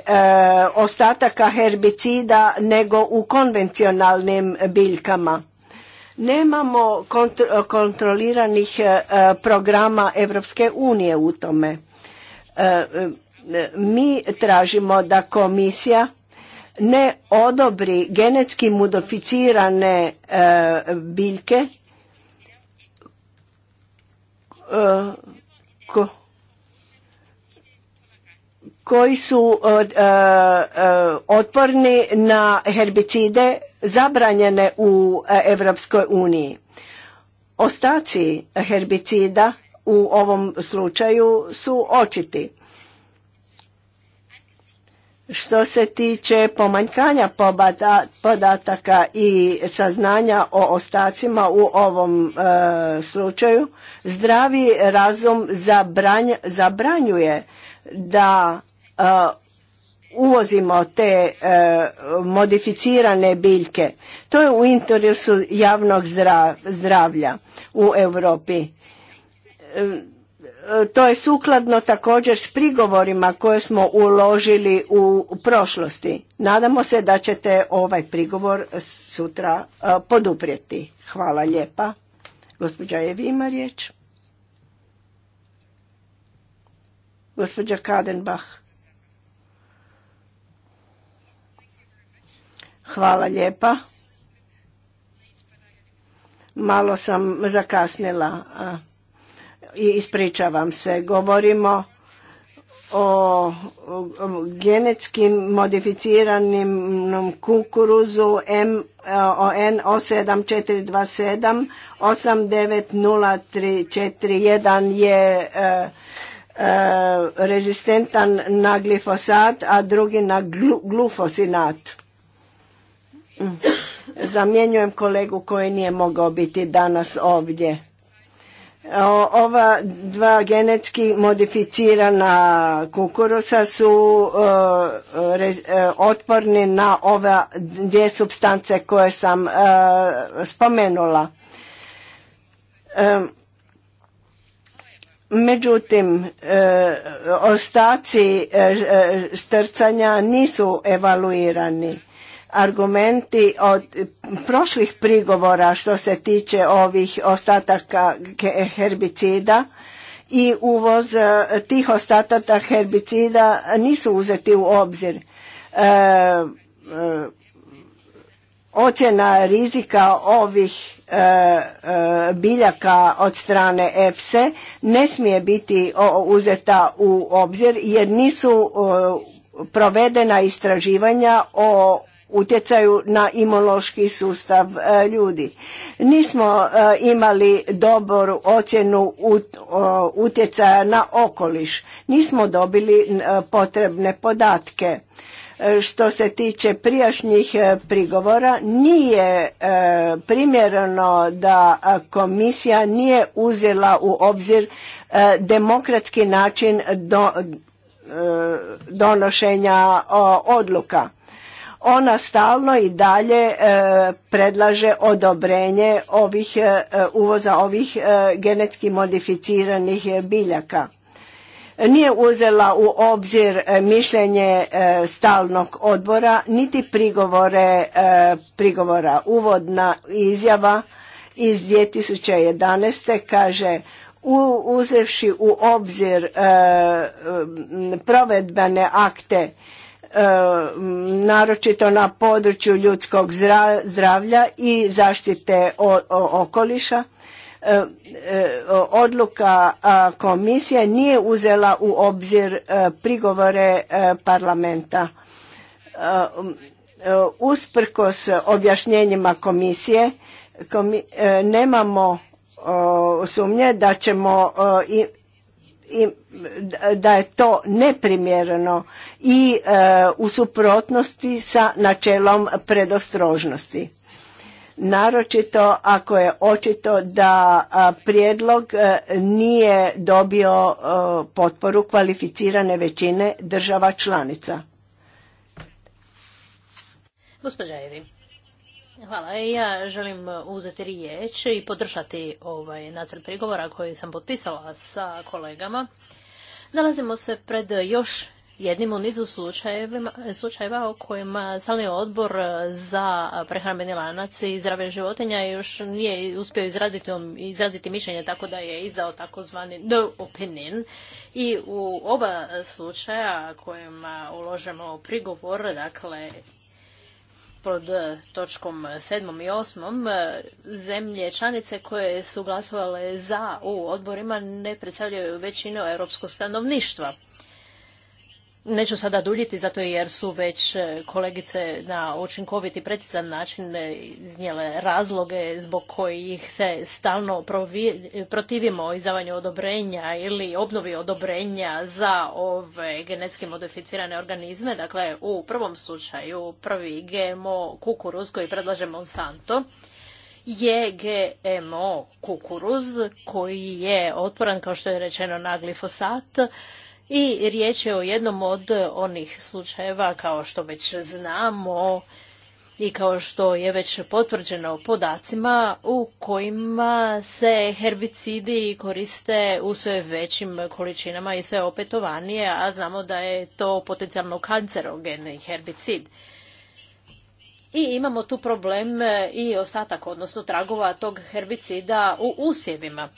ostataka herbicida nego u konvencionalnim biljkama Nemamo eh, kontroliranih eh, eh, programa Europske unije u tome. Mi tražimo da komisija ne odobri genetski modificirane biljke koji su e, e, e, otporni na herbicide zabranjene u Europskoj uniji. Ostaci herbicida u ovom slučaju su očiti. Što se tiče pomanjkanja podataka i saznanja o ostacima u ovom slučaju, zdravi razum zabranjuje da Uh, uvozimo te uh, modificirane biljke. To je u interesu javnog zdravlja u Europi. Uh, to je sukladno također s prigovorima koje smo uložili u prošlosti. Nadamo se da ćete ovaj prigovor sutra poduprijeti. Hvala lijepa. Gospođa Evi ima riječ. Gospođa Kadenbach. Hvala lijepa. Malo sam zakasnila i ispričavam se. Govorimo o genetski modificiranim kukuruzu mon 890341 je je e, rezistentan na glifosat, a drugi na glufosinat. Zamjenjujem kolegu koji nije mogao biti danas ovdje. Ova dva genetski modificirana kukurusa su e, e, otporni na ove dvije substance koje sam e, spomenula. Međutim, ostaci strcanja nisu evaluirani argumenti od prošlih prigovora što se tiče ovih ostataka herbicida i uvoz e, tih ostataka herbicida nisu uzeti u obzir. E, e, ocjena rizika ovih biljaka od strane EFSE ne smije biti uzeta u obzir jer nisu provedena istraživanja o utjecaju na imunološki sustav e, ljudi. Nismo e, imali dobru ocjenu utjecaja na okoliš. Nismo dobili e, potrebne podatke. Što se tiče prijašnjih prigovora, nije primjereno da komisija nije uzela u obzir demokratski način donošenja odluka ona stalno i dalje e, predlaže odobrenje ovih e, uvoza ovih e, genetski modificiranih biljaka. Nije uzela u obzir mišljenje stalnog odbora niti prigovore prigovora uvodna izjava iz 2011. kaže uzevši u obzir provedbene akte E, naročito na području ljudskog zdravlja i zaštite okoliša e, e, odluka komisije nije uzela u obzir prigovore parlamenta usprkos objašnjenjima komisije nemamo sumnje da ćemo i da je to neprimjereno i e, u suprotnosti sa načelom predostrožnosti naročito ako je očito da prijedlog e, nije dobio e, potporu kvalificirane većine država članica. Gospođa Hvala. E, ja želim e, uzeti riječ i podržati ovaj nacrt prigovora koji sam potpisala sa kolegama. Nalazimo se pred još jednim u nizu slučajeva, o kojima stalni odbor za prehrambeni lanac i zdrave životinja još nije uspio izraditi, izraditi mišljenje, tako da je izdao takozvani no opinion. I u oba slučaja kojima uložemo prigovor, dakle pod e, točkom 7. i 8. E, zemlje članice koje su glasovale za u odborima ne predstavljaju većinu europskog stanovništva. Neću sada duljiti zato jer su već e, kolegice na učinkoviti i precizan način e, iznijele razloge zbog kojih se stalno e, protivimo izdavanju odobrenja ili obnovi odobrenja za ove genetski modificirane organizme. Dakle, u prvom slučaju prvi GMO kukuruz koji predlaže Monsanto je GMO kukuruz koji je otporan, kao što je rečeno, na glifosat i riječ je o jednom od e, onih slučajeva, kao što već znamo i kao što je već potvrđeno podacima, u kojima se herbicidi koriste u sve većim količinama i sve opetovanije, a znamo da je to potencijalno kancerogeni herbicid. I imamo tu problem e, i ostatak, odnosno tragova tog herbicida u usjevima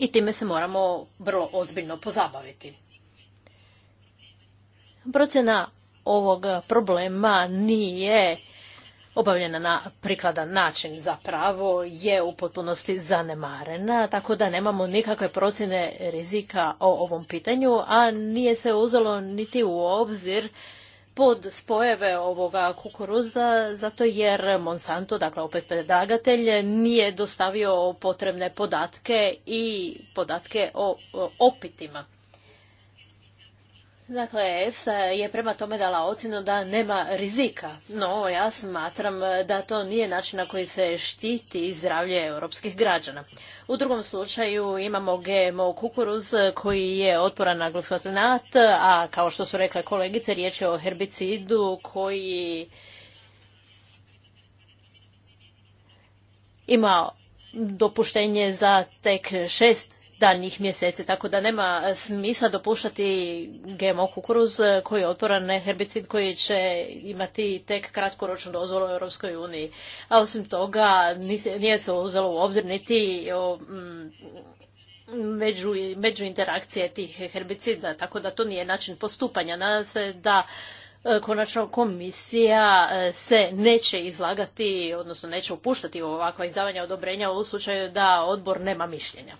i time se moramo vrlo ozbiljno pozabaviti. Procjena ovog problema nije obavljena na prikladan način zapravo je u potpunosti zanemarena, tako da nemamo nikakve procjene rizika o ovom pitanju, a nije se uzelo niti u obzir pod spojeve ovoga kukuruza zato jer Monsanto, dakle opet predlagatelj, nije dostavio potrebne podatke i podatke o opitima. Dakle, EFSA je prema tome dala ocjenu da nema rizika, no ja smatram da to nije način na koji se štiti zdravlje europskih građana. U drugom slučaju imamo GMO kukuruz koji je otporan na glufosinat, a kao što su rekle kolegice, riječ je o herbicidu koji ima dopuštenje za tek šest danjih mjeseci, tako da nema e, smisla dopuštati GMO kukuruz e, koji je otporan herbicid koji će imati tek kratkoročnu dozvolu u Europskoj uniji. A osim toga nije se uzelo u obzir niti mm, među, interakcije tih herbicida, tako da to nije način postupanja. Nadam se da e, konačno komisija se neće izlagati, odnosno neće upuštati ovakva izdavanja odobrenja u slučaju da odbor nema mišljenja.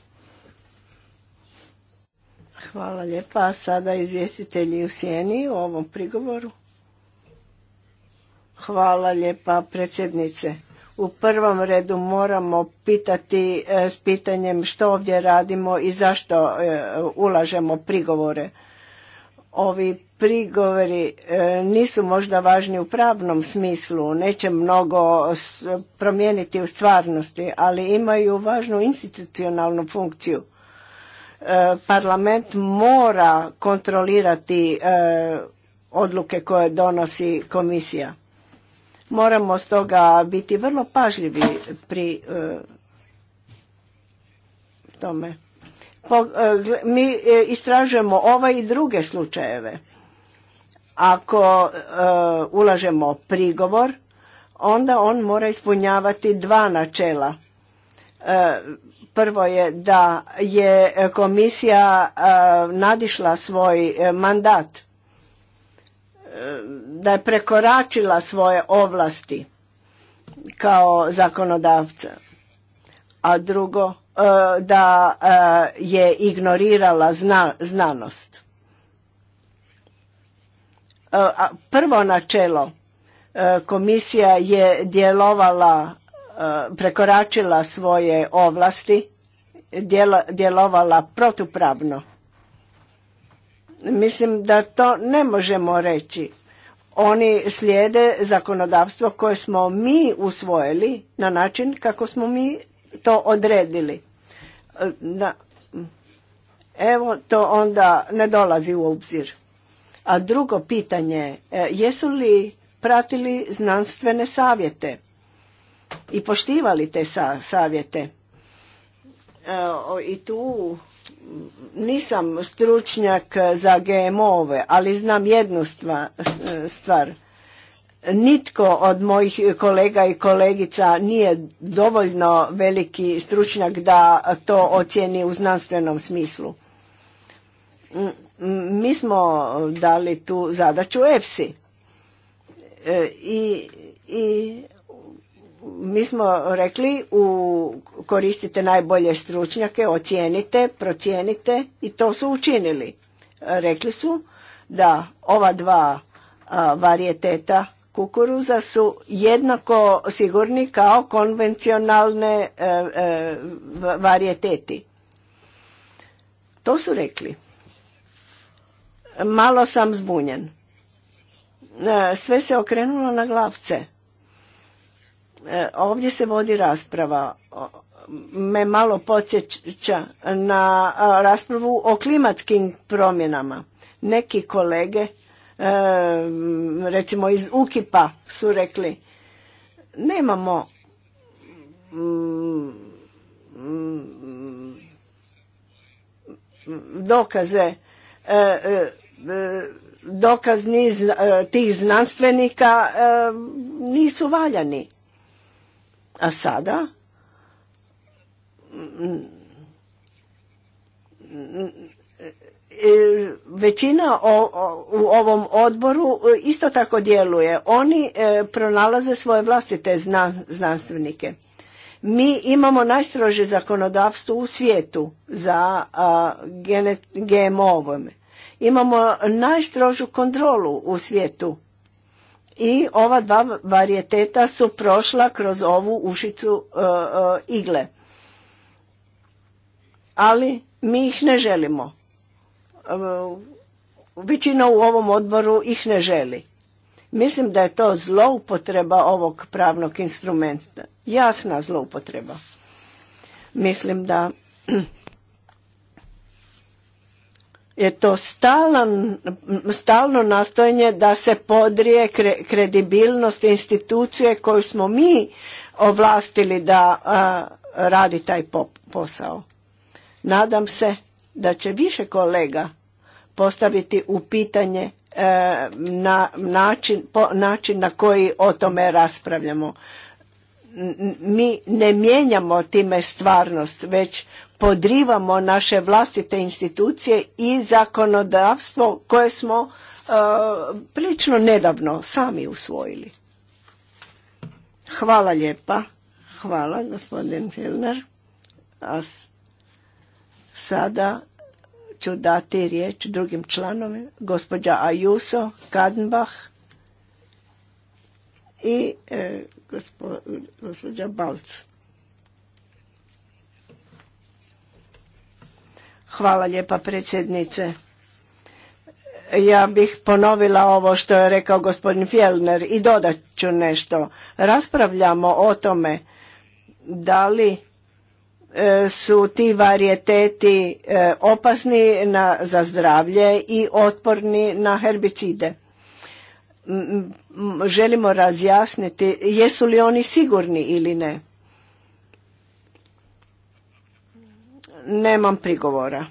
Hvala lijepa. Sada izvjestitelji u sjeni u ovom prigovoru. Hvala lijepa predsjednice. U prvom redu moramo pitati e, s pitanjem što ovdje radimo i zašto e, ulažemo prigovore. Ovi prigovori e, nisu možda važni u pravnom smislu, neće mnogo promijeniti u stvarnosti, ali imaju važnu institucionalnu funkciju E, parlament mora kontrolirati e, odluke koje donosi komisija. Moramo stoga biti vrlo pažljivi pri e, tome. Mi istražujemo ove i druge slučajeve. Ako ulažemo prigovor, onda on mora ispunjavati dva načela – Prvo je da je komisija e, nadišla svoj e, mandat, e, da je prekoračila svoje ovlasti kao zakonodavca. A drugo, da je ignorirala znanost. Prvo načelo komisija je djelovala Eh, prekoračila svoje ovlasti, djelovala protupravno. Mislim da to ne možemo reći. Oni slijede zakonodavstvo koje smo mi usvojili na način kako smo mi to odredili. Eh, da. Evo to onda ne dolazi u obzir. A drugo pitanje, eh, jesu li pratili znanstvene savjete? i poštivali te savjete. E, I tu nisam stručnjak za GMO-ove, ali znam jednu stvar. Nitko od mojih kolega i kolegica nije dovoljno veliki stručnjak da to ocijeni u znanstvenom smislu. Mi smo dali tu zadaću EFSI i, i mi smo rekli u, koristite najbolje stručnjake, ocijenite, procijenite i to su učinili. Rekli su da ova dva a, varijeteta kukuruza su jednako sigurni kao konvencionalne e, e varijeteti. To su rekli. Malo sam zbunjen. E, sve se okrenulo na glavce E, ovdje se vodi rasprava, me malo podsjeća na raspravu o klimatskim promjenama. Neki kolege, e, recimo iz Ukipa, su rekli nemamo mm, mm, dokaze e, dokaz niz tih znanstvenika nisu valjani a sada e, većina u ovom odboru isto tako djeluje. Oni e, pronalaze svoje vlastite znanstvenike. Mi imamo najstrože zakonodavstvo u svijetu za gmo Imamo najstrožu kontrolu u svijetu i ova dva varijeteta su prošla kroz ovu ušicu e, e, igle. Ali mi ih ne želimo. E, većina u ovom odboru ih ne želi. Mislim da je to zloupotreba ovog pravnog instrumenta. Jasna zloupotreba. Mislim da je to stalan, stalno nastojanje da se podrije kredibilnost institucije koju smo mi ovlastili da radi taj posao. Nadam se da će više kolega postaviti u pitanje e, na način, način na koji o tome raspravljamo. Mi ne mijenjamo time stvarnost, već podrivamo naše vlastite institucije i zakonodavstvo koje smo e, prilično nedavno sami usvojili. Hvala lijepa. Hvala gospodin Filner. A sada ću dati riječ drugim članovima, gospođa Ajuso, Kadenbach i e, gospođa Balc. Hvala lijepa predsjednice. Ja bih ponovila ovo što je rekao gospodin Fjellner i dodat ću nešto. Raspravljamo o tome da li e, su ti varijeteti e, opasni na, za zdravlje i otporni na herbicide. Želimo razjasniti jesu li oni sigurni ili ne. Nemam prigovora.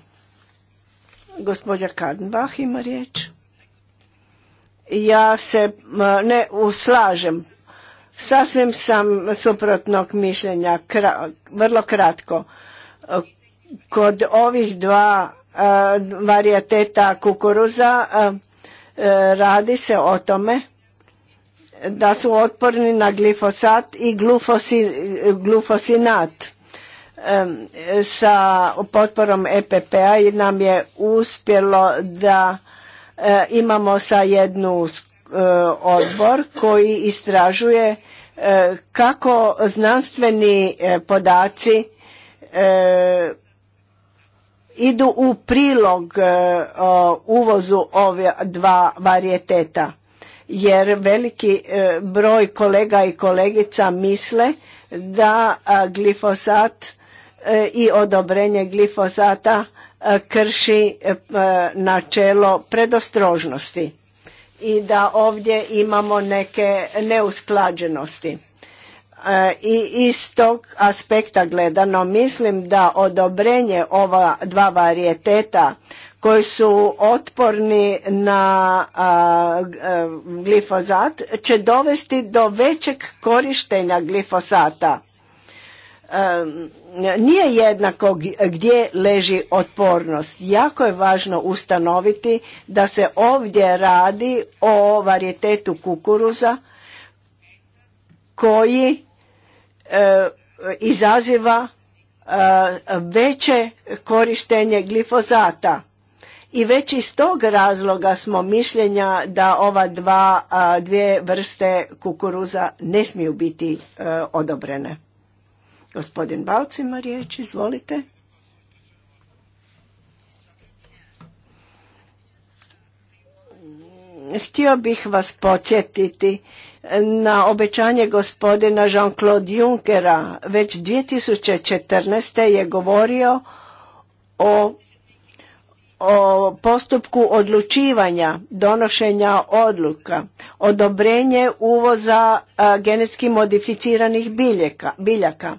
Gospodja Kadenbach ima riječ. Ja se ne uslažem. Sasvim sam suprotnog mišljenja. vrlo kratko. Kod ovih dva e, varijateta kukuruza e, e, radi se o tome da su otporni na glifosat i glufosinat sa potporom EPP-a nam je uspjelo da e, imamo sa jednu e, odbor koji istražuje e, kako znanstveni podaci idu u prilog uvozu ove dva varijeteta jer veliki broj kolega i kolegica misle da glifosat E, i odobrenje glifosata e, krši e, načelo predostrožnosti i da ovdje imamo neke neusklađenosti. I iz tog aspekta gledano mislim da odobrenje ova dva varijeteta koji su otporni na glifosat će dovesti do većeg korištenja glifosata nije jednako gdje leži otpornost. Jako je važno ustanoviti da se ovdje radi o varijetetu kukuruza koji e, izaziva e, veće korištenje glifozata. I već iz tog razloga smo mišljenja da ova dva, dvije vrste kukuruza ne smiju biti e, odobrene. Gospodin Balc ima riječ, izvolite. Htio bih vas podsjetiti na obećanje gospodina Jean-Claude Junckera. Već 2014. je govorio o, o postupku odlučivanja, donošenja odluka, odobrenje uvoza genetski modificiranih biljaka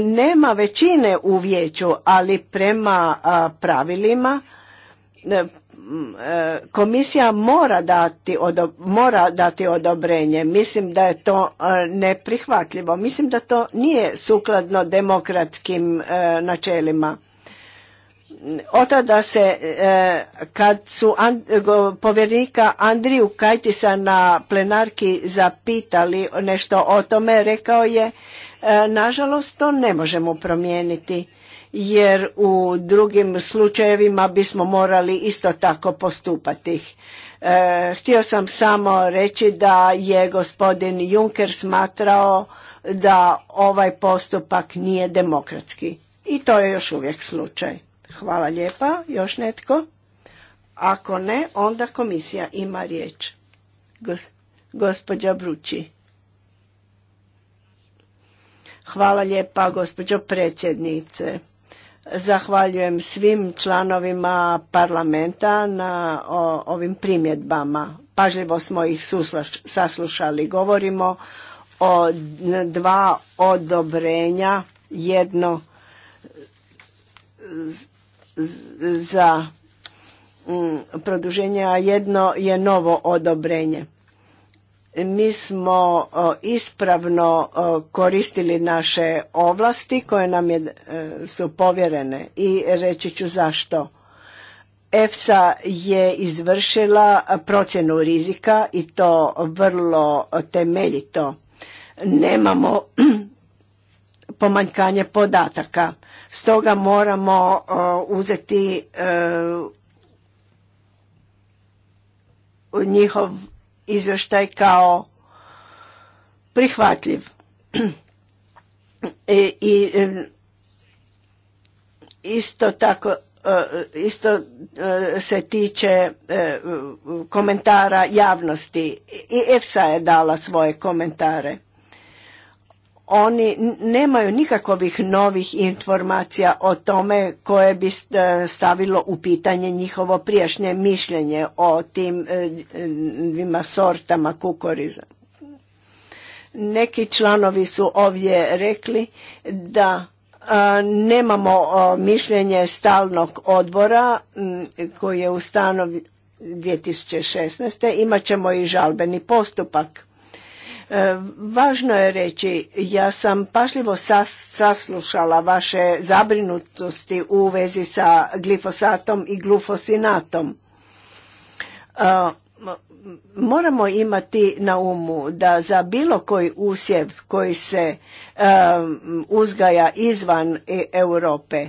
nema većine u vijeću, ali prema pravilima e, e, komisija mora dati, mora dati odobrenje. Mislim da je to e, neprihvatljivo. Mislim da to nije sukladno demokratskim načelima. Od tada se, kad su povjerenika Andriju Kajtisa na plenarki zapitali nešto o tome, rekao je E, nažalost, to ne možemo promijeniti jer u drugim slučajevima bismo morali isto tako postupati. E, htio sam samo reći da je gospodin Juncker smatrao da ovaj postupak nije demokratski. I to je još uvijek slučaj. Hvala lijepa. Još netko? Ako ne, onda komisija ima riječ. Gospodja gospođa Brući. Hvala lijepa gospođo predsjednice. Zahvaljujem svim članovima parlamenta na ovim primjedbama. Pažljivo smo ih saslušali. Govorimo o dva odobrenja, jedno za produženje, a jedno je novo odobrenje mi smo e, ispravno e, koristili naše ovlasti koje nam je, e, su povjerene i reći ću zašto. EFSA je izvršila procjenu rizika i to vrlo temeljito. Nemamo *clears throat* pomanjkanje podataka. Stoga moramo uzeti njihov izvještaj kao prihvatljiv. E, I, i isto tako e, isto e, se tiče komentara javnosti. I EFSA je dala svoje komentare oni nemaju nikakvih novih informacija o tome koje bi e, stavilo u pitanje njihovo prijašnje mišljenje o tim e, dvima sortama kukoriza. Neki članovi su ovdje rekli da e, nemamo mišljenje stalnog odbora koji je ustanovljen 2016. Imaćemo i žalbeni postupak E, važno je reći, ja sam pažljivo saslušala vaše zabrinutosti u vezi sa glifosatom i glufosinatom. E, moramo imati na umu da za bilo koji usjev koji se e, uzgaja izvan Europe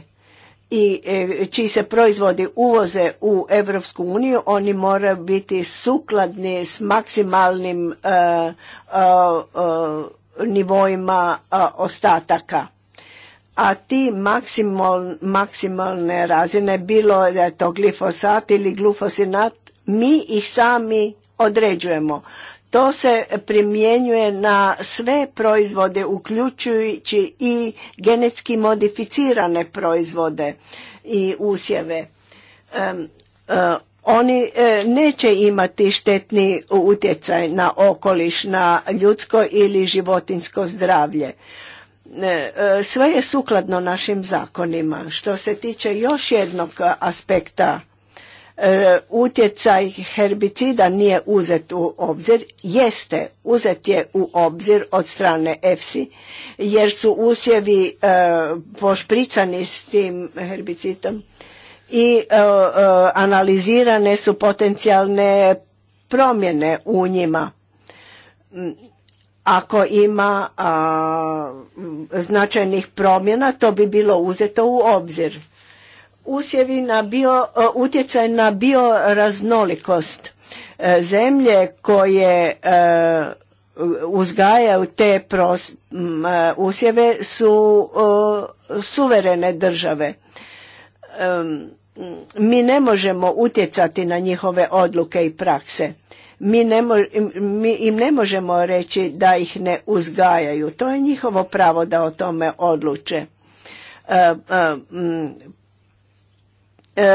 i e, čiji se proizvodi uvoze u Europsku uniju, oni moraju biti sukladni s maksimalnim nivojima e, e, nivoima ostataka. A ti maksimal, maksimalne razine, bilo da je to glifosat ili glufosinat, mi ih sami određujemo. To se primjenjuje na sve proizvode, uključujući i genetski modificirane proizvode i usjeve. E, oni e, neće imati štetni utjecaj na okoliš, na ljudsko ili životinsko zdravlje. E, sve je sukladno našim zakonima. Što se tiče još jednog aspekta E, utjecaj herbicida nije uzet u obzir, jeste uzet je u obzir od strane EFSI jer su usjevi e, pošpricani s tim herbicidom i e, analizirane su potencijalne promjene u njima ako ima značajnih promjena to bi bilo uzeto u obzir usjevi na bio, e, utjecaj na bioraznolikost. E, zemlje koje e, uzgajaju te usjeve su suverene države. Mi ne možemo utjecati na njihove odluke i prakse. Mi, mi im ne možemo reći da ih ne uzgajaju. To je njihovo pravo da o tome odluče. E,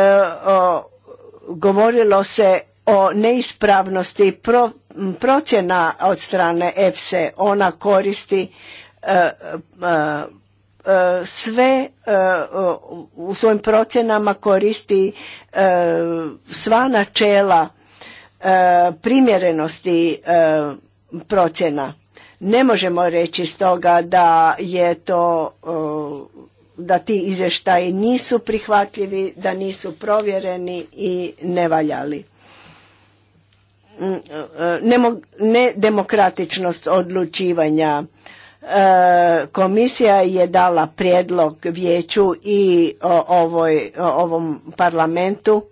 govorilo se o neispravnosti procjena od strane EFSE. Ona koristi e, e, sve u svojim procjenama koristi sva načela primjerenosti procjena. Ne možemo reći stoga da je to da ti izvještaji nisu prihvatljivi, da nisu provjereni i nevaljali. Mm, e, Nedemokratičnost odlučivanja. E, komisija je dala prijedlog vijeću i ovoj, ovom parlamentu.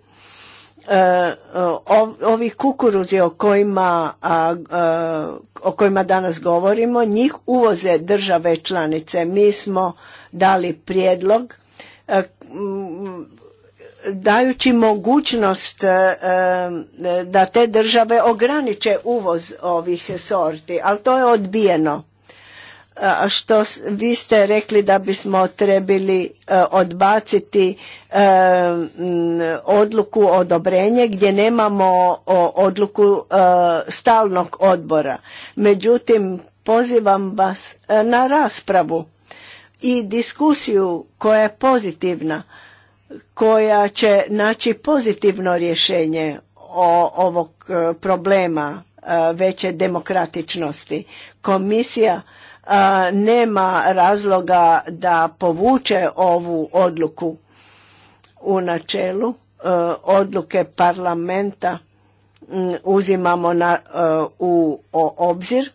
E, ovi kukuruzi o kojima, o kojima danas govorimo, njih uvoze države članice. Mi smo dali prijedlog e, dajući mogućnost e, e, da te države ograniče uvoz ovih sorti, ali to je odbijeno. Što vi ste rekli da bismo trebali odbaciti odluku odobrenje gdje nemamo odluku stalnog odbora. Međutim, pozivam vas na raspravu i diskusiju koja je pozitivna, koja će naći pozitivno rješenje o ovog e, problema e, veće demokratičnosti. Komisija e, nema razloga da povuče ovu odluku u načelu. odluke parlamenta uzimamo na, u obzir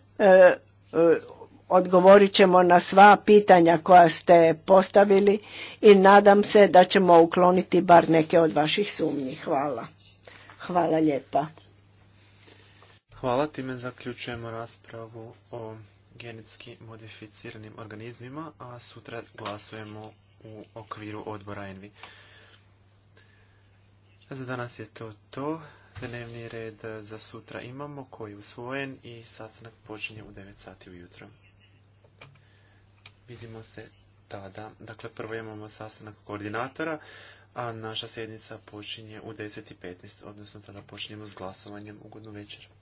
Odgovorit ćemo na sva pitanja koja ste postavili i nadam se da ćemo ukloniti bar neke od vaših sumnji. Hvala. Hvala lijepa. Hvala, time zaključujemo raspravu o genetski modificiranim organizmima, a sutra glasujemo u okviru odbora ENVI. Za danas je to to. Dnevni red za sutra imamo koji je usvojen i sastanak počinje u 9 sati ujutro. Vidimo se tada. Dakle, prvo imamo sastanak koordinatora, a naša sjednica počinje u 10.15, odnosno tada počinjemo s glasovanjem. Ugodnu večer.